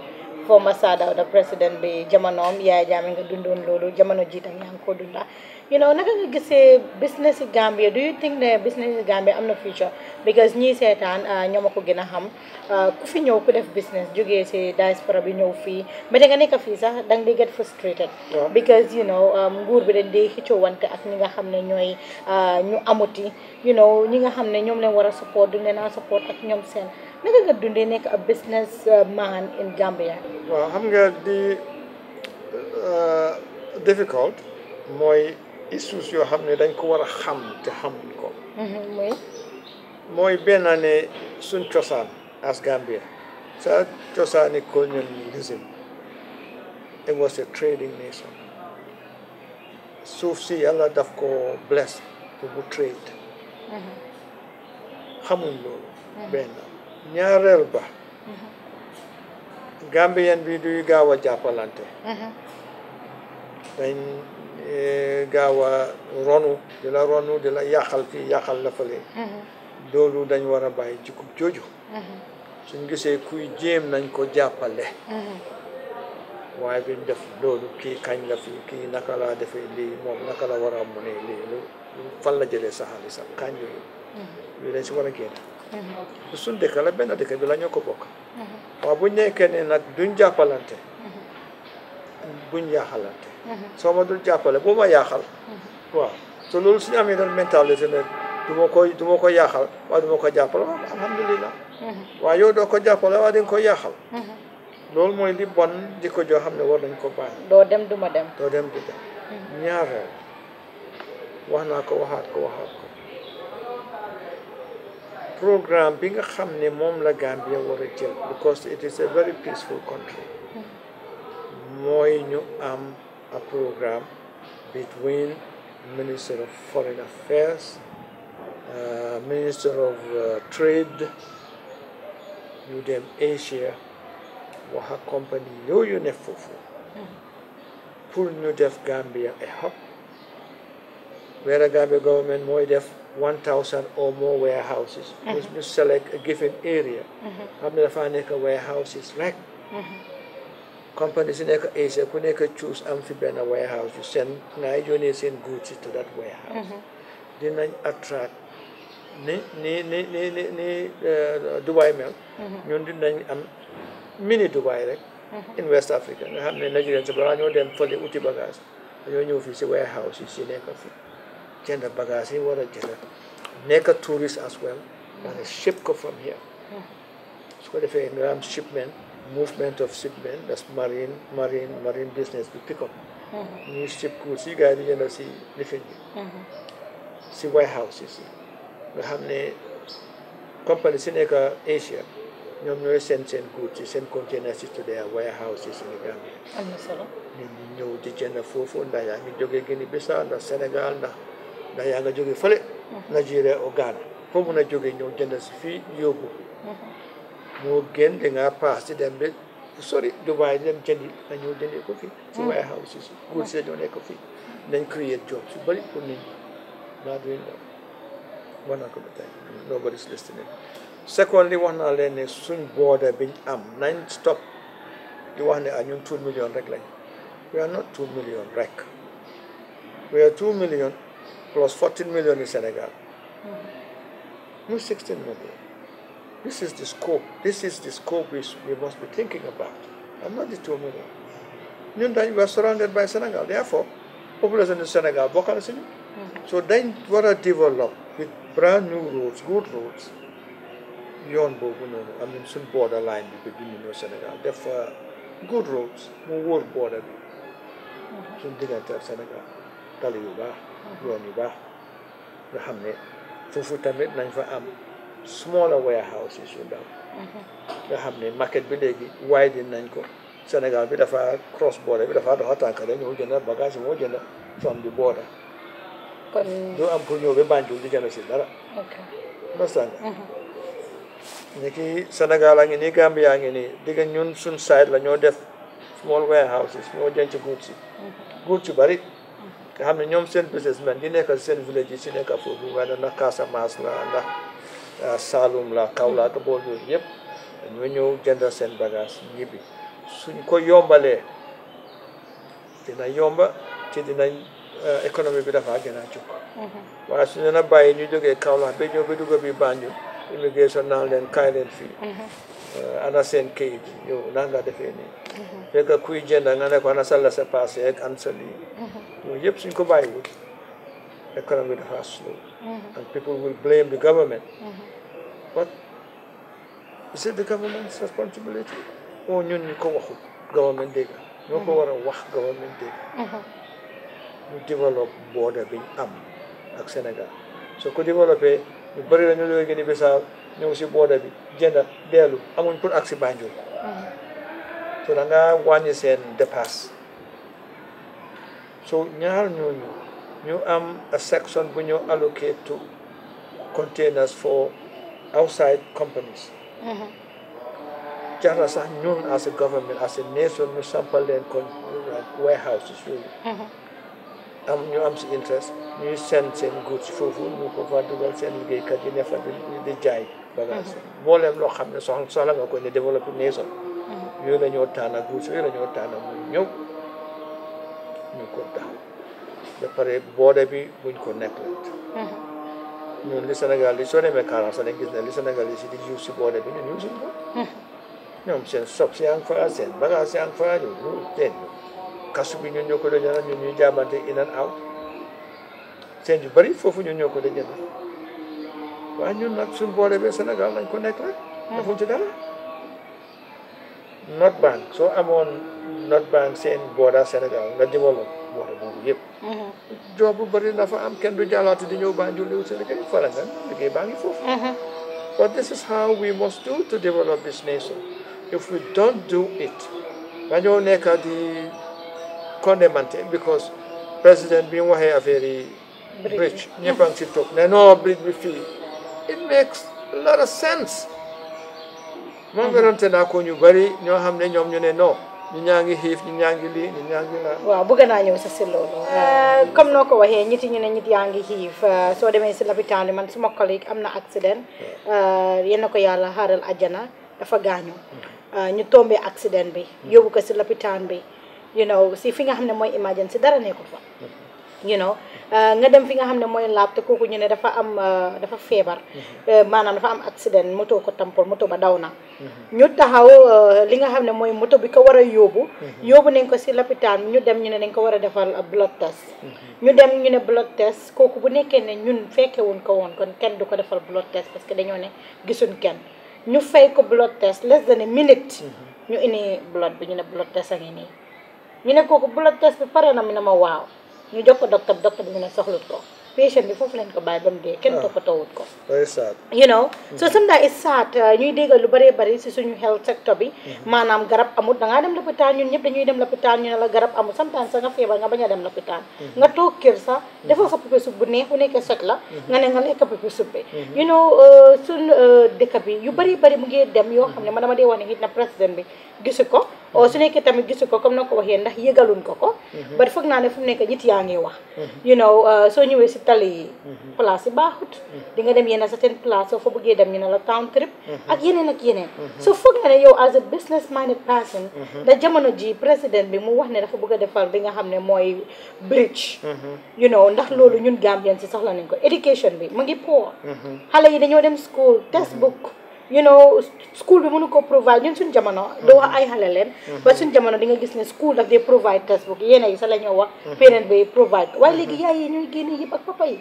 S3: former Sir Dawda président bi jamonoom Yaya Jammeh nga dundoon loolu jamono jii tam yaa ngi ko dunda you know naka nga gisee business Gambia do you think ne business Gambia am na future because ñii seetaan ah, ñoo ko gën a xam ah, ku fi ñëw ku def business jógee si diaspora bi ñëw fii mais da nga nekk fii sax da nga di get frustrated because you know ah, nguur bi dañ di xëccoo wante ak ñi nga xam ne ñooy ñu amuti you know ñi nga xam ne ñoom leen war a support naka nga dundee nekk ab business uh, man in Gambia.
S1: Well, xam nga di difficult Moy issues yoo xam ne dañ ko war a xam te xamuñ ko. Mm-hmm, mooy. Moy ben ne suñ cosaan as Gambia sa ni cosaani colonialism it was a trading nation suuf si yàlla daf ko bless pour mu trade. Mm-hmm. xamuñ loolu mm-hmm. benn. ñaareel ba
S2: mm-hmm.
S1: gambien bi duy gaaw a jàppalante mm-hmm. dañ eh, gaaw ronu di la ronu di la yàqal fii yàqal la fële mm-hmm. loolu dañ war a bàyyi jikko jooju suñ gisee kuy jéem nañ ko jàppale waaye bi def loolu kii kañ la fii kii naka laa defee lii moom naka la war a mu ne lii lu fan la jëlee sa xaalisam kañ yooyu yooyu dañ si war a génn suñ dëkk la benn dëkk bi la ñoo ko bokk mhm. waaw buñ nekkee ne nag duñ jàppalante buñ mhm. yaaxalante mhm. soo ma dul jàppale bu ma yaaxal waaw te loolu suñu amee doon mentalité ne du ma ko du ko yaaxal waaye du ma ko jàppale waaw alhamdulilah waaye yow doo ko jàppale waaye di ko yaaxal loolu mooy li bon di ko joo xam ne war nañ ko baax
S3: doo dem du ma dem
S1: doo dem wax naa ko waxaat ko waxaat program bi nga xam ne moom la Gambia war because it is a very peaceful country mooy am a program between Minister of Foreign Affairs uh, Minister of uh, Trade ñu dem Asia waxa company yooyu ne foofu pour ñu def Gambia a hub where the Gambia government mooy def 1,000 or more warehouses. Mm-hmm. select a given area. Mm-hmm. warehouses rek. mm mm-hmm. Companies in Asia could choose amphibian warehouse. You send units in goods to that warehouse. Mm-hmm. Then attract ni ni ni ni ni ni uh, Dubai mel. Mm-hmm. ñun dinañ am mini Dubai rek. Mm-hmm. in West Africa nga xam ne Nigerians balaa ñoo dem fële uti bagage dañoo ñëw fii si warehouses yi si nekk fii. jënd bagage yi war a jënd nekk touriste as well man ship su ko defee nga am shipment movement of shipment that's marine marine si lifin bi si warehouses yi company si nekk Asia ñoom ñooy seen seen goods yi seen containers yi to their warehouses yi nga am na ñu ñëw ci jënd foofu ndax yaa ngi jógee Guinée Bissau ndax Sénégal ndax ndax yaa nga jóge fële Nigeria o Ghana foo mun a jóge ñëw jënd si fii yóbbu moo gën dangaa paas di dem bi sori Dubai dem jëndi nga ñëw jëndee ko fii si mm. waaye xaw si si guur si dañoo nekk fii nañ create job su bëri pour nit ñi naa duñ secondly wax naa leen ne suñ border biñ am nañ stop di wax ne a ah, ñun two million rek lañ we are not two million two million plus 14 million in Senegal. No 16 million. This is the scope. This is the scope which we must be thinking about. And not the 2 million. Ñun dañ we are surrounded by Senegal. Therefore, population in Senegal bokk na si ñu. So then, what are developed with brand new roads, good roads. beyond boobu I mean, some suñ border line bi ko dindi Sénégal Therefore, uh, good roads more work border So then I ak Sénégal tell you baax loon baa baax xam ne foofu tamit nañ fa am smaller warehouses yu ndaw nga mhm. xam ne market bi léegi widen nañ ko senegal bi dafa cross border bi dafa dox a tànk rek ñëw jënd bagage moo jënd from the border kon doo am pour ñëw ba Banjul di jënd si dara understand mhm. ni ki senegal a ngi nii Gambia a ngi ni digg ñun suñ side la ñoo def small warehouses ñoo denc goods yi bari nga xam ne ñoom seen businessmen di nekk seen village yi si nekk foofu waaye ndax Casamance la ndax ah, Saalum la Kaolack mm-hmm. bool yooyu yëpp ñu ñëw jënd seen bagage ñibbi suñ ko yombalee dina yomba te dinañ ah, économie bi dafa gën a jóg mm-hmm. waaye su ñu na bàyyi ñu jógee Kaolack ba ñëw ba dugg bi Banjul immigration naan leen kaay leen fii mm-hmm. Eh, ana seen kayit yow nan nga defee nii fekk kuy jënd nga ne ana sa la sa an sa lii yooyu yëpp suñ ko bàyyiwul economy dafa slow and people will blame the government but is it the government's oo oh, ñun ñu ko waxul government dégg ñoo ko a wax government dégg ñu développe border biñ am ak Sénégal soo ko développé ñu bëri la ñu looy gën a ñëw si booda bi jënda dellu amuñ pour agsi Banjul so da nga wàññi seen dépasse so ñaar ñooñu ñu am a section bu ñëw allocate to containers for outside companies jara sax ñun as a government as a nation ñu sampal leen kon warehouses yooyu am ñu am si interest ñuy send seen goods foofu ñu ko fa dugal seen liggéeykat yi ne fa di jaay bagage mbooleem loo xam ne soxla soxla nga koy ne développé nation mm-hmm. yooyu la ñoo taan ak guus yooyu la ñoo taan ak mu ñëw ñu ko bi buñ ko nekklet mm-hmm. ñun li Sénégal yi soo demee dañ gis ne li Sénégal yi si si boode bi ñun ñu mm-hmm. ñoom seen sob si ang fa seen bagage si ang fa ñu ñu seen kasu bi ñun ñoo ko doon jënd ñun ñuy jaabante in and out seen yu bëri foofu ñu ñoo ko doon jënd waaye ñun nag suñ boole bee Sénégal nañ ko nekk rek. defuñ ci dara. soo amoon North Bank seen booda Sénégal nga développé booda boobu yëpp. job bu bëri na am kenn du jàllaati di ñëw Banjul liw si liggéey fala nga liggéey baa ngi foofu. Mm-hmm. but this is how we must do to develop this nation. if we don't do it dañoo nekk di condemnante because président bi waxe waxee affaire yi bridge ñëpp a ngi ne non bridge bi fii it makes a lot of sense moom werante ko ñu bari ñoo xam ne ñoom ñu ne non ñu ñaa ngi xiif ñu ñaa lii ñu ñaa laa
S3: waaw bëgg naa ñëw sa si loolu euh, euh, comme noo ko waxee ñiti ñu ne ñit yaa ngi xiif euh, soo demee si lopitaan bi man suma collègue am na accident yal na ko yàlla xaaral ajana dafa gaañu ñu tombé accident bi yóbbu ko si lopitaan bi you know si fi nga xam ne mooy si dara ne fa mm-hmm. you euh, nga dem fi nga xam ne mooy laab te kooku ñu ne dafa am euh, dafa feebar mm-hmm. euh, maanaam dafa am accident moto ko tampol moto ba daw na mm-hmm. ñu taxaw li nga xam ne mooy moto bi ko war a yóbbu mm-hmm. yóbbu nañ ko si lopitaan ñu dem ñu ne dañ ko war a defal blood test ñu dem ñu ne blood test kooku bu nekkee ne ñun fekke wuñ ko woon kenn du ko defal blood test parce que dañoo ne gisuñ kenn ñu fay ko blood test less than a ñu indi blood bi ñu ne blood test a ngi nii ñu ne kooku blood test bi pare na mi ne ma waaw ñu jot ko docteur docteur bi mu ne soxlut ko patient bi foofu lañ ko bàyyi ba mu dee kenn ah. toppatoowut ko you know so mm-hmm. sometimes it's sad uh, ñuy déggal lu bëree bëri si suñu health sector bi mm-hmm. maanaam garab amut dangaa dem lopitaan ñun ñëpp dañuy dem lopitaan ñu la garab amut sometimes sa nga feebar nga bañ a dem lopitaan mm-hmm. nga toog kër sa defal sa poupée soupe bu neex bu nekkee soj la nga ne nga lekk poupée soupe you noo uh, suñ uh, dëkk bi yu bari bëri mu ngi dem yoo xam ne man dama dee wax ne nit na président bi gisu ko su nekkee tamit gisu ko comme na ko waxee ndax yëgaluñ ko ko mhm. ba foog naa ne fu mu nekk nit yaa ngi wax mhm. you know uh, soo ñëwee si tali yi mhm. place yi baaxut di nga dem yenn certain place soo fa bëggee dem ñu ne la town trip ak yeneen ak yeneen so foog naa ne yow as a business minded person da jamono ji président bi mu wax ne dafa bëgg a defar bi nga xam ne mooy bridge you know ndax loolu ñun Gambien si soxla nañ ko éducation bi mu ngi poor xale yi dañoo dem school textbook you know school bi mënu ko provide ñun suñ jamono doo ay xale leen waaye mhm. suñ jamono di nga gis ne school daf dee provide textbook yéena yi sa la ñoo wax mhm. parent bi provide waaye léegi mhm. yaay yi ñuy génne yëpp ak papa yi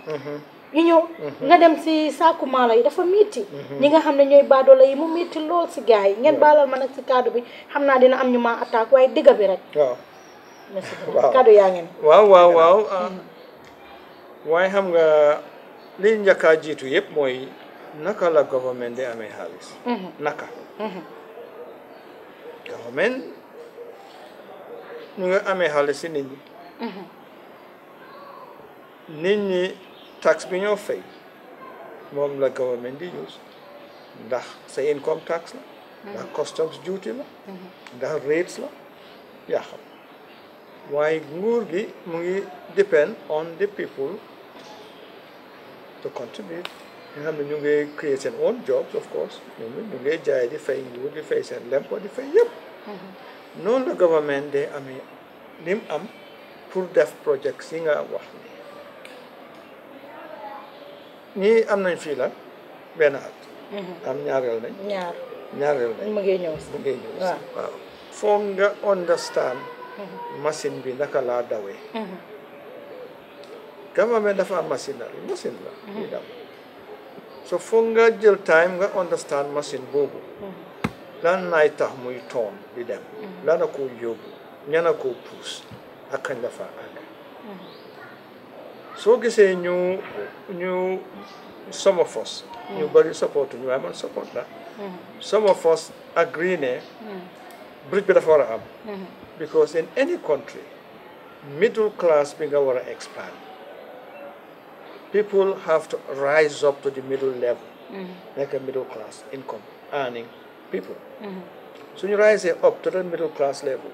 S3: ñu ñëw nga dem si saaku maalo yi dafa miiti ñi nga xam ne ñooy baadoola yi mu miiti lool si gaa yi ngeen baalal ma nag si kaddu bi xam naa dina am ñu ma attaque waaye dëgg bi rek waaw kaddu yaa ngeen
S1: waaw waaw waaw mm-hmm. waaye xam nga li njëkk a yëpp mooy naka la government di amee xaalis mhm. naka mhm. government ñu nga ame xaalis si nit ñi mhm. nit ñi tax bi ñoo fay moom la government di use ndax sa income tax la ndax customs duty la ndax rates la yaa waaye nguur gi mu ngi depend on the people to contribute nga xam ne fay nguur di di fay yëpp mm-hmm. day amee li am pour def project yi nga wax ni am nañ fii la benn at mm-hmm. am ñaareel nañ ñaareel nañ mu ngay ñëw foog nga understand
S2: mm-hmm.
S1: machine bi naka laa dawee government dafa am machine la machine la so funga ngajjel time nga understand machine boobu mm. lan nay tax muy ton di dem mm. lan aku yóbbu ñana koo puus ak kañ la So, àgg soo gisee ñu ñu some of us ñu mm. bari support ñu waaye support la some of us agree ne bridge bi dafa am because in any country middle class bi nga wara expand people have to rise up to the middle level, mm-hmm. like a middle class income earning people. Mm-hmm. So you rise up to the middle class level,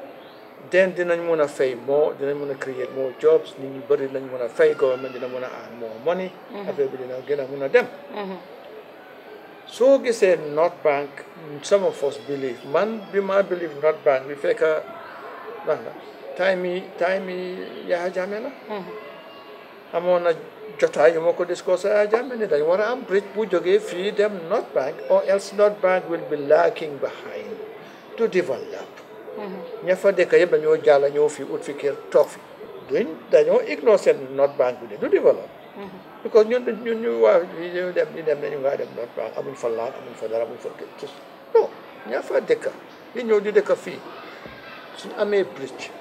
S1: then you wanna pay more dinañ wanna create more jobs nit ñu want to mën government, fay government dina wanna earn more money. Mm-hmm. Everybody bi dina gën a mën a dem. you say North Bank some of us believe man we might believe North Bank We fekk lan la time yi jamela. yi mm-hmm. Yahya Jammeh la. jotaay yu ma ko discussé a jàmme ni dañ war a am bridge bu jógee fii dem North Bank or else North Bank will be lacking behind to develop
S2: mm-hmm.
S1: ña fa dëkk yëpp dañoo jàll ñëw fii ut fi kër toog fi duñ dañoo ignore seen North Bank bi de du develop mm-hmm. because ñun ñun ñu waa fii ñu dem ñu dem nañu ngaa dem North Bank amuñ fa laan amuñ fa dara amuñ fa kër tus ña fa dëkk li ñëw di dëkk fii suñ amee bridge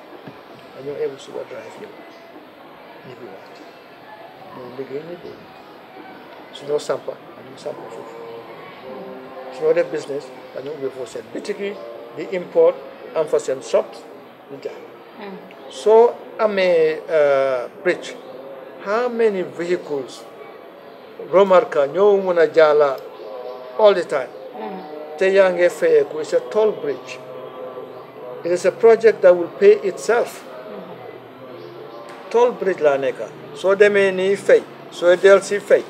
S1: dañoo ebu suba drive yëpp Bobigeni Bob. She knows Sampa, and you Sampa She knows their business, and you before said. Bitigi, the import, and for some shops, mm. So, I'm a uh, bridge. How many vehicles Romarka, Nyomuna Jala, all the time?
S2: Mm.
S1: Feyeku is a toll bridge. It is a project that will pay itself.
S2: Mm.
S1: Toll bridge la neka so demee nii fay soo del si fay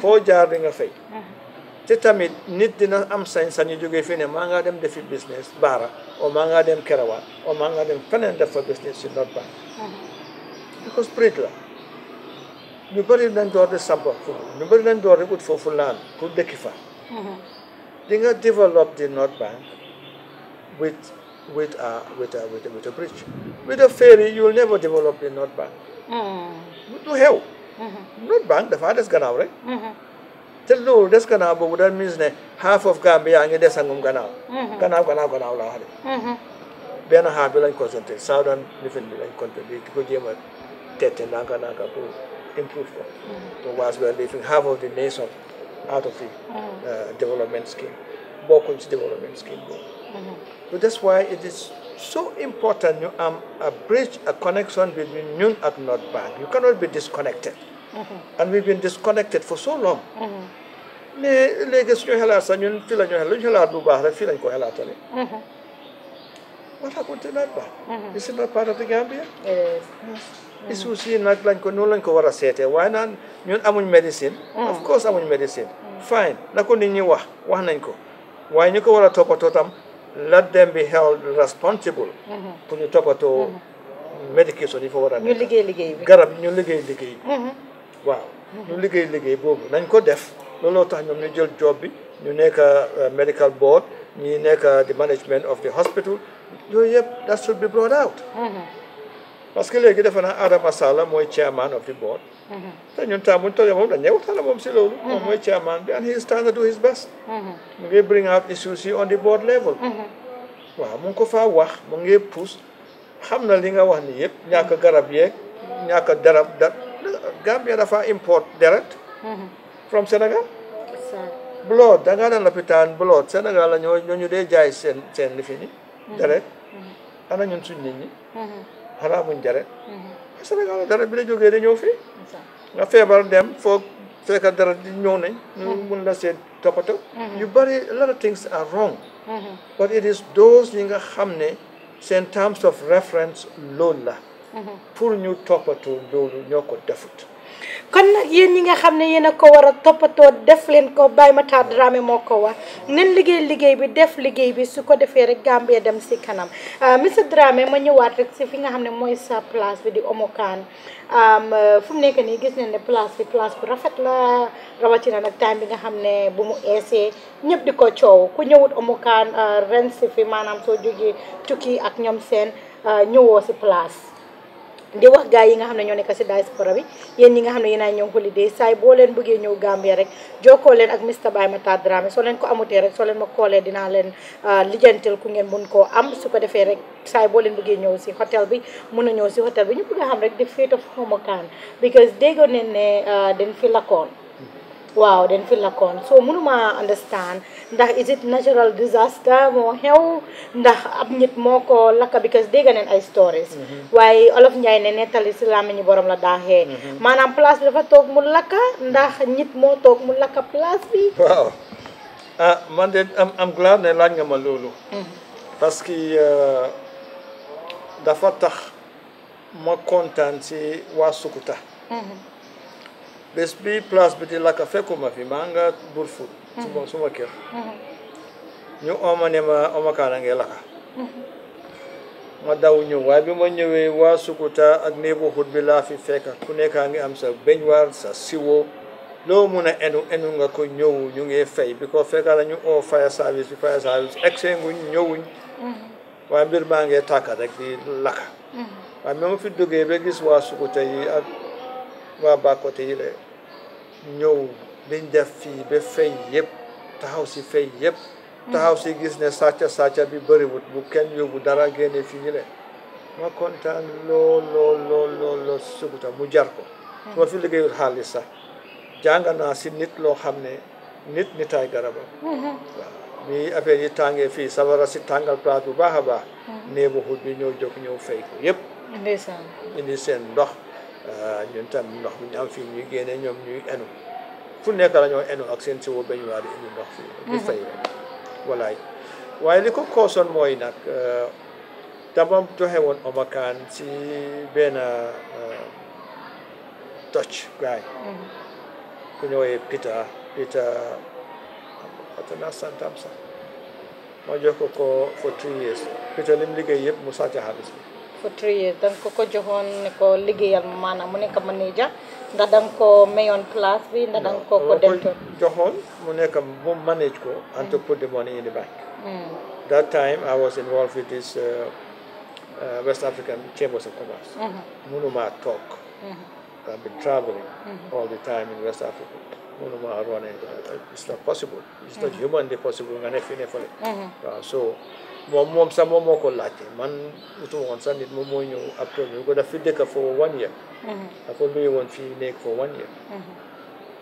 S1: foo eh. jaar di nga fay eh. te tamit nit dina am sañ-sañu jógee fii ne maa ngaa dem defi business baara o maa ngaa dem kerawaan o maa ngaa dem feneen def fa business si not bank eh. because prix la ñu bëri nañ door di sampa foofu ñu bëri nañ door di ut foofu laan pour dëkki fa di nga develop the North bank with with a with a with a, with a bridge with a ferry you'll never develop the north bank mm. du xew mhm. North Bank dafa des gannaaw rek mhm. te loolu des gannaaw boobu daal means ne half of Gambia yaa ngi desangum gannaaw mhm. gannaaw gannaaw gannaaw laa xale benn half bi lañ concentré southern living bi lañ concentré di ko jéem a tette nanka nanka pour improve ko to whilst we are living half of the nation out of uh, development scheme bokkuñ ci development scheme boobu so that's why it is so important ñu am a bridge a connection between ñun ak North Bank you cannot be disconnected mm-hmm. and we've been disconnected for so long mais mm-hmm. léegi suñu xalaat sax ñun fii la ñu xalaat lu baax rek fii lañ ko xalaatale mm-hmm. what happened to North Bank is it not part of the Gambia lañ ko noonu lañ ko war a seetee waaye naan ñun amuñ médecine mm. of course amuñ médecine mm. fine na ko ñi wax wax nañ ko waaye ñu ko war a toppatoo let them be held responsible pour ñu toppatoo médication yi fa war a nekk ñu liggéey liggéey bi garab ñu liggéey liggéey bi mm-hmm. waaw ñu mm-hmm. liggéey liggéey boobu nañ ko def looloo tax ñoom ñu jël job bi ñu nekk uh, medical board ñi nekk uh, the management of the hospital yooyu yëpp that should be brought out mm-hmm. parce que légui defe naa Adama Sallah moy chairman of the board. te ñun ta muñ toogee mom dañ ñew tala mom ci lolu mom moy chairman bi and he is trying to do his best. mu ngi bring out issues on the board level. Mm-hmm. wa mu ko fa wax mu ngi pousse xamna li nga wax ni yépp ñàkk garab darab da Gambia dafa import direct mm-hmm. from Senegal. blood da nga daan l'hôpital blood senegal la ñoo ñu dé jaay seen seen Direct.
S2: ni
S1: ana ñun suñ nit ñi. xanaa muñ deret mhm. Sénégal deret bi la jógee da ñëw fii nga feebar dem foog fekka dara di ñëw nañ mhm. ñu mun la seen toppatoo mhm. yu bëri a lot of things are wrong but it is those yi nga xam ne seen terms of reference loolu la pour ñu toppatoo loolu ñoo ko defut
S3: kon nag yéen ñi nga xam ne yéen a ko war a toppatoo def leen ko Baye Matar Dramé moo ko wax nen liggéey liggéey bi def liggéey bi su ko defee rek Gambia dem si kanam euh, monsieur Dramé ma ñëwaat rek si fi nga xam ne mooy sa place bi di omokaan um, euh, fu mu nekk nii gis nañ ne place bi place bu rafet la rawatina nag time bi nga xam ne bu mu eesee ñëpp di ko coow ku ñëwut omokaan euh, ren si fi maanaam soo jógee tukki ak ñoom seen ñëwoo si place di wax gaa yi nga xam ne ñoo nekk si diaspora bi yéen ñi nga xam ne yéen a ñëw holiday saay boo leen bëggee ñëw Gambia rek jokkoo leen ak Mr Baye Matar Dramé soo leen ko amutee rek soo leen ma koolee dinaa leen ah, lijjantil ku ngeen mun koo am su ko defee rek saay boo leen bëggee ñëw si hôtel bi mun a ñëw si hôtel bi ñu bëgg xam rek di fate of Home Kan because déggoon ne ne ah, dañ fi lakkoon Wow, dan fi lakkoon so mënuma understand ndax is it natural disaster mo how ndax ab nit ko laka because they neen ay stories mm-hmm. all olof Njaay ne nettali si làmmiñu borom la dahe. Mm-hmm. manam place bi dafa tok mu laka, ndax nit mo tok mu laka place bi
S1: wow ah man I'm am am glad ne laaj nga ma loolu mm-hmm. parce que euh, dafa tax ma si wasukuta. bés bi place bi di lakk fekkuma fi maa nga Brufut suma suma kër mm-hmm. ñu ooma ne Oma Kaana ngi lakka mm-hmm. ma daw ñëw waaye bi ma ñëwee waa Sukuta ak neighborhood bi laa fi fekk ku nekk ngi am sa beñwaar sa siwo loo mun a enu enu nga ko ñëw ñu ngi fay bi ko fekka la ñu oo fire service bi fire service excès nguñ ñëwuñ mm-hmm. waaye mbir maa ngi tàkk rek di lakka waaye ma fi duggee ba gis waa Sukuta yi ak waa Bakote yi de ñëw liñ def fii ba fay yëpp taxaw si fay yëpp taxaw si gis ne sàcca sàcca bi bëriwut bu kenn yóbbu dara génne fi ñu le ma kontaan lool lool lool lool lool mu jar ko
S2: hmm. su ma fi
S1: liggéeyul xaalis sax jàng si nit loo xam ne nit nitaay garabam
S3: hmm. waaw
S1: mi affaire yi tàngee fii sawara si tàngal place bu baax a baax hmm. néebu xut bi ñoo jóg ñëw fay ko yëpp indi seen ndox Euh, ñun tam ndox mi ñu am fii ñuy génne ñoom ñuy enu fu nekk la ñoo enu ak seen siwo bañuwaar yi indi ndox fii mhm. di fay walaay waaye li ko koosoon mooy nag euh, dama joxe woon omakaan si benn euh, touch gaay mhm. ku ñëwee Peter Peter xam naa santam sax ma jox ko for two years Peter lim liggéey yëpp mu sàcc xaalis
S3: for three years. Dan ko ko johon ko ligayal mana mo nekk manager. Dadang ko mayon class bi, dadang ko ko dental.
S1: Johon mo nekk mo manage ko and to hmm. put the money in the bank. Hmm. That time I was involved with this uh, uh, West African Chambers of Commerce. Mm -hmm. talk.
S2: Mm -hmm.
S1: I've been traveling mm -hmm. all the time in West Africa. Munuma run uh, It's not possible. It's mm -hmm. not humanly possible. Mm -hmm. uh, so Mom, mom, sax mom, moo ko laajte man utuma woon sax nit Mom, moo ñëw après ñu ko def fi dëkk for one year dafa luye woon fii nekk for one year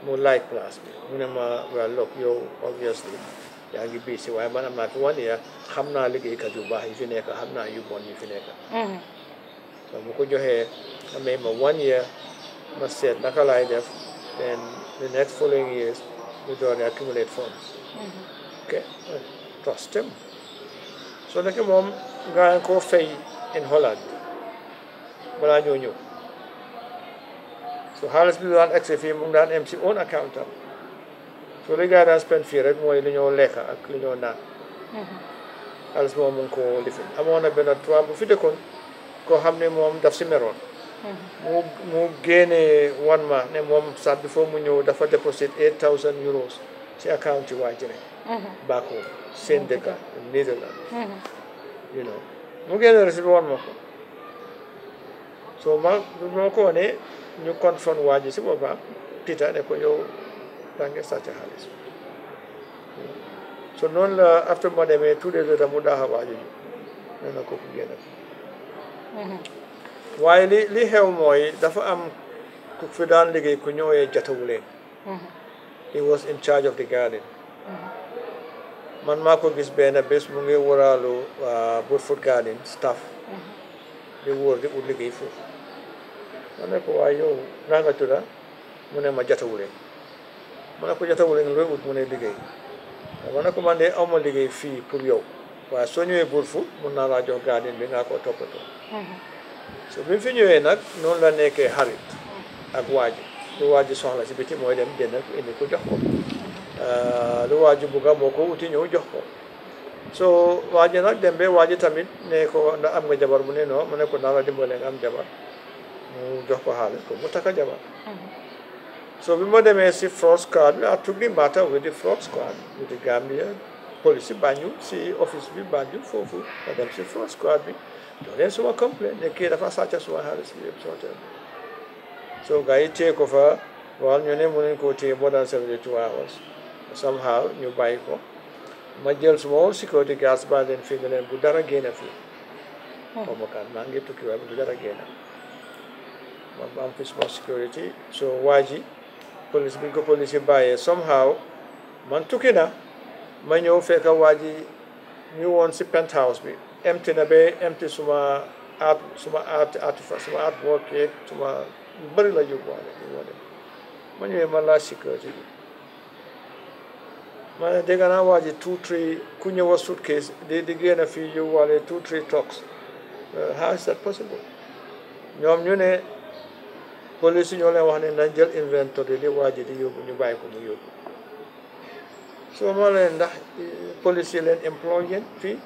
S1: mu laaj place bi mu ne ma well look yow obviously yaa ngi bii si waaye man am naa one year xam naa liggéeykat yu baax yi fi nekk xam naa yu bon yi fi nekk mm-hmm. so mu ko joxee amee ma one year ma seet naka laay def then the next following years don't accumulate funds
S2: mm-hmm.
S1: ok trust him soo lekkee moom nga koo fay in Holland balaa ñoo ñëw so xaalis bi daan accès fii mu ngi daan am si own account soo li gars yi spend fii rek mooy li ñoo lekk ak li ñëw naan mm-hmm. xaalis moom mu ko lifin amoon na benn tubaab bu fi dëkkoon koo xam ne moom daf si meroon
S2: mm-hmm.
S1: mu mu génnee wan ma ne moom sax bi foo mu ñëw dafa déposit eight thousand euros si account yi waa syndicat in Netherlands. you mu génn receipt bi woon ko so ma ma ko wane ñu confront waa ji si boppam Peter ne ko yow daa ngi sàcc so noonu la after ma demee two days mu daaxa waa ji ne na kooku hmm. waaye li li xew mooy dafa am ku fi daan liggéey ku ñëwee jatawu leen hmm. was in charge of the garden hmm. man maa ko gis benn bés mu ngi wëraalu Brufut Garden staff uh-huh. di wóor di ut liggéey foofu ma ne ko waaye yow naa nga tudda mu ne ma jatawule ma ne ko jatawule nga looy mu ne liggéey ma ne ko man de awma liggéey fii pour yow waaye soo ñëwee Brufut mun naa laa jox garden bi nga ko toppatoo uh-huh. so bi fi ñëwee nag noonu la nekkee xarit uh-huh. ak waaji lu waaji soxla si biti mooy dem jënd indi jox ko Eh, buka moko uti nyu jo ko so waaji nak dembe wajib tamit ne ko am nga jabar mu ne no mané ko naa la dimbale nga am jabar mu jox ko hal ko mu jabar hmm. so bi ma demee si fraud squad bi I took mata matter with the fraud squad with the Gambia police banyu si office bi banyu fofu ma dem si fraud squad bi do len so complain ne kii fa sàcca suma xaalis bi yëpp sooteel so gars yi téye ko fa wal ñu ne ko koo téye more than seventy hours somehow ñu bàyyi ko ma jël suma woon security guards ba leen fii ne leen bu dara génn fii hmm. xaw ma kaan maa ngi tukki waaye bu dara génn ma am fi suma security so waa ji police bi ko police yi bàyyee somehow man tukki na ma ñëw fekka waa ji ñu woon si penthouse bi empty na ba empty suma art suma art suma art la jóg waale ma ñëwee ma laaj security ma ne dégg naa waa ji two three ku ñëwa suitcase di di génn fii yóbbuwaale two three trucks uh, how is that possible ñoom ñu ne police ñoo leen wax ne nañ jël inventory li waa ji di yóbbu ñu bàyyi ko mu yóbbu soo ma leen ndax uh, police yi leen employ yéen fii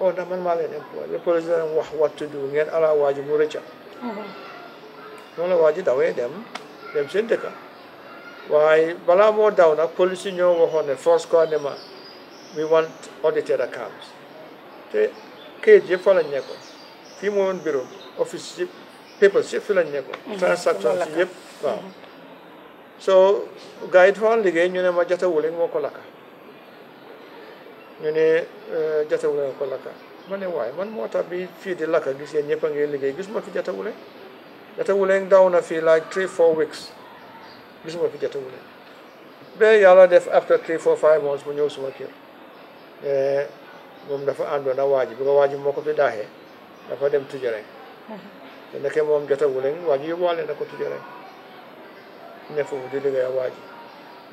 S1: o oh, ndax man maa leen employ le police leen wax what to do ngeen ala waa ji mu rëcca oh, noonu la waa dawee dem dem seen dëkka waaye balaa moo daw nag police yi ñoo waxoon ne eh, force ko ne ma we want audited accounts te kayit yëpp fa lañ nekkoon fii moo biroo bureau office yëpp papers yëpp fi lañ nekkoon mhm. transactions yëpp waaw mhm. so gars yi liggéey ñu ne ma jata moo ko lakka ñu ne eh, jata wuling moo ko lakka ma ne waaye man moo tax bi fii di lakka gis ngeen ñëpp a liggéey gis ma fi jata wuling jata wuling na fii like three four weeks gisuma fi jotawu leen ba yàlla def after three four five months mu ñëw suma kër moom dafa àndoon a waaji bi ko waaji moo ko fi daaxee dafa dem tujareen mm-hmm. te nekkee moom jotawu leen waaji yóbbuwaale na ko tujareen ne foofu di liggéey a waaji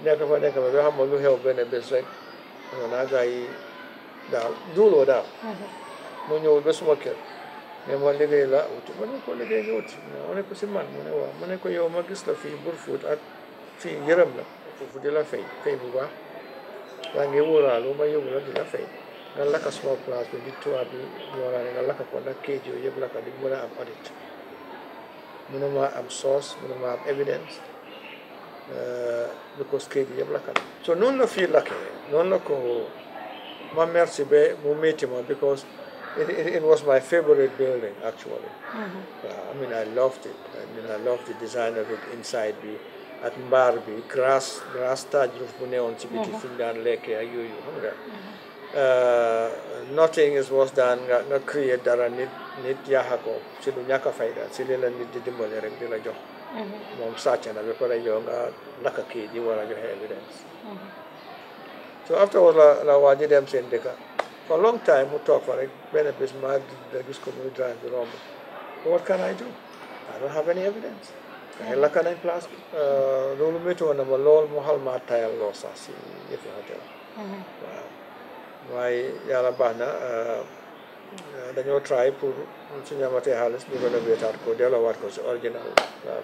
S1: nekk fa nekk ba xam lu xew benn bés rek xam mm-hmm. ñëw ba suma kër mais ma liggéey la uti ma ne si man mu ne waaw ma ne ko yow ma gis la fii Brufut ak Singhiram là Ufu de la Fei, Fei Buba, Rangi Wura, Luma Yugula de la Fei, Nalaka small class, we need to abi, Yora, Nalaka Kona Keji, Yablaka, Dimura, and audit. Munuma am source, Munuma am evidence, uh, because Keji Yablaka. So none of you lucky, none of you. My mercy be mumitima because it, it, it, was my favorite building actually. Mm -hmm. uh, I mean, I loved it. I mean, I loved the design of it inside. The, at Mbarbi, grass, grass, tajluf bu newoon ci biti fuñ daan lekkee Hunger. yooyu xam nga nothing is worse than nga uh, not created, dara nit nit yaaxa ko ci lu ñàkk a fayda ci li la nit di dimbale rek di la jox uh-huh. moom sàcc na ba pare yow nga evidence so afterwards uh, la la waa ji dem seen for a long time we talk fa rek benn mad maa gis ko muy drive the what can I do I don't have any evidence kay lakka nañ place bi loolu métti woon na ma lool mu xal maa tayal lool sax si yëfi hôtel waaw waaye yàlla baax na dañoo try pour suñu amatee xaalis ñu ko renoveetaat ko delloowaat ko si original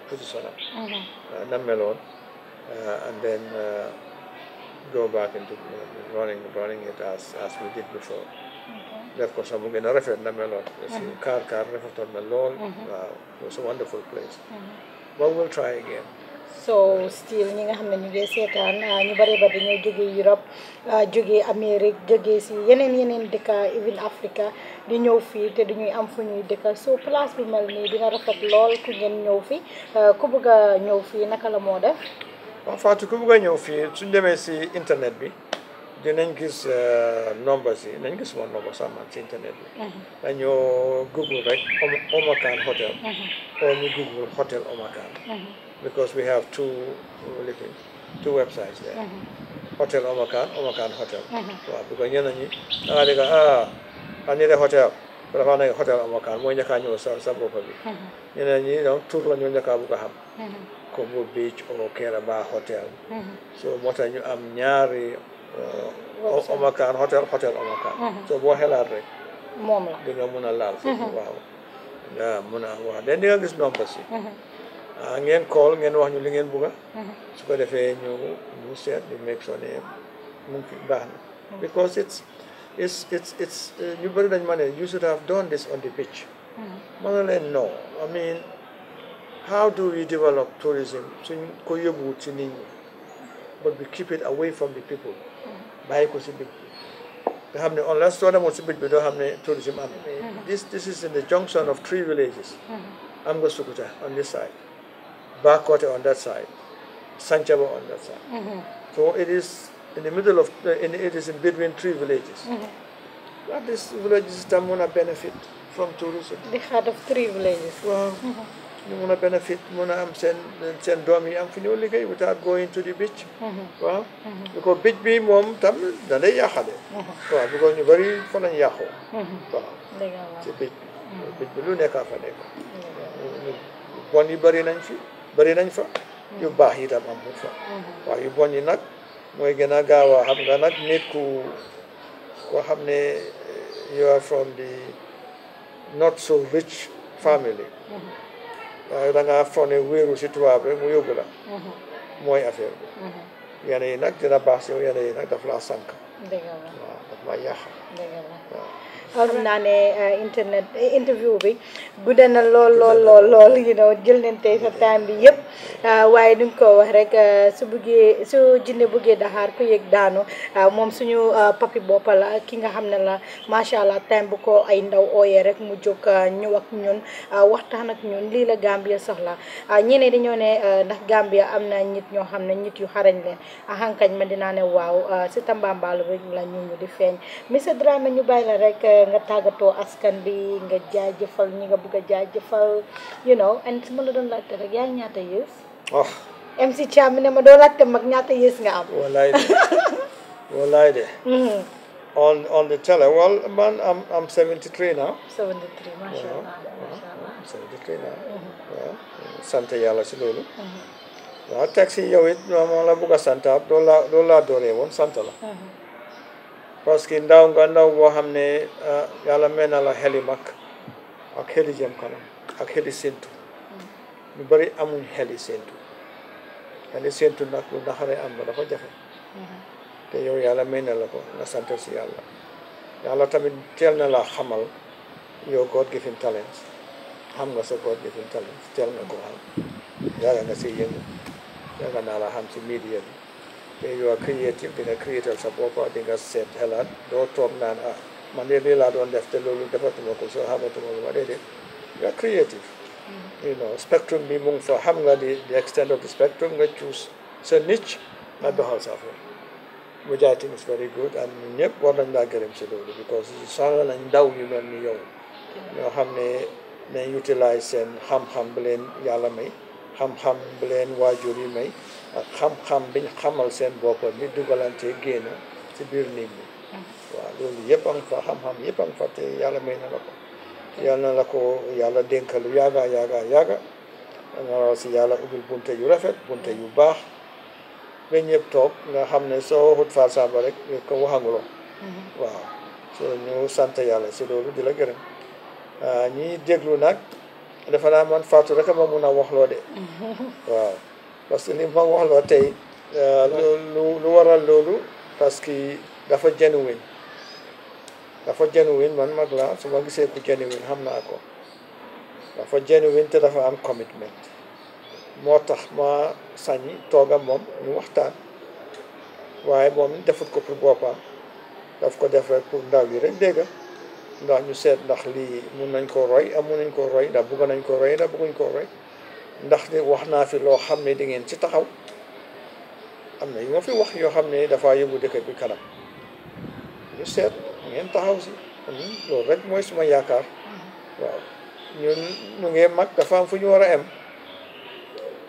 S1: position am mm-hmm. na meloon and then go back into running running it as as we did def ko sax mu gën a rafet na meloon si kaar kaar rafetoon na lool waaw it's wonderful place mm-hmm. but we'll try again.
S3: so still ñi nga xam ne ñu ngi seetaan ah, ñu bari ba dañoo jógee Europe ah, jógee Amérique jógee si yeneen yeneen dëkka even Africa di ñëw fii te duñuy am fu ñuy dëkka so place bi mel nii dina rafet lool ku ngeen ñëw fii ah, ku bëgg ñëw fii naka la moo def.
S1: waaw Fatou ku bëgg ñëw fii suñ demee si internet bi. dinañ gis euh, nombre si nañ gis moom nombre sax man si internet bi uh-huh. dañoo google rek Omakane hotel
S2: uh-huh.
S1: or ñu google hotel Omakane uh-huh. because we have two living uh, two websites there hotel Omakane Omakane hotel waaw because ñenn ñi danga dégg ah a ah, ñu de hotel ko dafa nekk hotel Omakane mooy njëkkaa ñëw sa sa bopp bi ñeneen ñi donc tur la ñu njëkkaa bu ko xam Kombo Beach or Keraba hotel so moo tax ñu am ñaari omakaan hôtel hôtel omakaan mhm. so boo xelaat rek moom la di nga mun a laal foofu mhm. waaw nga mun a waaw den di nga gis nombre si mhm. ah, ngeen call ngeen wax ñu li ngeen bugga su ko defee ñu ñu seet ñu make sure ne mu baax na because it's it's it's it's eh, ñu bëri dañ ma ne you should have done this on the beach ma ne leen non I mean how do we develop tourism suñ ko yóbbu ci nit but we keep it away from the people bàyyi Kusibit. We have bi nga xam ne unless soo demoon tourism this this is in the junction of three villages am on this side Bakote on that side Sanchabo on that
S2: side
S1: so it is in the middle of in, it is in between three villages but these villages tam mën a benefit from tourism the
S3: heart of three villages waaw
S1: ñu mun a benefit mun a am seen seen doom yi am fu ñu liggéey without going to the beach mm-hmm. waaw mm-hmm. beach bi moom tam da lay yàqale mm-hmm. waaw bu ñu bëri fa lañ yàqoo waaw beach bi lu nekk fa nekk bon yi bëri nañ fi bëri nañ fa yu baax yi tam amul fa waaw yu bon yi nag mooy gën a gaaw a xam nga nag nit ku koo xam ne eh, you are from the not so rich family da ngaa fone wéeru si tubaab rek mu yóbbu la mhm. mooy affaire bi mhm. yenn yi nag dina baax si yenn yi nag daf laa sànq
S3: waaw daf ma xam naa ne euh, internet euh, interview bi gudde na lool lool lool lool you know jël bi yëpp euh, waaye duñ ko wax rek su buggee su jinne buggee daxaar ku daanu moom suñu papi bopp la ki nga xam ne la macha allah time bu ko ay ndaw ooyee rek mu jóg ñëw ak ñun waxtaan ak ñun lii la Gambia soxla ñeneen dañoo ne ndax Gambia am na nit ñoo xam ne nit yu xarañ leen axankañ ah, ma dinaa ne waaw si Tambambalu bi la ñu di feeñ monsieur Dramé ñu bàyyi la rek nga tàggatoo askan bi nga jajeufal ñi nga bugg jajeufal you know and su la doon laajte rek yaa ngi ñaata yées. oh. MC Thiam ne ma do doo te mag ñaata yees nga am.
S1: wallahi de wallahi de. Mm-hmm. on on the tele well man i'm i'm 73 now.
S3: 73 macha allah macha allah
S1: 73 now. waaw mm-hmm. sant yàlla si loolu. Wa mm-hmm. taxi yow it mo la bugg a do la do la doré won woon sant la. parce que ndaw nga ndaw boo xam ne ah, yàlla may na la xel xeli mag ak xeli jëm kanam ak xeli séntu
S2: mm.
S1: ñu bëri amuñ xeli séntu xeli séntu nag lu naxaree am ba dafa jafe
S2: mm-hmm.
S1: te yow yàlla may na la ko nga sant si yàlla yàlla tamit teel na laa xamal yow God given talent xam nga sa God given talent teel na ko xam yàgg nga si yëngu yàgg naa la xam si media bi your creative dengan creative support ko dengan set helat do tom mm. nan a mande ni la don defte lolu defa tumo ko so haba tumo wa de de you are creative you know spectrum mi mung for how nga the, the extent of the spectrum we choose so niche na the house of which I think is very good and ñep war nañ la gërëm ci lolu because sanga nañ daw yu mel ni yow ñoo xam ne nañ utilize seen xam-xam bi leen yàlla may xam-xam bi leen may ak xam-xam biñ xamal seen bopp bi dugalante génn ci biir nit ñi mm-hmm. waaw loolu yëpp a nga fa xam-xam yëpp fa te yàlla may na la yàlla na la ko yàlla dénkalu yaaga yaaga yaaga nga si yàlla ubbil bunte yu rafet bunte yu baax ba ñëpp toog nga xam ne soo waxut Fatou Samba rek ko waxanguloo mm-hmm. waaw soo ñu sant yàlla si loolu di la gërëm ñi déglu nag dafa naa man Fatou rek ma mun a waxloo de mm-hmm. [LAUGHS] waaw parce que li ma wax la tey euh, lu lu waral loolu parce que dafa genuine dafa genuine man mag la su ma gisee ku genuine xam naa ko dafa genuine te dafa am commitment moo tax ma sañ tooga moom ñu waxtaan waaye moom defut ko pour boppam daf ko def pour ndaw yi rek dégga ndax ñu seet ndax lii mun nañ ko roy am mun nañ ko roy ndax bugg nañ ko roy ndax bugguñ ko roy ndax wax naa fi loo xam ne di ngeen ci taxaw am na yu ma fi wax yoo xam ne dafa yóbbu dëkk bi kanam ñu seet ngeen taxaw si loolu rek mooy suma yaakaar waaw ñun ñu ngee mag dafa am fu ñu war a em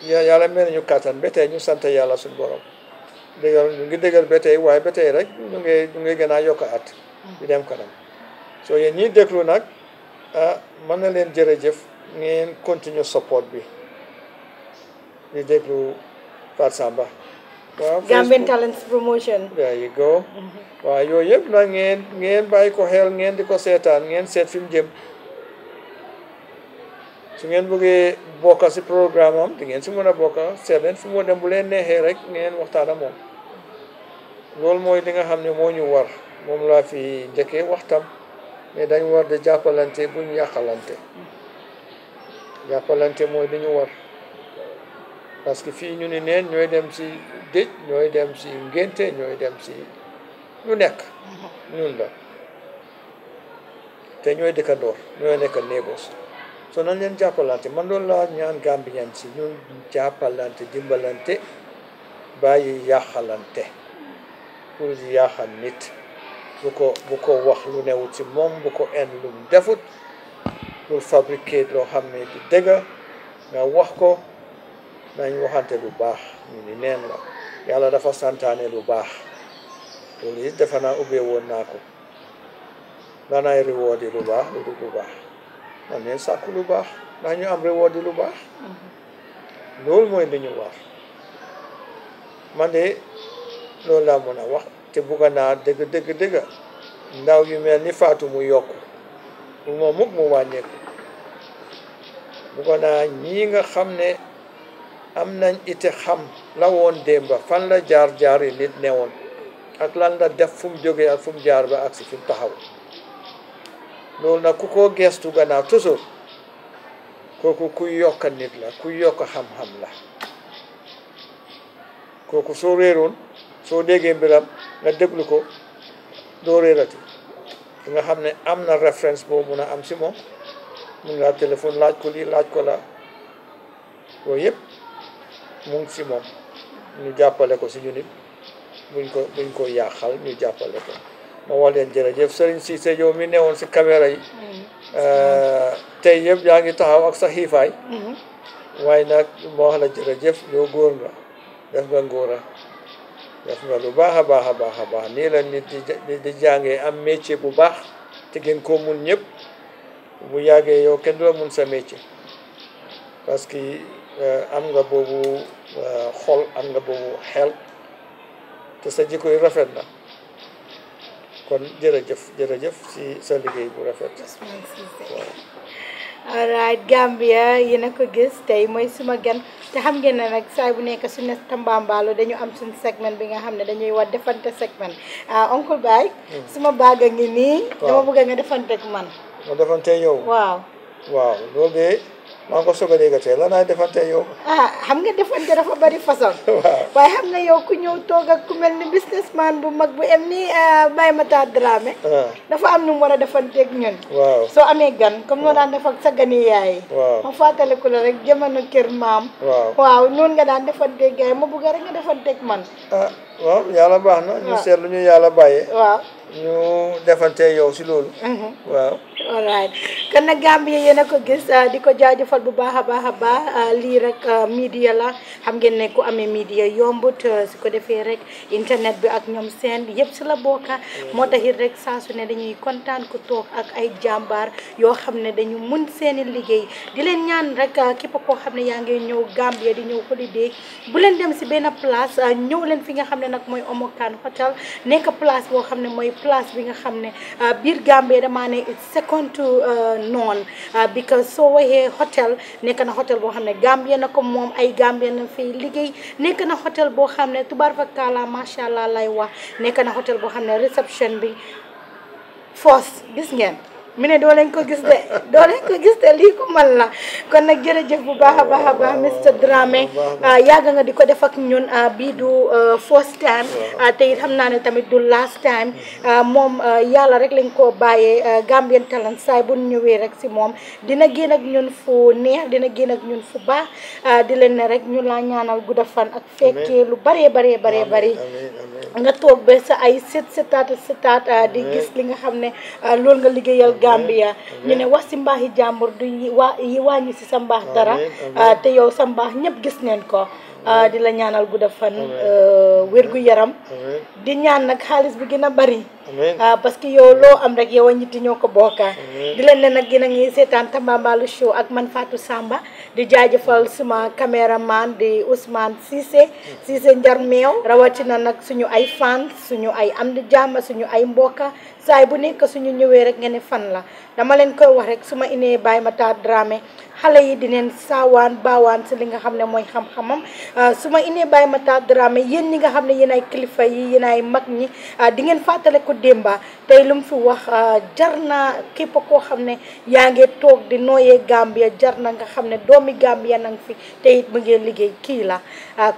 S1: yàlla mel nañu kàttan ba tey ñu sant yàlla suñu borom dëgër ñu ngi dëgër ba tey waaye ba tey rek ñu ngi ñu ngi gën a yokk at mm. di dem kanam soo yéen ñiy déglu nag ah mën na leen jërëjëf ngeen continue support bi which they do for Samba.
S3: Well, Gambian Talents
S1: Promotion. There you go. Wah, yo yep pula ngen, ngen baik ko hel ngen, di ko setan ngen set film jem. Su ngen bëgge boka si program am di ngien su boka, seven, seet leen fu ne herek ngen leen neexee rek ngeen waxtaan ak moom. loolu ne war moom laa fi njëkkee waxtam mais dañ war di lante bun yakalante. Japa lante mo ñu war. parce que fii ñu ni neen ñooy dem ci dëj ñooy dem si ngénte ñooy dem si lu nekk ñun uh-huh. la te ñooy dëkkandoor ñooy nekk neighbors so nañ leen jàppalante man loolu laa ñaan gambien si ñun jàppalante dimbalante bàyyi yàqalante pour yàqal nit bu ko bu ko wax lu newut si moom bu ko en lu defut pour fabriquer loo xam ne du dëgg nga wax ko nañ waxante lu baax ñu ni neen la yàlla dafa santaane lu baax loolu it defe naa ubbee woon naa ko danaay reward yi lu baax lu dul lu baax man neen sàkku lu baax dañu am reward yi lu baax loolu mooy li ñu war man de loolu laa mën a wax te bugga naa dëgg dëgg dëgg ndaw yu mel ni faatu mu yokk bu ma mukk mu wàññeeku bugga naa ñii nga xam ne am nañ ite xam la woon démba fan la jaar jaar yi nit ne ak lan la def fu mu jógee ak jaar ba agsi fi mu taxaw loolu nag ku ko geestu gannaaw toujours kooku kuy yokk nit la kuy yokk xam-xam la kooku soo réeroon soo déggee mbiram nga déglu ko doo nga xam ne am na référence boo mun a am si moom mun ngaa téléphone laaj ku lii laaj ko la loolu yëpp mu si moom ñu jàppale ko si ñu nit buñ ko buñ ko yàqal ñu jàppale ko ma wax leen jërëjëf Serigne Cissé yow mi newoon si caméra yi mm-hmm. euh, tey yëpp yaa ngi taxaw ak sa xiifaay mm-hmm. waaye nag ma wax la jërëjëf yow góor nga def nga ngóora def nga lu baax a baax a baax a baax nii la nit di jàngee am métier bu baax te gën koo mun ñëpp bu yàggee yow kenn du la mun sa métier parce que euh, am nga boobu xol am nga boobu xel te sa jikko yi rafet na kon jërëjëf jërëjëf ci sa liggéey bu rafet
S3: alright Gambia yéen a ko gis tey mooy suma gan te xam ngeen ne nag saa bu nekk su ne Tambambalu dañu am suñu segment bi nga xam ne dañuy wax defante segment ah oncle Baye hmm. suma baag ngi nii dama bëgg nga defante ak man
S1: ma defante yow waaw waaw loolu de maa ngi ko soog a la naa lan laay defante yow.
S3: ah xam nga defante dafa bari façon. [LAUGHS] waaw waaye xam nga yow ku ñëw toog ak ku mel ni businessman bu mag bu em ni ah, Baye Matar Dramé. Ah. dafa am nu mu war a defanteeg ñun. waaw soo amee gan comme noo daan def ak sa gani yaay. waaw ma fàttaliku la rek jamono kër maam.
S1: waaw waaw
S3: nga daan defanteeg yaay ma bëgg rek nga defanteeg man.
S1: ah waaw yàlla baax na. ñu seetlu ñu yàlla bàyyee. waaw. ñu defante yow si loolu. Mhm. waaw.
S3: alright kon nag Gambia yéen a ko gis ah, di ko jaajëfal bu baax a baax a baax ah, lii rek ah, media la xam ngeen ne ku amee media yombut su ko defee rek internet bi ak ñoom seen yëpp si la bokka moo taxit rek saa su ne dañuy kontaan ku toog ak ay jàmbaar yoo xam ne dañu mun seeni liggéey di leen ñaan rek képp koo xam ne yaa ngi ñëw Gambia di ñëw holiday bu leen dem si benn place ñëw leen fi nga xam ne nag mooy Omokan Hotel nekk place boo xam ne mooy place bi nga xam bir biir Gambie damaa ne it's second to uh, none uh, because so we here hotel nek na hotel bo xam ne Gambie na ko ay Gambie na fi liggéey nek na hotel bo xam tubar tubaar fa kaala macha allah lay wax nek na hotel bo xam reception bi force gis ngeen. mine do len ko gis de do len ko gis de li ko man la kon jere jeuf bu baakha baakha ba Mr Dramé ah, ya nga di ko def ak ah, ñun bi du ah, first time te it xamna ne tamit du last time mom yalla rek lañ ko bàyyee Gambian talent say bu ñëwee rek si mom, dina gën ak ñun fu neex dina gën ak ñun fu baax di leen ne rek ñu la ñaanal gu fan ak fekke lu bare bare bare bare nga tok be sa ay set sëtaat sëtaat di gis li nga xamne lool nga liggéeyal Gambia ñu ne wax si mbaaxi jàmbur du yi waa yi wàññi si sa mbaax dara ah, te yow sa mbaax ñëpp gis neen ko Ah, di la ñaanal gudda fan euh, wérgu yaram di ñaan nag xaalis bu gën a bari ah, parce que yow loo am rek yow a ñitti ñoo ko bokka di leen ne nag gën a ngi seetaan Tambambalu show ak man Fatou sàmba di jaajëfal suma caméraman di Ousmane Cissé Cissé njar meew rawatina nag suñu ay fan suñu ay am di jàmm suñu ay mbokka saay bu nekk suñu ñëwee rek ngeen fan la dama leen koy wax rek su ma inee ma Matar Dramé xale yi dineen saawaan baawaan si li nga xam ne mooy xam-xamam ah, su ma inee Baye Matar Drame yéen ñi nga xam ne yéen ay kilifa yi yéen ay mag ñi ah, di ngeen fàttale ku démba tey lu mu fi wax ah, jar na képp koo xam ne yaa ngi toog di nooyee Gambia jar na nga xam ne doomi Gambia nang fi te it mu ngi liggéey kii la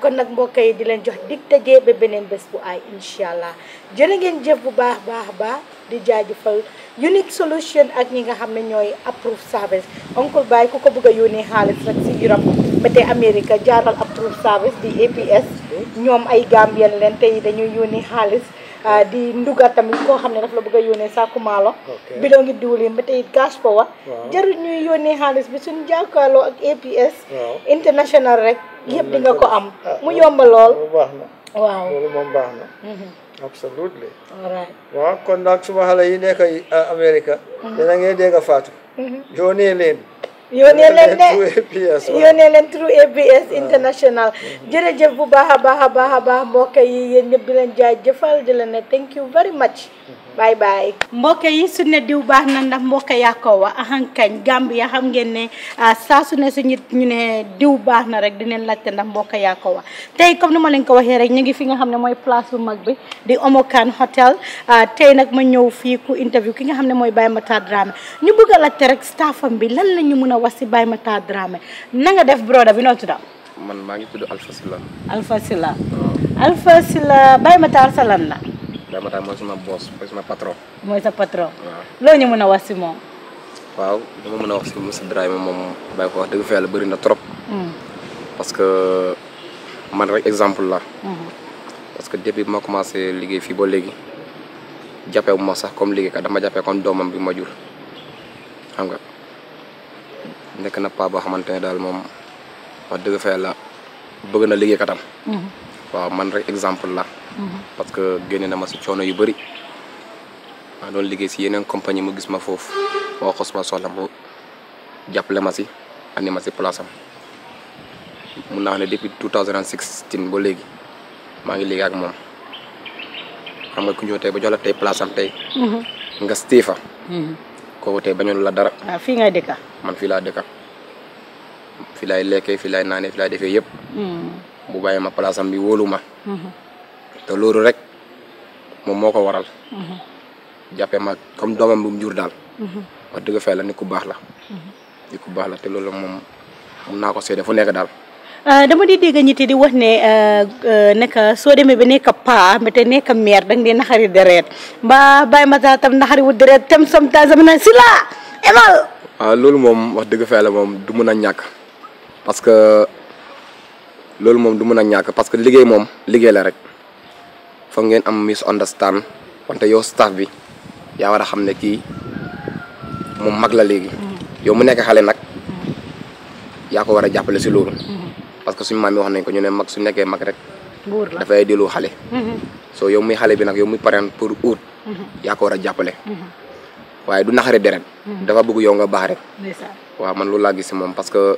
S3: kon nag mbokk yi di leen jox dig daje ba beneen bés bu ay incha allah ngeen jëf bu baax baax baax di jaajëfal unique solution ak ñi nga xam ne ñooy approve service oncle Baye ku ko bëgg a yónnee xaalis rek si Europe ba tey Amérique jaaral approve service di APS ñoom ay Gambien leen tey dañuy yónnee xaalis ah, di nduga tamit koo xam ne daf la bëgg a yónnee saaku maalo bi doo ngi diwlin ba tey gas power jarul ñuy yónnee xaalis bi suñ jàkkaarloo ak APS international rek yëpp di nga ko am ah, mu yomba lool
S1: waaw loolu absolutely all right waaw kon nag suma xale yi nekk Amérique dina ngeen dégg Fatou mhm. yónnee leen yónnee leen de yónnee
S3: leen through ABS ah. international mhm. jërëjëf bu baax a baax a baax a baax mbokk yi yéen ñëpp di leen jaajëfal di leen ne thank you very much bye bye mbokk yi su ne diw baax na ndax mbokk yaa ko wa ahankañ yaa xam ngeen ne ah, saa su ne su ñu ne diw baax na rek di dinañ laajte ndax mbokk yaa ko wa tey comme nu ma leen ko waxee rek ñu ngi fi nga xam ne mooy place bu mag bi di Omokan Hotel ah, tey nag ma ñëw fii ku interview ki nga xam ne mooy Baye Matar Dramé ñu bëgg a laajte rek staffam bi lan la ñu mun a wax si Baye Matar Dramé na nga def broda bi noo tudda
S4: man maa ngi tudd Alpha Silla
S3: Alpha Silla Alpha Silla Baye la
S4: Dama-dama sama bos, sama patrão.
S3: Mas a patrão. Nah. Lo ñu mëna wax ci mom.
S4: Waaw, dama mëna wax ci Moussa Drahima mom bay ko wax deug fa yalla bari na trop. Hmm. Parce que man rek exemple la. Hmm. Parce que depuis ma commencé liggéey fi ba légui jappé wu ma sax comme liggéey ka dama jappé comme kan domam bi ma jur. Xam nga nek na pa bo xamantene dal mom wax deug fa yalla bëgg na liggéey katam. Waaw man rek exemple la. parce que génne na ma si coono yu bëri maa doon liggéey si yeneen compagnie mu gis ma foof moo xos ma soxla mu jàppale ma si andi ma si place am mun naa xam ne depuis 2016 ba léegi maa ngi liggéey ak moom xam nga ku ñëw tey ba jox la tey place tey. Mhm. nga stee fa. Mhm. kooku ba bañoon la dara.
S3: waaw ah, fii ngay dëkka.
S4: man fii laa dëkka fii laay lekkee fii laay naanee fii laay defee yëpp. Mhm. bu bàyyi ma place am bi ma. te lolu rek mom moko waral. Mhm. jappé ma comme domam bu mjur dal daal. Mhm. wax dëgg fa la mhm. ni ku bax la. ni ku bax la te lolu mom mën naa ko seede fu nekk daal.
S3: Euh, dama di dégg ñi di wax ne euh, euh, naka soo demee ba nekk paa te nek mère dang di naxari ba bay ma ta tam naxari wu deret tam sam tam na
S5: sila émal
S4: emal. lolu mom wax deug fay la mom du mëna ñak parce que lolu mom du mëna ñak parce que liggéey mom liggéey la rek fa ngeen am misunderstand wante yow staff bi ya wara xamne ki ne mag la léegi mm-hmm. yow mu nek xalé nak mm-hmm. ya ko wara a ci si
S2: mm-hmm.
S4: parce que suñu mami wax nañ ko ñu ne mag su nekké mag rek la da fay dellu xalé so yow muy xalé bi nak yow muy parent pour out ya ko wara a waye du naxare deret dafa bëgg yow nga baax rek waaw man lu la gis mom parce que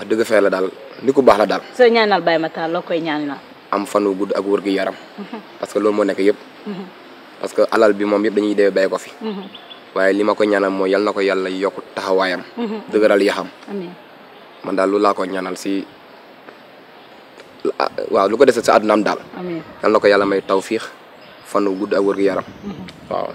S4: wax dëgg fee la dal niku bax la dal
S3: so ñaanal bayma ta loo koy ñaanal
S4: am fan wu gudd ak wër gu yaram. [LAUGHS] parce que loolu moo nekk yëpp. Mhm. parce que alal bi moom yëpp dañuy dee bay ko fi. Mhm. waaye li ma ko ñaanal mooy yal ko yàlla yokk taxawaayam.
S2: Mhm. dëgëral yaxam.
S4: man daal lu laa ko ñaanal si ah, waaw lu ko dese si àdduna daal. yal ko yàlla may tawfiix fan wu gudd ak wër gu yaram waaw.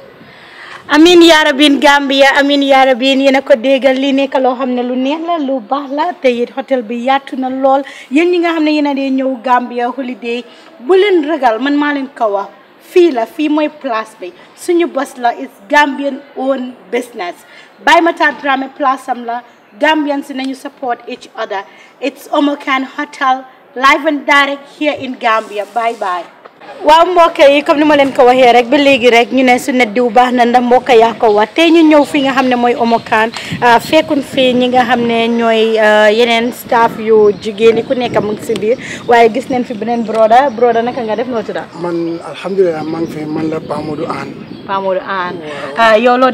S3: amin yaarabin Gambia amin yaarabin yéen a ko déggal lii nekk loo xam ne lu neex la lu baax la te it hôtel bi yaatu na lool yéen ñi nga xam ne yéen a dee ñëw Gambia holiday bu leen ragal man maa leen ko wax fii la fii mooy place bi suñu bos la is Gambian own business Baye Matar Drame place am la Gambians nañu support each other it's Omokan hotel live and direct here in Gambia bye bye. waaw mbokke yi comme ni ma leen ko waxee rek ba léegi rek ñu ne su ne diw baax na ndax mbokk yaa ko wax tey ñu ñëw fi nga xam ne mooy Omo Kane ah, fekkun fii ñi nga xam ne ñooy ah, yeneen staff yu jigéen yi ku nekk mu ngi si biir waaye gis neen fi beneen broda broda naka nga def noo tudd
S5: man alhamdulilah maa fi man la Pa Modou Ann
S3: Pa Modou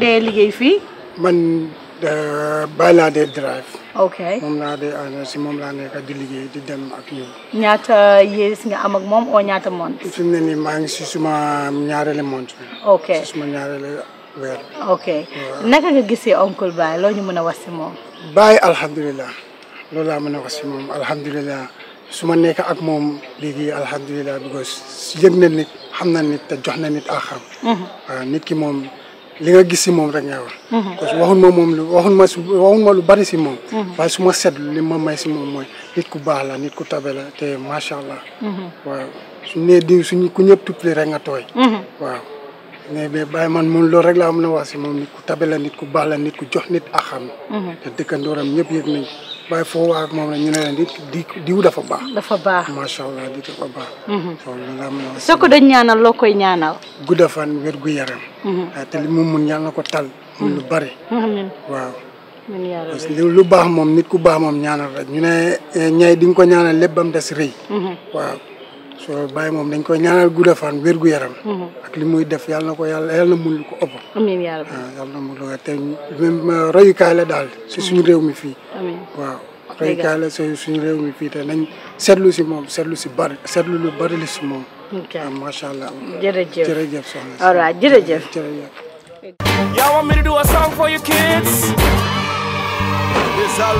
S3: ah, liggéey
S5: fii man eh, Baylade Drive ok moom laa de si moom laa nekk di liggéey di dem ak ñoom.
S3: ñaata yées nga am ak moom oo ñaata month.
S5: fi mu nii maa ngi si suma ñaareelu month. ok si suma ñaareelu weer.
S3: ok naka nga gisee oncle Baye loo ñu mën a wax si moom.
S5: Baye alhamdulilah loolu laa mën a wax si moom alhamdulilah su ma nekk ak moom léegi alhamdulilah because yëg na nit xam na nit te jox na nit ak xam. Mhm. nit moom. li nga gis si moom rek ngay wax. Mhm. parce que waxuñ ma moom lu waxuñ ma su waxuñ ma lu bari si moom. Mhm. waaye su ma seetlu li ma may si moom mooy nit ku baax la nit ku tabe la te macha allah. Mhm. waaw suñ nee diw suñ ku ñëpp tuppli rek nga tooy. man moom loolu rek laa am na wax si moom nit ku tabe nit ku baax la nit ku jox nit axam. te dëkkandooram ñëpp yëg nañ waaye foo waa ak na la ñu ne leen di diw dafa baax. dafa baax macha allah di dafa baax. Mhm. loolu la ko doon
S3: ñaanal loo koy ñaanal.
S5: gudda fan wér yaram. Mhm. te li mu mun yàlla ko tal. mun lu mhm. bari. waaw. lu baax moom nit ku baax moom ñaanal rek ñu ne eh, ñay di ko ñaanal lépp ba mu so bay mom dañ ko ñaanal gudda fan wergu yaram mm-hmm. ak limuy def yalla nako yalla yalla mul ko ëpp amin yalla yalla mul lo te même euh, rayu kay la dal ci suñu mm-hmm. rew mi fi amin waaw rayu kay la ci suñu rew mi fi te nañ setlu ci mom setlu ci bar setlu lu bari li ci mom ah, ma sha Allah jërëjëf jërëjëf soxna all right jërëjëf jërëjëf Y'all want me to do
S1: a song for your kids? This all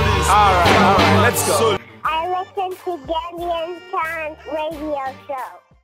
S1: right, all right, let's go. I listen to Gandhian Times radio show.